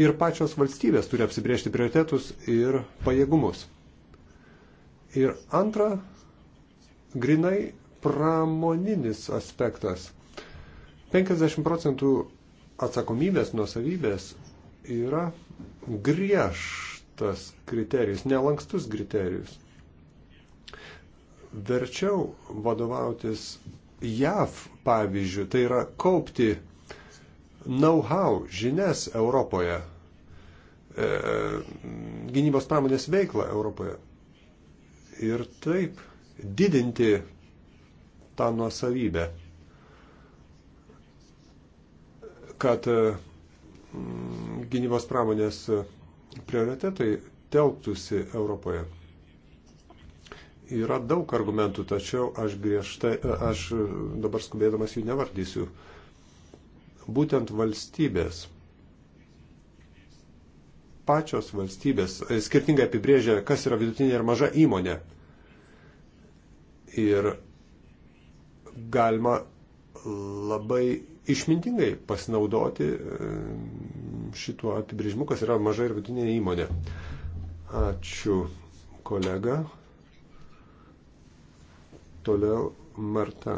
Ir pačios valstybės turi apsibriežti prioritetus ir pajėgumus. Ir antra, grinai pramoninis aspektas. 50 procentų atsakomybės nuosavybės yra griežtas kriterijus, nelankstus kriterijus verčiau vadovautis JAV pavyzdžių, tai yra kaupti know-how, žinias Europoje, e, gynybos pramonės veiklą Europoje. Ir taip didinti tą nuosavybę, kad e, gynybos pramonės prioritetai telktųsi Europoje. Yra daug argumentų, tačiau aš griežtai, aš dabar skubėdamas jų nevardysiu. Būtent valstybės, pačios valstybės e, skirtingai apibrėžia, kas yra vidutinė ir maža įmonė. Ir galima labai išmintingai pasinaudoti e, šituo apibrėžimu, kas yra maža ir vidutinė įmonė. Ačiū, kolega. Toliau Marta.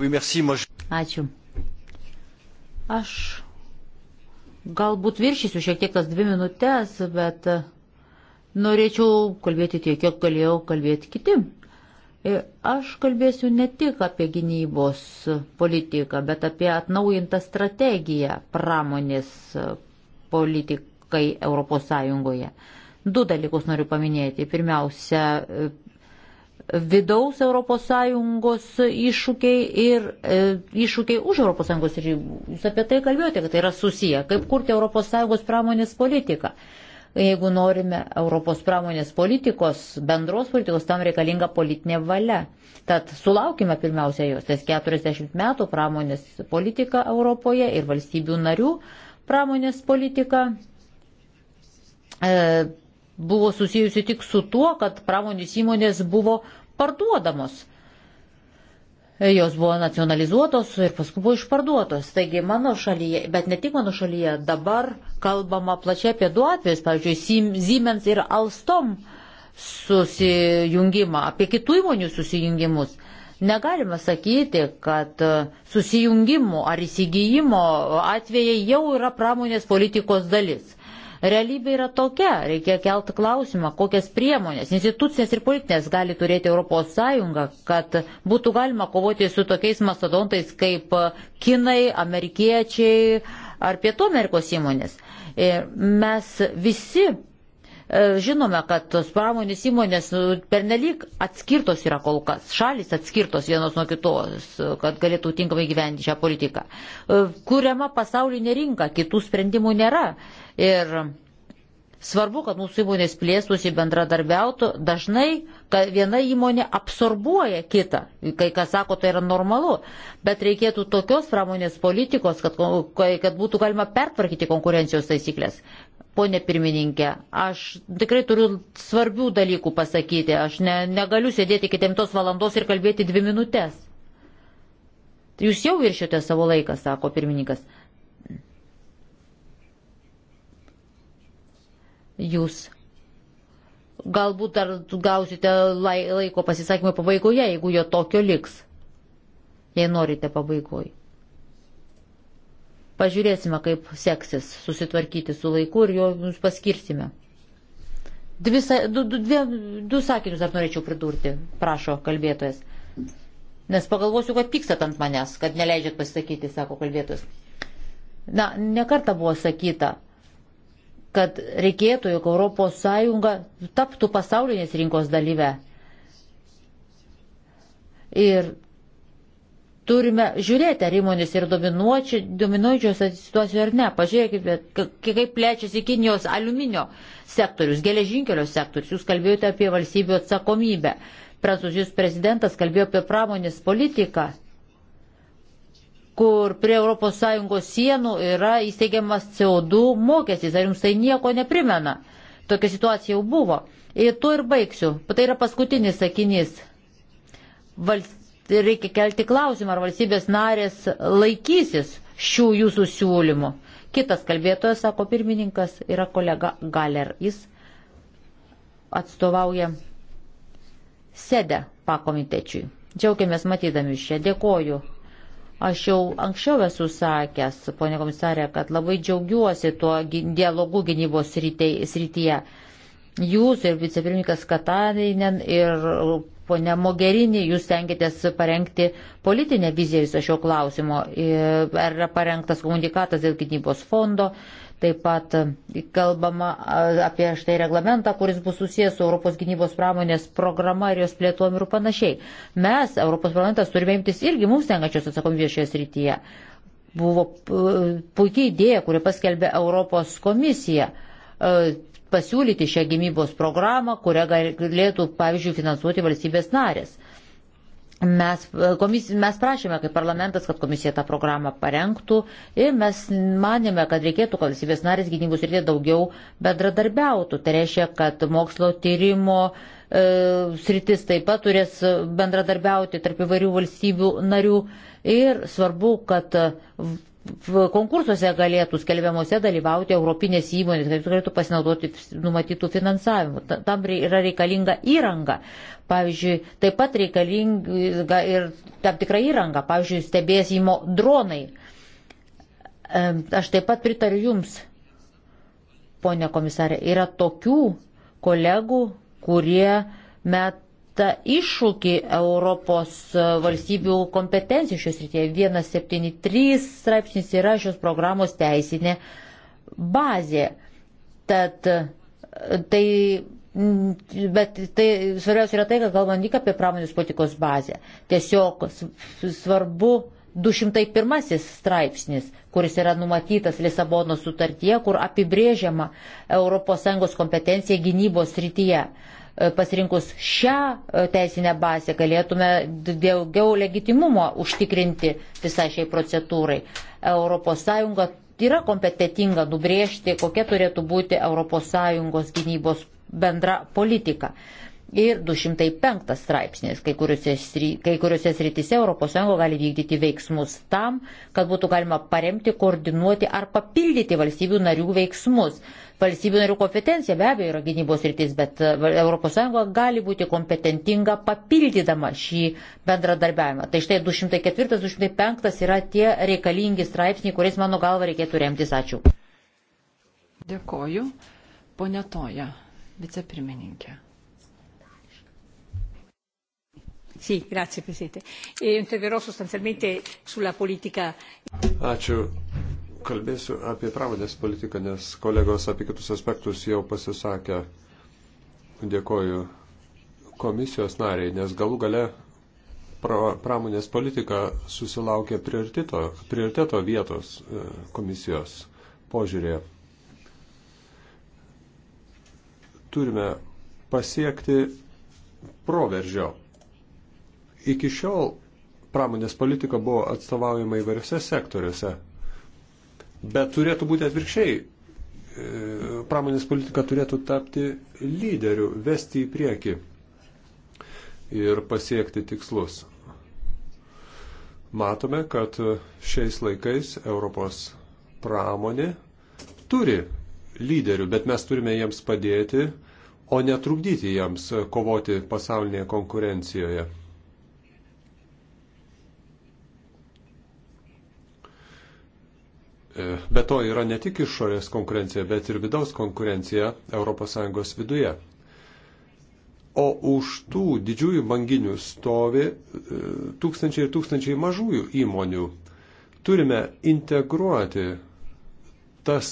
Ačiū. Aš galbūt viršysiu šiek tiek tas dvi minutės, bet e, norėčiau kalbėti tiek, kiek galėjau kalbėti kiti. E, aš kalbėsiu ne tik apie gynybos politiką, bet apie atnaujintą strategiją pramonės politikai ES. Du dalykus noriu paminėti. Pirmiausia, e, vidaus ES iššūkiai ir e, iššūkiai už ES ribų. Jūs apie tai kalbėjote, kad tai yra susiję, kaip kurti ES pramonės politiką. Jeigu norime Europos pramonės politikos, bendros politikos, tam reikalinga politinė valia. Tad sulaukime pirmiausia jos, tas 40 metų pramonės politika Europoje ir valstybių narių pramonės politika. E, buvo susijusi tik su tuo, kad pramonės įmonės buvo parduodamos. Jos buvo nacionalizuotos ir paskui buvo išparduotos. Taigi mano šalyje, bet ne tik mano šalyje, dabar kalbama plačiai apie du atvejus, pavyzdžiui, Siemens ir Alstom susijungimą, apie kitų įmonių susijungimus. Negalima sakyti, kad e, susijungimų ar įsigijimo atvejai jau yra pramonės politikos dalis. Realybė yra tokia, reikia kelti klausimą, kokias priemonės, institucijas ir politinės gali turėti ES, kad būtų galima kovoti su tokiais mastodontais kaip kinai, amerikiečiai ar pietų Amerikos įmonės. Ir e, mes visi E, žinome, kad tos pramonės įmonės nu, pernelyg atskirtos yra kol kas, šalis atskirtos vienos nuo kitos, kad galėtų tinkamai gyventi šią politiką. E, kuriama pasaulinė rinka, kitų sprendimų nėra. Ir svarbu, kad mūsų įmonės plėstųsi, bendradarbiautų. Dažnai viena įmonė absorbuoja kitą. Kai kas sako, tai yra normalu. Bet reikėtų tokios pramonės politikos, kad, kad būtų galima pertvarkyti konkurencijos taisyklės. Pone pirmininkė, aš tikrai turiu svarbių dalykų pasakyti. Aš ne, negaliu sėdėti iki 9 valandos ir kalbėti 2 minutės. Jūs jau viršiote savo laiką, sako pirmininkas. Jūs galbūt dar gausite laiko pasisakymą pabaigoje, jeigu jo tokio liks. Jei norite pabaigoje. Pažiūrėsime, kaip seksis susitvarkyti su laiku ir jo jums paskirsime. Dvi, du, du, dvi, du sakinius dar norėčiau pridurti, prašo kalbėtojas. Nes pagalvosiu, kad pykstat ant manęs, kad neleidžiat pasakyti, sako kalbėtojas. Na, nekarta buvo sakyta, kad reikėtų, jog ES taptų pasaulinės rinkos dalyve. Ir turime žiūrėti, ar įmonės yra dominuojančios situacijoje ar ne. Pažiūrėkite, kaip plečiasi Kinijos aliuminio sektorius, geležinkelio sektorius. Jūs kalbėjote apie valstybių atsakomybę. Prancūzijos prezidentas kalbėjo apie pramonės politiką, kur prie ES sienų yra įsteigiamas CO2 mokestis. Ar jums tai nieko neprimena? Tokia situacija jau buvo. Ir tuo ir baigsiu. Tai yra paskutinis sakinys. Valst tai reikia kelti klausimą, ar valstybės narės laikysis šių jūsų siūlymų. Kitas kalbėtojas, sako pirmininkas, yra kolega Galer. Jis atstovauja sedę pakomitečiui. Džiaugiamės matydami šią. Dėkoju. Aš jau anksčiau esu sakęs, ponė komisarė, kad labai džiaugiuosi tuo dialogu gynybos srityje. Jūs ir vicepirmininkas Kataninen ir ponia Mogerinė, jūs tenkitės parengti politinę viziją viso šio klausimo. Ar yra parengtas komunikatas dėl gynybos fondo, taip pat kalbama apie štai reglamentą, kuris bus susijęs su Europos gynybos pramonės programa ir jos plėtuom ir panašiai. Mes, Europos parlamentas, turime imtis irgi mums tenkačios atsakomybės šioje srityje. Buvo puikiai idėja, kurią paskelbė Europos komisija pasiūlyti šią gynybos programą, kurią galėtų, pavyzdžiui, finansuoti valstybės narės. Mes, komis, mes prašėme kaip parlamentas, kad komisija tą programą parengtų ir mes manėme, kad reikėtų, kad valstybės narės gynybos rytė daugiau bendradarbiautų. Tai reiškia, kad mokslo tyrimo e, sritis taip pat turės bendradarbiauti tarp įvairių valstybių narių ir svarbu, kad konkursuose galėtų skelbiamuose dalyvauti europinės įmonės, kad galėtų pasinaudoti numatytų finansavimų. Tam yra reikalinga įranga. Pavyzdžiui, taip pat reikalinga ir tam tikra įranga, pavyzdžiui, stebėsimo dronai. Aš taip pat pritariu Jums, ponė komisarė, yra tokių kolegų, kurie met tą iššūkį Europos e, valstybių kompetencijų šios rytėje. 173 straipsnis yra šios programos teisinė bazė. Tad e, tai, bet tai svarbiausia yra tai, kad kalbant tik apie pramonės politikos bazę. Tiesiog svarbu 201 straipsnis, kuris yra numatytas Lisabono sutartyje, kur apibrėžiama ES kompetencija gynybos rytyje. E, pasirinkus šią e, teisinę bazę galėtume daugiau legitimumo užtikrinti visai šiai procedūrai. ES yra kompetitinga nubrėžti, kokia turėtų būti ES gynybos bendra politika ir 205 straipsnis, kai kuriuose, kai kuriuose srityse ES gali vykdyti veiksmus tam, kad būtų galima paremti, koordinuoti ar papildyti valstybių narių veiksmus. Valstybių narių kompetencija be abejo yra gynybos rytis, bet ES gali būti kompetentinga papildydama šį bendradarbiavimą. Tai štai 204-205 yra tie reikalingi straipsniai, kuriais mano galva reikėtų remtis. Ačiū. Dėkoju. Pone Toja, vicepirmininkė. Signor sì, Presidente, e interverrò sostanzialmente sulla politica. Ačiū. Kalbėsiu apie pramonės politiką, nes kolegos apie kitus aspektus jau pasisakė. Dėkoju komisijos nariai, nes galų gale pra, pramonės politika susilaukė prioriteto, prioriteto vietos e, komisijos požiūrėje. Turime pasiekti proveržio Iki šiol pramonės politika buvo atstovaujama įvairiose sektoriuose, bet turėtų būti atvirkščiai. E, pramonės politika turėtų tapti lyderiu, vesti į priekį ir pasiekti tikslus. Matome, kad šiais laikais Europos pramonė turi lyderių, bet mes turime jiems padėti, o netrukdyti jiems kovoti pasaulinėje konkurencijoje. E, be to yra ne tik išorės konkurencija, bet ir vidaus konkurencija ES viduje. O už tų didžiųjų banginių stovi e, tūkstančiai ir tūkstančiai mažųjų įmonių. Turime integruoti tas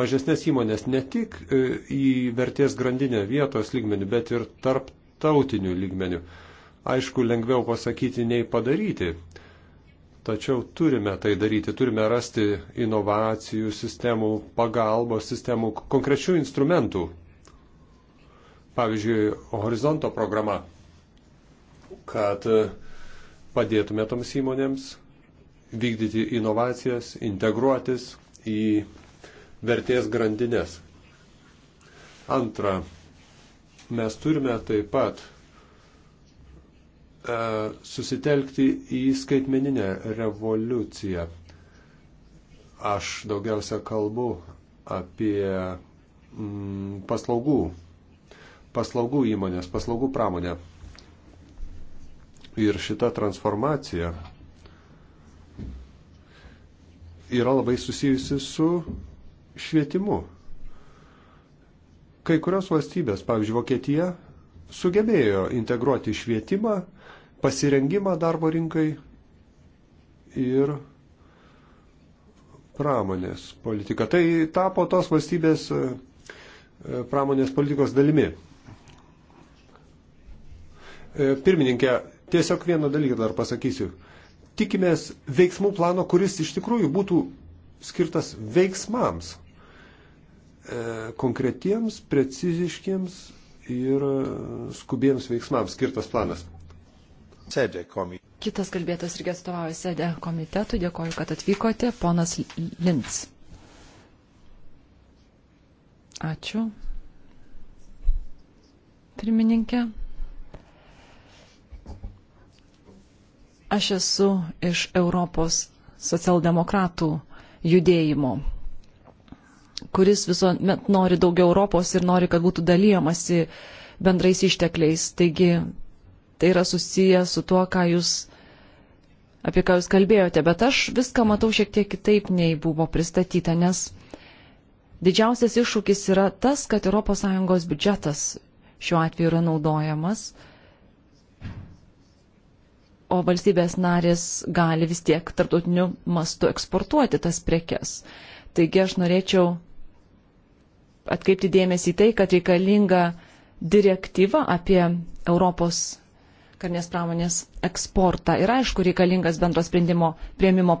mažesnės įmonės ne tik e, į vertės grandinę vietos lygmenių, bet ir tarptautinių lygmenių. Aišku, lengviau pasakyti nei padaryti. Tačiau turime tai daryti, turime rasti inovacijų sistemų, pagalbos sistemų, konkrečių instrumentų. Pavyzdžiui, horizonto programa, kad e, padėtume toms įmonėms vykdyti inovacijas, integruotis į vertės grandinės. Antra, mes turime taip pat E, susitelkti į skaitmeninę revoliuciją. Aš daugiausia kalbu apie mm, paslaugų, paslaugų įmonės, paslaugų pramonę. Ir šita transformacija yra labai susijusi su švietimu. Kai kurios valstybės, pavyzdžiui, Vokietija, sugebėjo integruoti švietimą pasirengimą darbo rinkai ir pramonės politika. Tai tapo tos valstybės e, e, pramonės politikos dalimi. E, pirmininkė, tiesiog vieną dalyką dar pasakysiu. Tikimės veiksmų plano, kuris iš tikrųjų būtų skirtas veiksmams, konkretiems, preciziškiems ir skubiems veiksmams skirtas planas. Kitas kalbėtas irgi atstovauja sėdė komitetui. Dėkoju, kad atvykote. Ponas Lins. Ačiū. Pirmininkė. Aš esu iš Europos socialdemokratų judėjimo, kuris visuomet nori daugiau Europos ir nori, kad būtų dalyjamasi bendrais ištekliais. Taigi tai yra susiję su tuo, ką jūs, apie ką jūs kalbėjote, bet aš viską matau šiek tiek kitaip, nei buvo pristatyta, nes didžiausias iššūkis yra tas, kad ES biudžetas šiuo atveju yra naudojamas, o valstybės narės gali vis tiek tarptautiniu mastu eksportuoti tas prekes. Taigi aš norėčiau atkreipti dėmesį į tai, kad reikalinga direktyva apie Europos karinės pramonės eksportą. Ir aišku, reikalingas bendro sprendimo prieimimo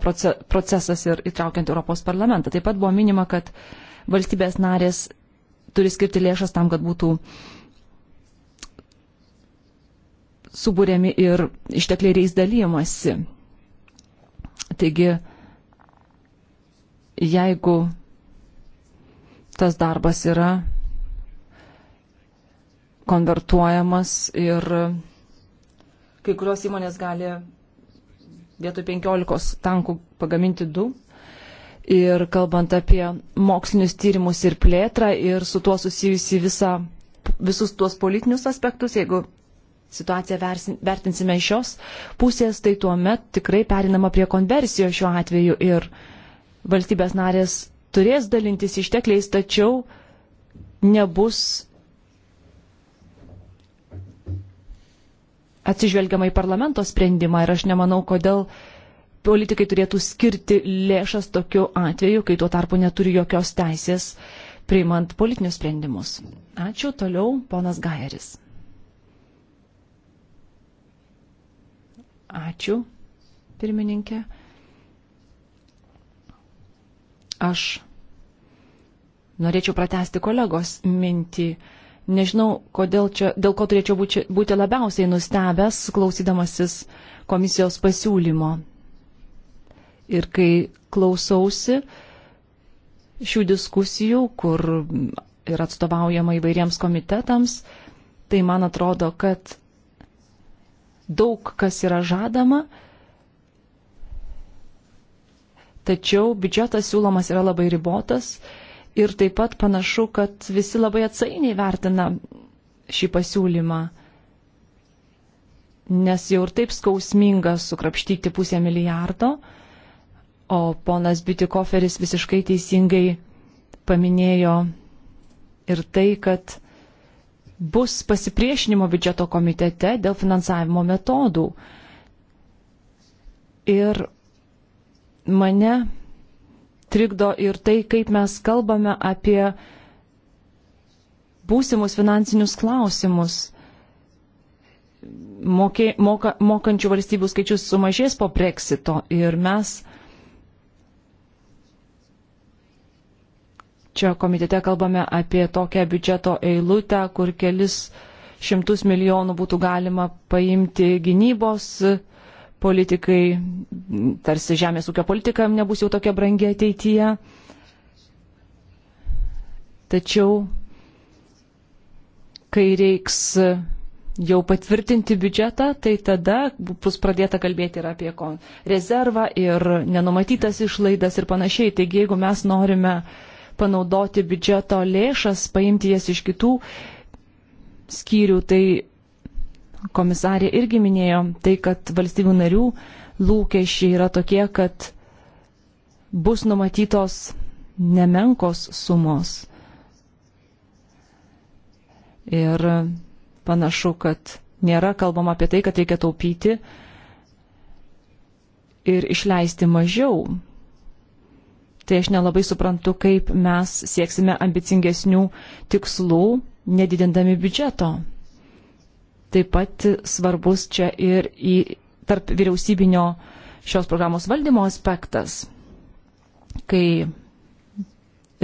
procesas ir įtraukiant Europos parlamentą. Taip pat buvo minima, kad valstybės narės turi skirti lėšas tam, kad būtų subūrėmi ir ištekliai reis dalymasi. Taigi, jeigu tas darbas yra konvertuojamas ir Kai kurios įmonės gali vietoj 15 tankų pagaminti 2. Ir kalbant apie mokslinius tyrimus ir plėtrą ir su tuo susijusi visa, visus tuos politinius aspektus, jeigu situaciją vertinsime iš šios pusės, tai tuo met tikrai perinama prie konversijos šiuo atveju ir valstybės narės turės dalintis ištekliais, tačiau nebus atsižvelgiama į parlamento sprendimą ir aš nemanau, kodėl politikai turėtų skirti lėšas tokiu atveju, kai tuo tarpu neturi jokios teisės priimant politinius sprendimus. Ačiū, toliau ponas Gajeris. Ačiū, pirmininkė. Aš norėčiau pratesti kolegos mintį Nežinau, kodėl čia, dėl ko turėčiau būti, būti labiausiai nustebęs, klausydamasis komisijos pasiūlymo. Ir kai klausausi šių diskusijų, kur yra atstovaujama įvairiems komitetams, tai man atrodo, kad daug kas yra žadama, tačiau biudžetas siūlomas yra labai ribotas Ir taip pat panašu, kad visi labai atsainiai vertina šį pasiūlymą, nes jau ir taip skausminga sukrapštyti pusę milijardo, o ponas Bitikoferis visiškai teisingai paminėjo ir tai, kad bus pasipriešinimo biudžeto komitete dėl finansavimo metodų. Ir mane trikdo ir tai, kaip mes kalbame apie būsimus finansinius klausimus. Mokė, moka, mokančių valstybių skaičius sumažės po breksito ir mes čia komitete kalbame apie tokią biudžeto eilutę, kur kelis šimtus milijonų būtų galima paimti gynybos politikai, tarsi žemės ūkio politika nebus jau tokia brangi ateityje. Tačiau, kai reiks jau patvirtinti biudžetą, tai tada bus pradėta kalbėti ir apie rezervą ir nenumatytas išlaidas ir panašiai. Taigi, jeigu mes norime panaudoti biudžeto lėšas, paimti jas iš kitų skyrių, tai komisarė irgi minėjo tai, kad valstybių narių lūkesčiai yra tokie, kad bus numatytos nemenkos sumos. Ir panašu, kad nėra kalbama apie tai, kad reikia taupyti ir išleisti mažiau. Tai aš nelabai suprantu, kaip mes sieksime ambicingesnių tikslų, nedidindami biudžeto taip pat svarbus čia ir į tarp vyriausybinio šios programos valdymo aspektas, kai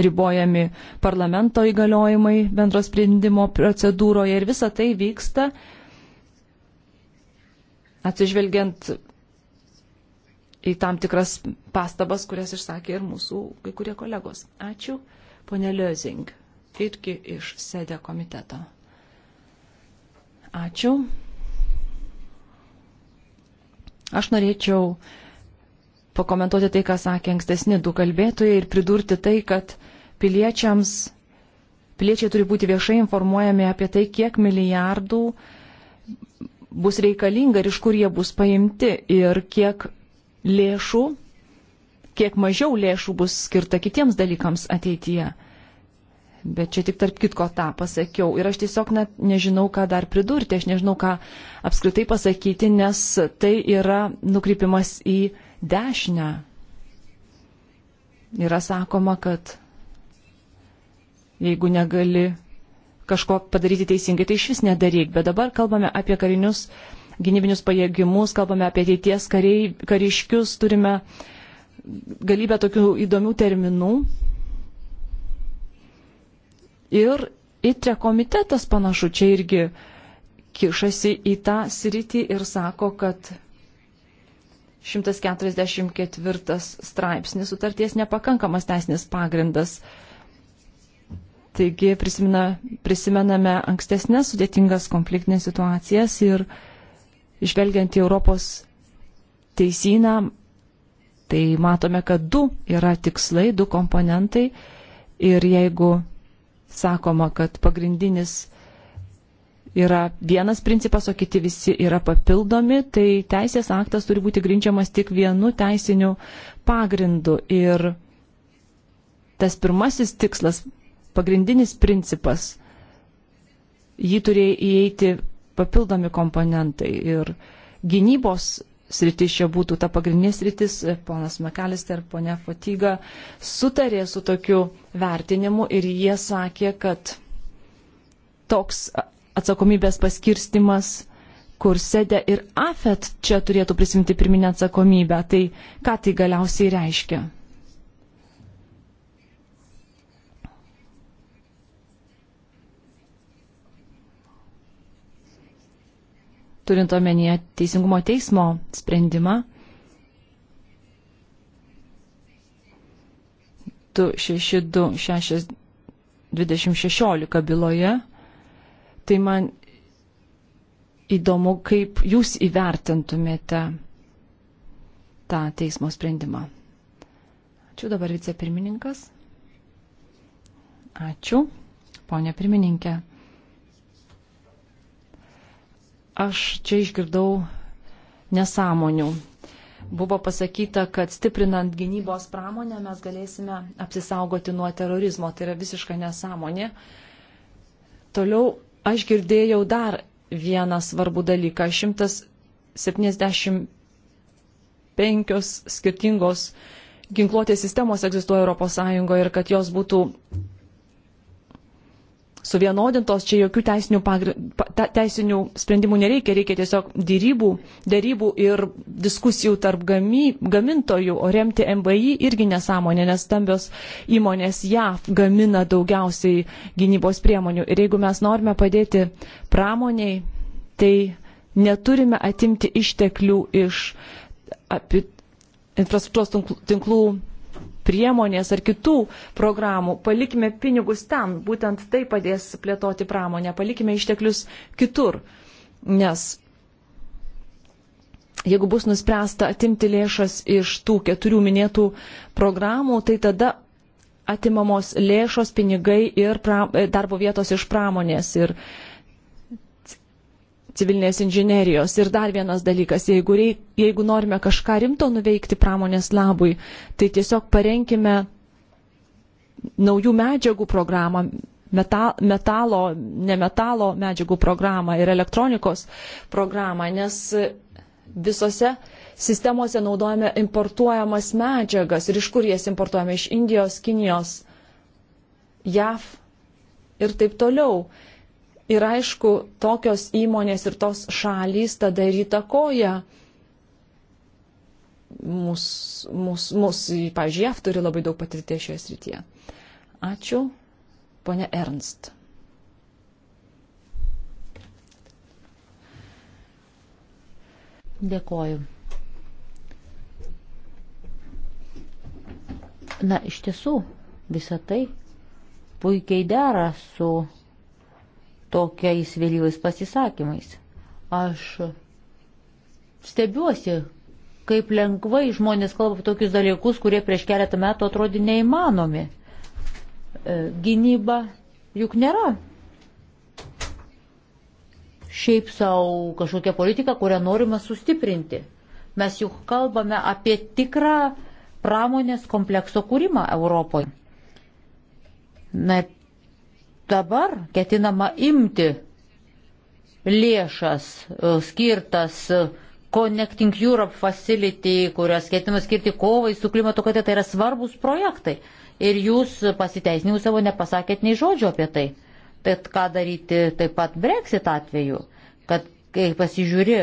ribojami parlamento įgaliojimai bendros sprendimo procedūroje ir visa tai vyksta atsižvelgiant į tam tikras pastabas, kurias išsakė ir mūsų kai kurie kolegos. Ačiū, ponė Liozing, irgi iš sėdė komiteto. Ačiū. Aš norėčiau pakomentuoti tai, ką sakė ankstesni du kalbėtojai ir pridurti tai, kad piliečiams, piliečiai turi būti viešai informuojami apie tai, kiek milijardų bus reikalinga ir iš kur jie bus paimti ir kiek lėšų, kiek mažiau lėšų bus skirta kitiems dalykams ateityje. Bet čia tik tarp kitko tą pasakiau. Ir aš tiesiog net nežinau, ką dar pridurti, aš nežinau, ką apskritai pasakyti, nes tai yra nukrypimas į dešinę. Yra sakoma, kad jeigu negali kažko padaryti teisingai, tai iš vis nedaryk. Bet dabar kalbame apie karinius gynybinius pajėgimus, kalbame apie ateities kariai, kariškius, turime galybę tokių įdomių terminų Ir ITRE komitetas panašu čia irgi kišasi į tą sritį ir sako, kad 144 straipsnis sutarties nepakankamas teisinis pagrindas. Taigi prisimena, prisimename ankstesnės sudėtingas konfliktinės situacijas ir žvelgiant į Europos teisyną, tai matome, kad du yra tikslai, du komponentai ir jeigu sakoma, kad pagrindinis yra vienas principas, o kiti visi yra papildomi, tai teisės aktas turi būti grindžiamas tik vienu teisiniu pagrindu. Ir tas pirmasis tikslas, pagrindinis principas, jį turėjo įeiti papildomi komponentai. Ir gynybos sritis čia būtų ta pagrindinė sritis, e, ponas Mekalister, ponia Fatiga sutarė su tokiu vertinimu ir jie sakė, kad toks atsakomybės paskirstimas, kur sėdė ir AFET čia turėtų prisimti pirminę atsakomybę, tai ką tai galiausiai reiškia? turint omenyje Teisingumo teismo sprendimą 262-2016 byloje, tai man įdomu, kaip jūs įvertintumėte tą teismo sprendimą. Ačiū dabar vicepirmininkas. Ačiū, ponė pirmininkė. Aš čia išgirdau nesąmonių. Buvo pasakyta, kad stiprinant gynybos pramonę mes galėsime apsisaugoti nuo terorizmo. Tai yra visiška nesąmonė. Toliau aš girdėjau dar vieną svarbų dalyką. 175 skirtingos ginkluotės sistemos egzistuoja ES ir kad jos būtų suvienodintos, čia jokių teisinių, pagri... teisinių sprendimų nereikia, reikia tiesiog dėrybų, dėrybų ir diskusijų tarp gamy... gamintojų, o remti MBI irgi nesąmonė, nes stambios įmonės JAV gamina daugiausiai gynybos priemonių. Ir jeigu mes norime padėti pramoniai, tai neturime atimti išteklių iš api... infrastruktūros tinklų priemonės ar kitų programų. Palikime pinigus ten, būtent tai padės plėtoti pramonę, palikime išteklius kitur. Nes jeigu bus nuspręsta atimti lėšas iš tų keturių minėtų programų, tai tada atimamos lėšos, pinigai ir pra, darbo vietos iš pramonės. Ir uh, civilinės inžinerijos. Ir dar vienas dalykas, jeigu, reik, jeigu norime kažką rimto nuveikti pramonės labui, tai tiesiog parenkime naujų medžiagų programą, metal, metalo, nemetalo medžiagų programą ir elektronikos programą, nes visose sistemose naudojame importuojamas medžiagas ir iš kur jas importuojame, iš Indijos, Kinijos, JAV ir taip toliau. Ir aišku, tokios įmonės ir tos šalys tada ir įtakoja mus, mus, mus pavyzdžiui, JAV turi labai daug patirties šioje srityje. Ačiū, ponia Ernst. Dėkoju. Na, iš tiesų, visa tai puikiai dera su tokiais vėlyvais pasisakymais. Aš stebiuosi, kaip lengvai žmonės kalba tokius dalykus, kurie prieš keletą metų atrodė neįmanomi. E, gynyba juk nėra šiaip savo kažkokią politiką, kurią norima sustiprinti. Mes juk kalbame apie tikrą pramonės komplekso kūrimą Europoje. Na ir dabar ketinama imti lėšas e, skirtas e, Connecting Europe Facility, kurias ketinama skirti kovai su klimato kaita, tai yra svarbus projektai. Ir jūs pasiteisinimus savo nepasakėt nei žodžio apie tai. Tai ką daryti taip pat Brexit atveju, kad kai pasižiūri,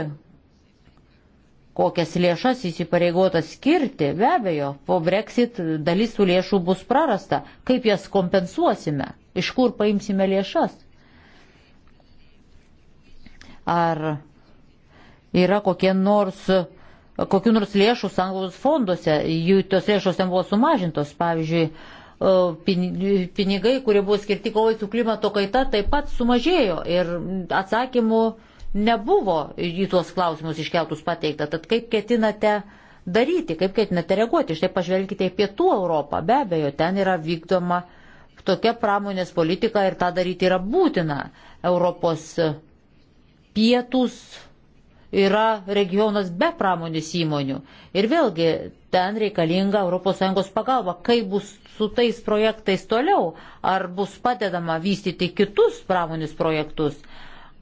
kokias lėšas įsipareigotas skirti, be abejo, po Brexit dalis tų lėšų bus prarasta. Kaip jas kompensuosime? iš kur paimsime lėšas. Ar yra kokie nors, kokiu nors lėšų sanglaudos fonduose, jų tos lėšos ten buvo sumažintos, pavyzdžiui, pinigai, kurie buvo skirti kovai su klimato kaita, taip pat sumažėjo ir atsakymų nebuvo į tuos klausimus iškeltus pateikta. Tad kaip ketinate daryti, kaip ketinate reaguoti? Štai pažvelkite į Pietų Europą, be abejo, ten yra vykdoma tokia pramonės politika ir tą daryti yra būtina. Europos pietus yra regionas be pramonės įmonių. Ir vėlgi ten reikalinga ES pagalba. Kaip bus su tais projektais toliau? Ar bus padedama vystyti kitus pramonės projektus?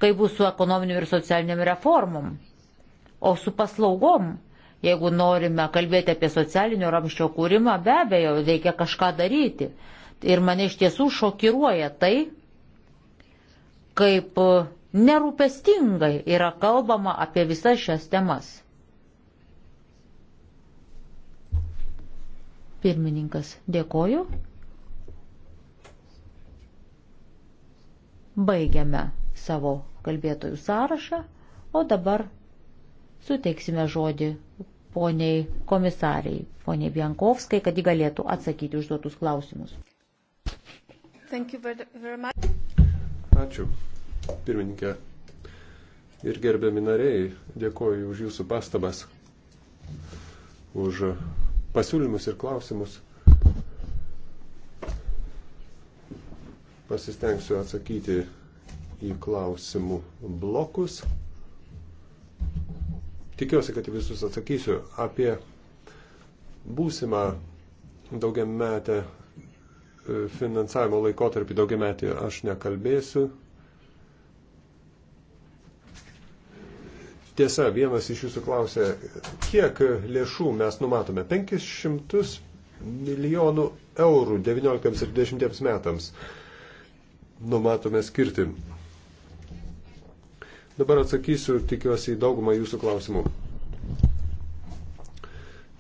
Kaip bus su ekonominiu ir socialiniam reformom? O su paslaugom? Jeigu norime kalbėti apie socialinio ramščio kūrimą, be abejo, reikia kažką daryti. Ir mane iš tiesų šokiruoja tai, kaip nerūpestingai yra kalbama apie visas šias temas. Pirmininkas, dėkoju. Baigiame savo kalbėtojų sąrašą, o dabar suteiksime žodį poniai komisariai, poniai Biankovskai, kad ji galėtų atsakyti užduotus klausimus. Ačiū, pirmininkė. Ir gerbiami nariai, dėkoju už jūsų pastabas, už pasiūlymus ir klausimus. Pasistengsiu atsakyti į klausimų blokus. Tikiuosi, kad visus atsakysiu apie būsimą daugiametę finansavimo laikotarpį daugiametį aš nekalbėsiu. Tiesa, vienas iš jūsų klausė, kiek lėšų mes numatome? 500 milijonų eurų 19 ir 20 metams numatome skirti. Dabar atsakysiu, tikiuosi, į daugumą jūsų klausimų.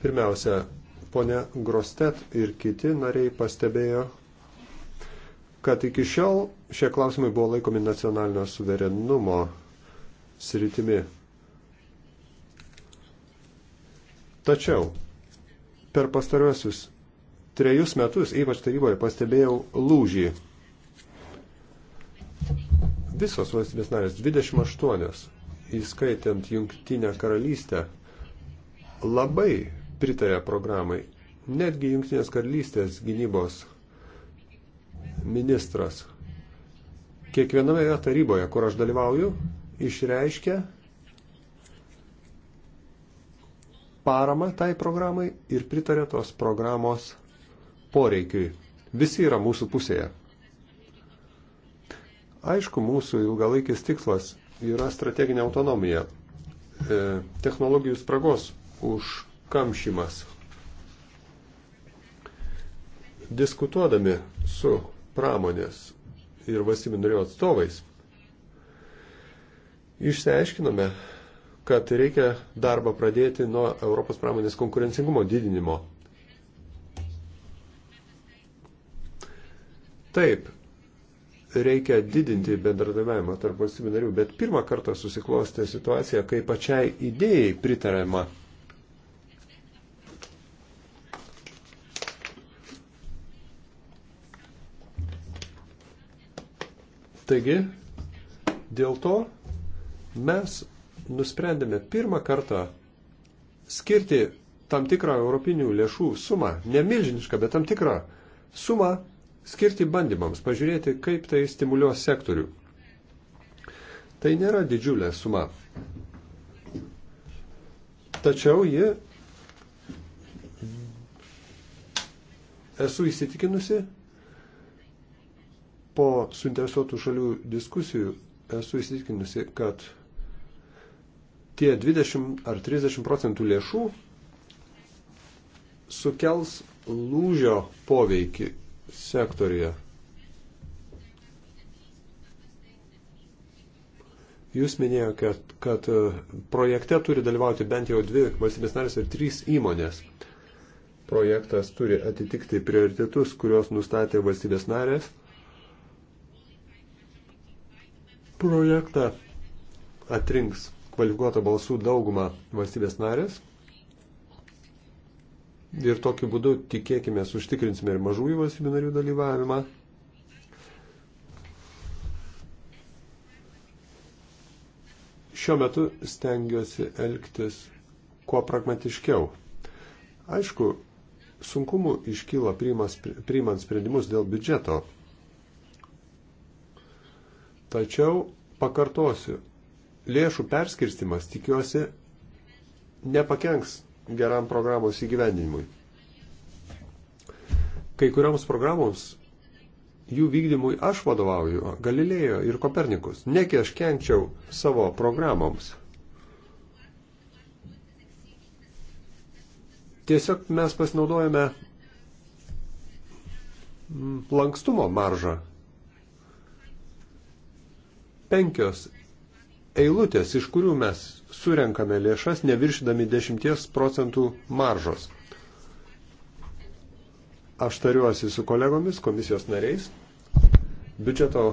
Pirmiausia, Pone Grostet ir kiti nariai pastebėjo, kad iki šiol šie klausimai buvo laikomi nacionalinio suverenumo sritimi. Tačiau per pastariuosius trejus metus, ypač taryboje, pastebėjau lūžį. Visos valstybės narės, 28, įskaitant Junktinę karalystę, labai pritarė programai. Netgi Junktinės karalystės gynybos ministras kiekvienoje taryboje, kur aš dalyvauju, išreiškia paramą tai programai ir pritarė tos programos poreikiui. Visi yra mūsų pusėje. Aišku, mūsų ilgalaikis tikslas yra strateginė autonomija, e, technologijų spragos už kamšymas. Diskutuodami su pramonės ir valstybių narių atstovais, išsiaiškinome, kad reikia darbą pradėti nuo Europos pramonės konkurencingumo didinimo. Taip, reikia didinti bendradarbiavimą tarp valstybių narių, bet pirmą kartą susiklostė situacija, kai pačiai idėjai pritarama Taigi, dėl to mes nusprendėme pirmą kartą skirti tam tikrą europinių lėšų sumą, nemilžinišką, bet tam tikrą sumą skirti bandymams, pažiūrėti, kaip tai stimuliuos sektorių. Tai nėra didžiulė suma. Tačiau ji, esu įsitikinusi, po suinteresuotų šalių diskusijų esu įsitikinusi, kad tie 20 ar 30 procentų lėšų sukels lūžio poveikį sektoriuje. Jūs minėjote, kad, kad projekte turi dalyvauti bent jau dvi valstybės narės ir trys įmonės. Projektas turi atitikti prioritetus, kuriuos nustatė valstybės narės projektą atrinks kvalifikuotą balsų daugumą valstybės narės. Ir tokiu būdu tikėkime užtikrinsime ir mažųjų valstybių narių dalyvavimą. Šiuo metu stengiuosi elgtis kuo pragmatiškiau. Aišku, sunkumų iškyla priimant sprendimus dėl biudžeto Tačiau pakartosiu, lėšų perskirstimas tikiuosi nepakenks geram programos įgyvendinimui. Kai kurioms programoms jų vykdymui aš vadovauju, Galilėjo ir Kopernikus. Negi aš kenčiau savo programoms. Tiesiog mes pasinaudojame lankstumo maržą penkios eilutės, iš kurių mes surenkame lėšas, neviršydami 10 procentų maržos. Aš tariuosi su kolegomis, komisijos nariais. Biudžeto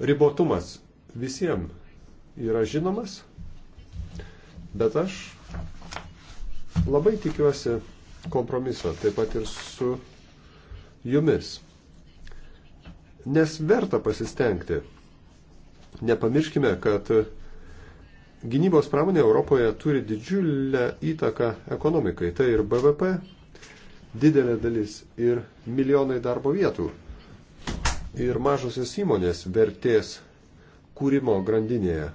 ribotumas visiems yra žinomas, bet aš labai tikiuosi kompromiso, taip pat ir su jumis. Nes verta pasistengti Nepamirškime, kad gynybos pramonė Europoje turi didžiulę įtaką ekonomikai. Tai ir BVP, didelė dalis ir milijonai darbo vietų. Ir mažosios įmonės vertės kūrimo grandinėje.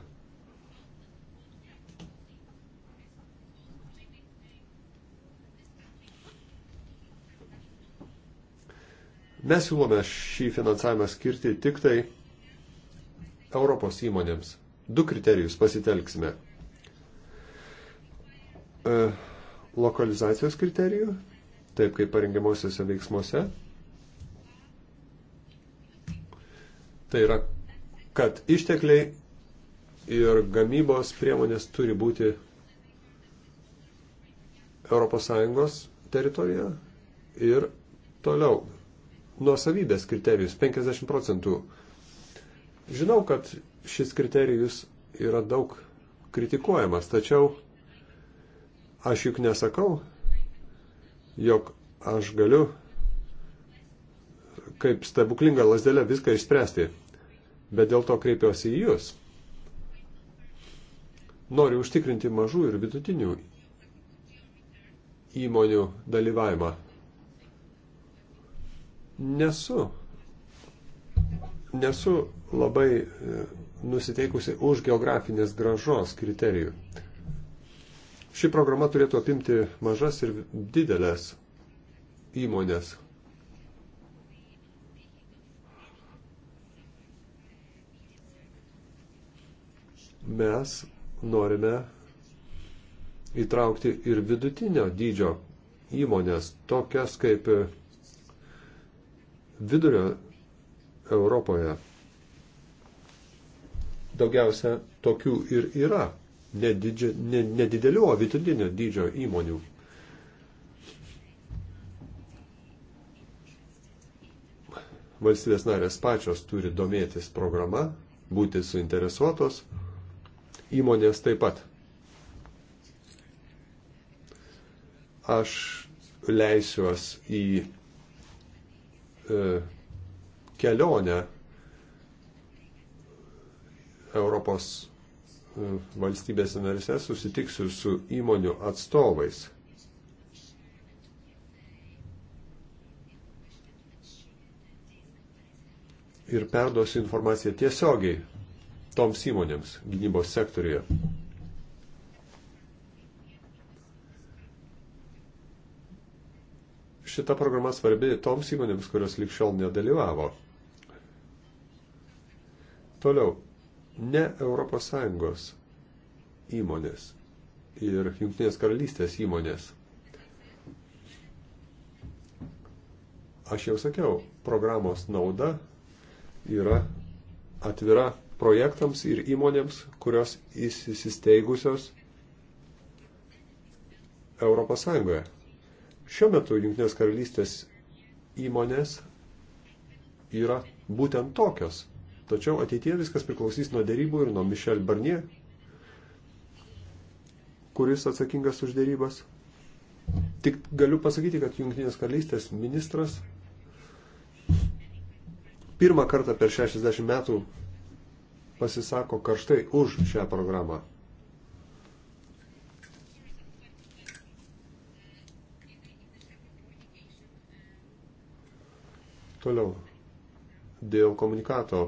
Mes siūlome šį finansavimą skirti tik tai Europos įmonėms. Du kriterijus pasitelksime. E, lokalizacijos kriterijų, taip kaip parengiamosiuose veiksmuose. Tai yra, kad ištekliai ir gamybos priemonės turi būti ES teritorijoje ir toliau. Nuosavybės kriterijus 50 procentų Žinau, kad šis kriterijus yra daug kritikuojamas, tačiau aš juk nesakau, jog aš galiu kaip stebuklinga lasdelė viską išspręsti, bet dėl to kreipiuosi į Jūs. Noriu užtikrinti mažų ir vidutinių įmonių dalyvavimą. Nesu, nesu labai e, nusiteikusi už geografinės gražos kriterijų. Ši programa turėtų apimti mažas ir didelės įmonės. Mes norime įtraukti ir vidutinio dydžio įmonės, tokias kaip vidurio Europoje daugiausia tokių ir yra, nedidžio, ne, nedidelių, o vidutinio dydžio įmonių. Valstybės narės pačios turi domėtis programa, būti suinteresuotos, įmonės taip pat. Aš leisiuos į e, kelionę Europos e, valstybės narise susitiksiu su įmonių atstovais. Ir perduosiu informaciją tiesiogiai toms įmonėms gynybos sektoriuje. Šita programa svarbi toms įmonėms, kurios likščiol nedalyvavo. Toliau, ne ES įmonės ir Junktinės karalystės įmonės. Aš jau sakiau, programos nauda yra atvira projektams ir įmonėms, kurios įsisteigusios ES. Šiuo metu Junktinės karalystės įmonės yra būtent tokios. Tačiau ateitie viskas priklausys nuo dėrybų ir nuo Mišel Barnier, kuris atsakingas už dėrybas. Tik galiu pasakyti, kad Junktinės karalystės ministras pirmą kartą per 60 metų pasisako karštai už šią programą. Toliau. Dėl komunikato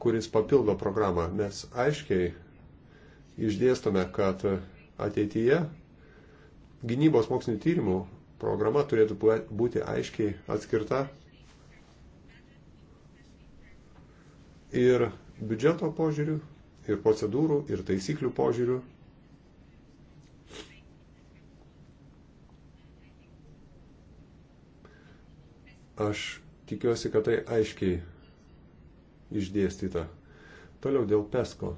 kuris papildo programą. Mes aiškiai išdėstome, kad ateityje gynybos mokslinio tyrimų programa turėtų būti aiškiai atskirta ir biudžeto požiūrių, ir procedūrų, ir taisyklių požiūrių. Aš tikiuosi, kad tai aiškiai išdėstyta. Toliau dėl PESCO.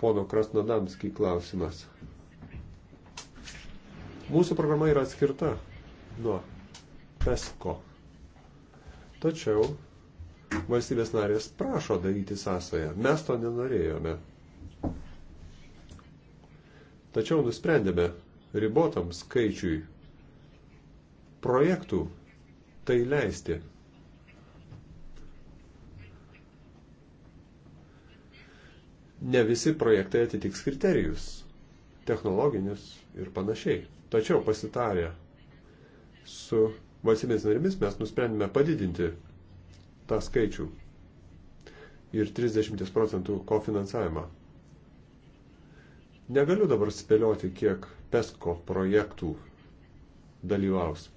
Pono Krasnodamskį klausimas. Mūsų programa yra atskirta nuo PESCO. Tačiau valstybės narės prašo daryti sąsąją. Mes to nenorėjome. Tačiau nusprendėme ribotam skaičiui projektų tai leisti. ne visi projektai atitiks kriterijus, technologinius ir panašiai. Tačiau pasitarę su valstybės narimis mes nusprendėme padidinti tą skaičių ir 30 procentų kofinansavimą. Negaliu dabar spėlioti, kiek PESCO projektų dalyvaus.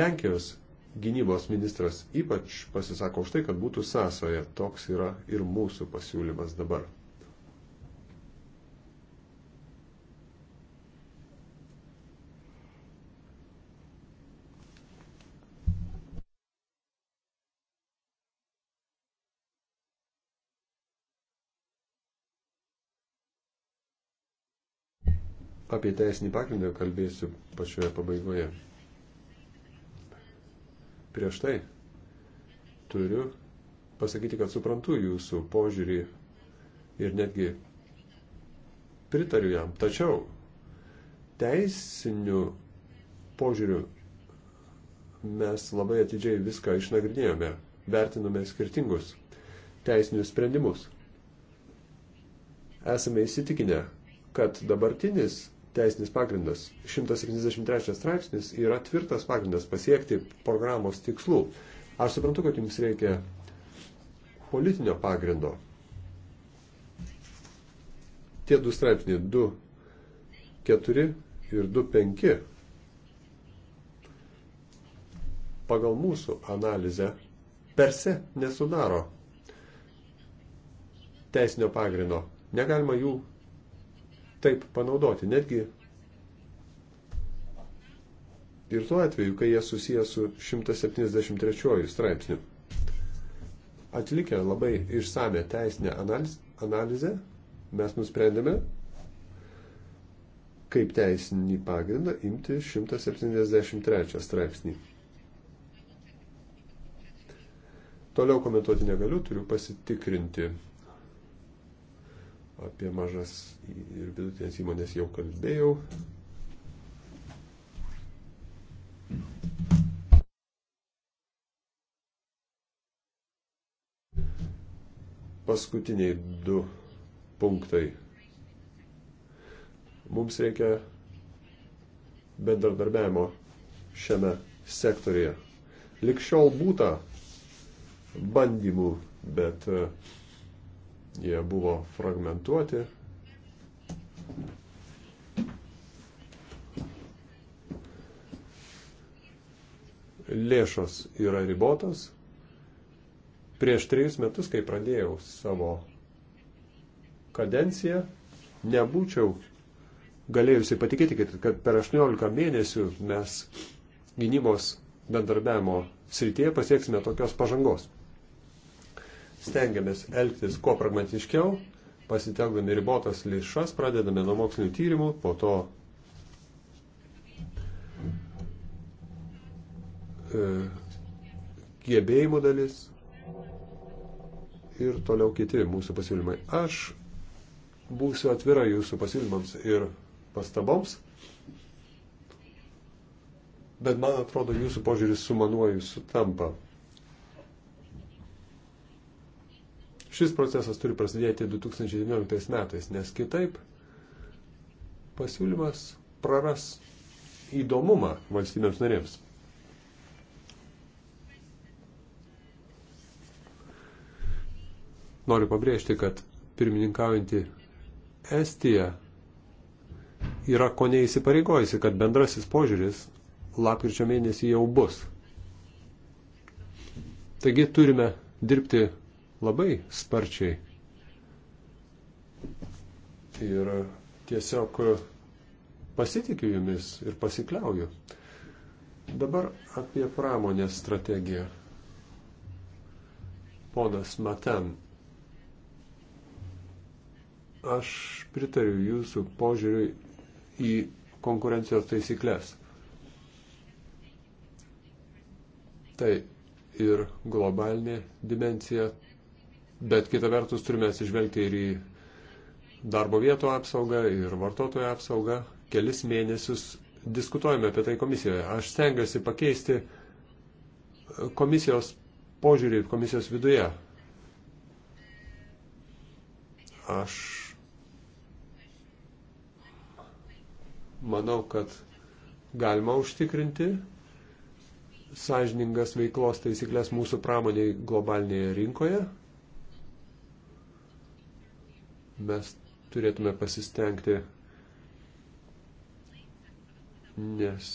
Lenkijos gynybos ministras ypač pasisako už tai, kad būtų sąsoja. Toks yra ir mūsų pasiūlymas dabar. Apie teisinį pagrindą kalbėsiu pačioje pabaigoje prieš tai turiu pasakyti, kad suprantu jūsų požiūrį ir netgi pritariu jam. Tačiau teisiniu požiūriu mes labai atidžiai viską išnagrinėjome, vertinome skirtingus teisinius sprendimus. Esame įsitikinę, kad dabartinis teisinis pagrindas. 173 straipsnis yra tvirtas pagrindas pasiekti programos tikslų. Aš suprantu, kad jums reikia politinio pagrindo. Tie du straipsniai 2, 4 ir 2, 5 pagal mūsų analizę perse nesudaro teisinio pagrindo. Negalima jų taip panaudoti. Netgi ir tuo atveju, kai jie susiję su 173 straipsniu. Atlikę labai išsame teisinę analizę, mes nusprendėme, kaip teisinį pagrindą imti 173 straipsnį. Toliau komentuoti negaliu, turiu pasitikrinti Apie mažas ir vidutinės įmonės jau kalbėjau. Paskutiniai du punktai. Mums reikia bendradarbiavimo šiame sektorėje. Likščiol būta bandymų, bet uh, Jie buvo fragmentuoti. Lėšos yra ribotos. Prieš trejus metus, kai pradėjau savo kadenciją, nebūčiau galėjusi patikėti, kad per 18 mėnesių mes gynybos bendarbiavimo srityje pasieksime tokios pažangos stengiamės elgtis kuo pragmatiškiau, pasitelkdami ribotas lėšas, pradedame nuo mokslinių tyrimų, po to e, gebėjimų dalis ir toliau kiti mūsų pasiūlymai. Aš būsiu atvira jūsų pasiūlymams ir pastaboms, bet man atrodo jūsų požiūris su manuoju sutampa. Šis procesas turi prasidėti 2019 metais, nes kitaip pasiūlymas praras įdomumą valstybėms narėms. Noriu pabrėžti, kad pirmininkaujanti Estija yra ko neįsipareigojusi, kad bendrasis požiūris lapkričio mėnesį jau bus. Taigi turime dirbti labai sparčiai. Ir tiesiog pasitikiu jumis ir pasikliauju. Dabar apie pramonės strategiją. Ponas Maten, aš pritariu jūsų požiūriui į konkurencijos taisyklės. Tai ir globalinė dimencija, Bet kita vertus turime atsižvelgti ir į darbo vietų apsaugą, ir vartotojų apsaugą. Kelis mėnesius diskutuojame apie tai komisijoje. Aš stengiuosi pakeisti komisijos požiūrį komisijos viduje. Aš manau, kad galima užtikrinti sąžiningas veiklos taisyklės mūsų pramoniai globalinėje rinkoje mes turėtume pasistengti, nes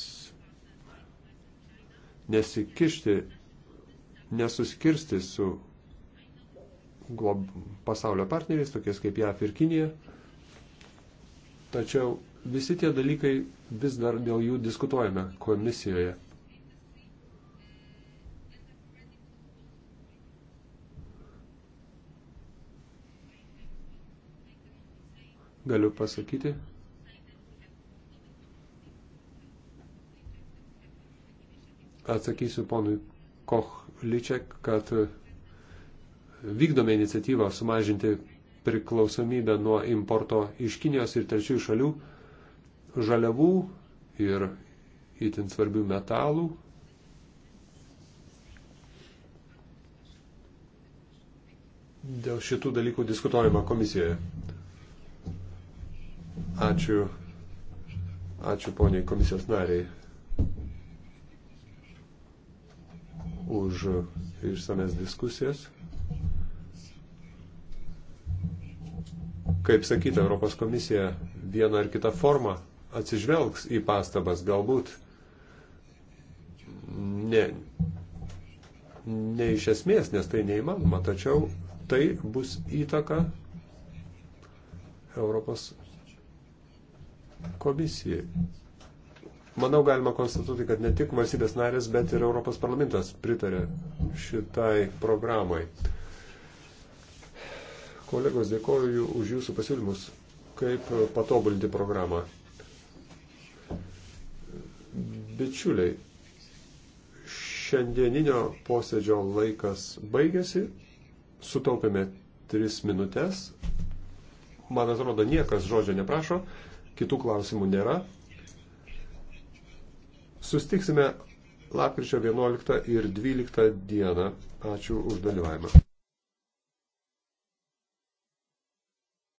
nesikišti, nesuskirsti su glob, pasaulio partneriais, tokiais kaip JAF ir Kinija. Tačiau visi tie dalykai vis dar dėl jų diskutuojame komisijoje. galiu pasakyti, atsakysiu ponui Kochličiak, kad vykdome iniciatyvą sumažinti priklausomybę nuo importo iš Kinijos ir trečiųjų šalių žaliavų ir įtin svarbių metalų. Dėl šitų dalykų diskutuojama komisijoje. Ačiū. Ačiū poniai komisijos nariai už išsames diskusijas. Kaip sakyti, Europos komisija vieną ar kitą formą atsižvelgs į pastabas, galbūt ne, ne iš esmės, nes tai neįmanoma, tačiau tai bus įtaka Europos komisijai. Manau, galima konstatuoti, kad ne tik valstybės narės, bet ir Europos parlamentas pritarė šitai programai. Kolegos, dėkoju už jūsų pasiūlymus, kaip patobulinti programą. Bičiuliai, šiandieninio posėdžio laikas baigėsi, sutaupėme tris minutės. Man atrodo, niekas žodžio neprašo. Kitų klausimų nėra. Sustiksime lapkričio 11 ir 12 dieną. Ačiū už dalyvavimą.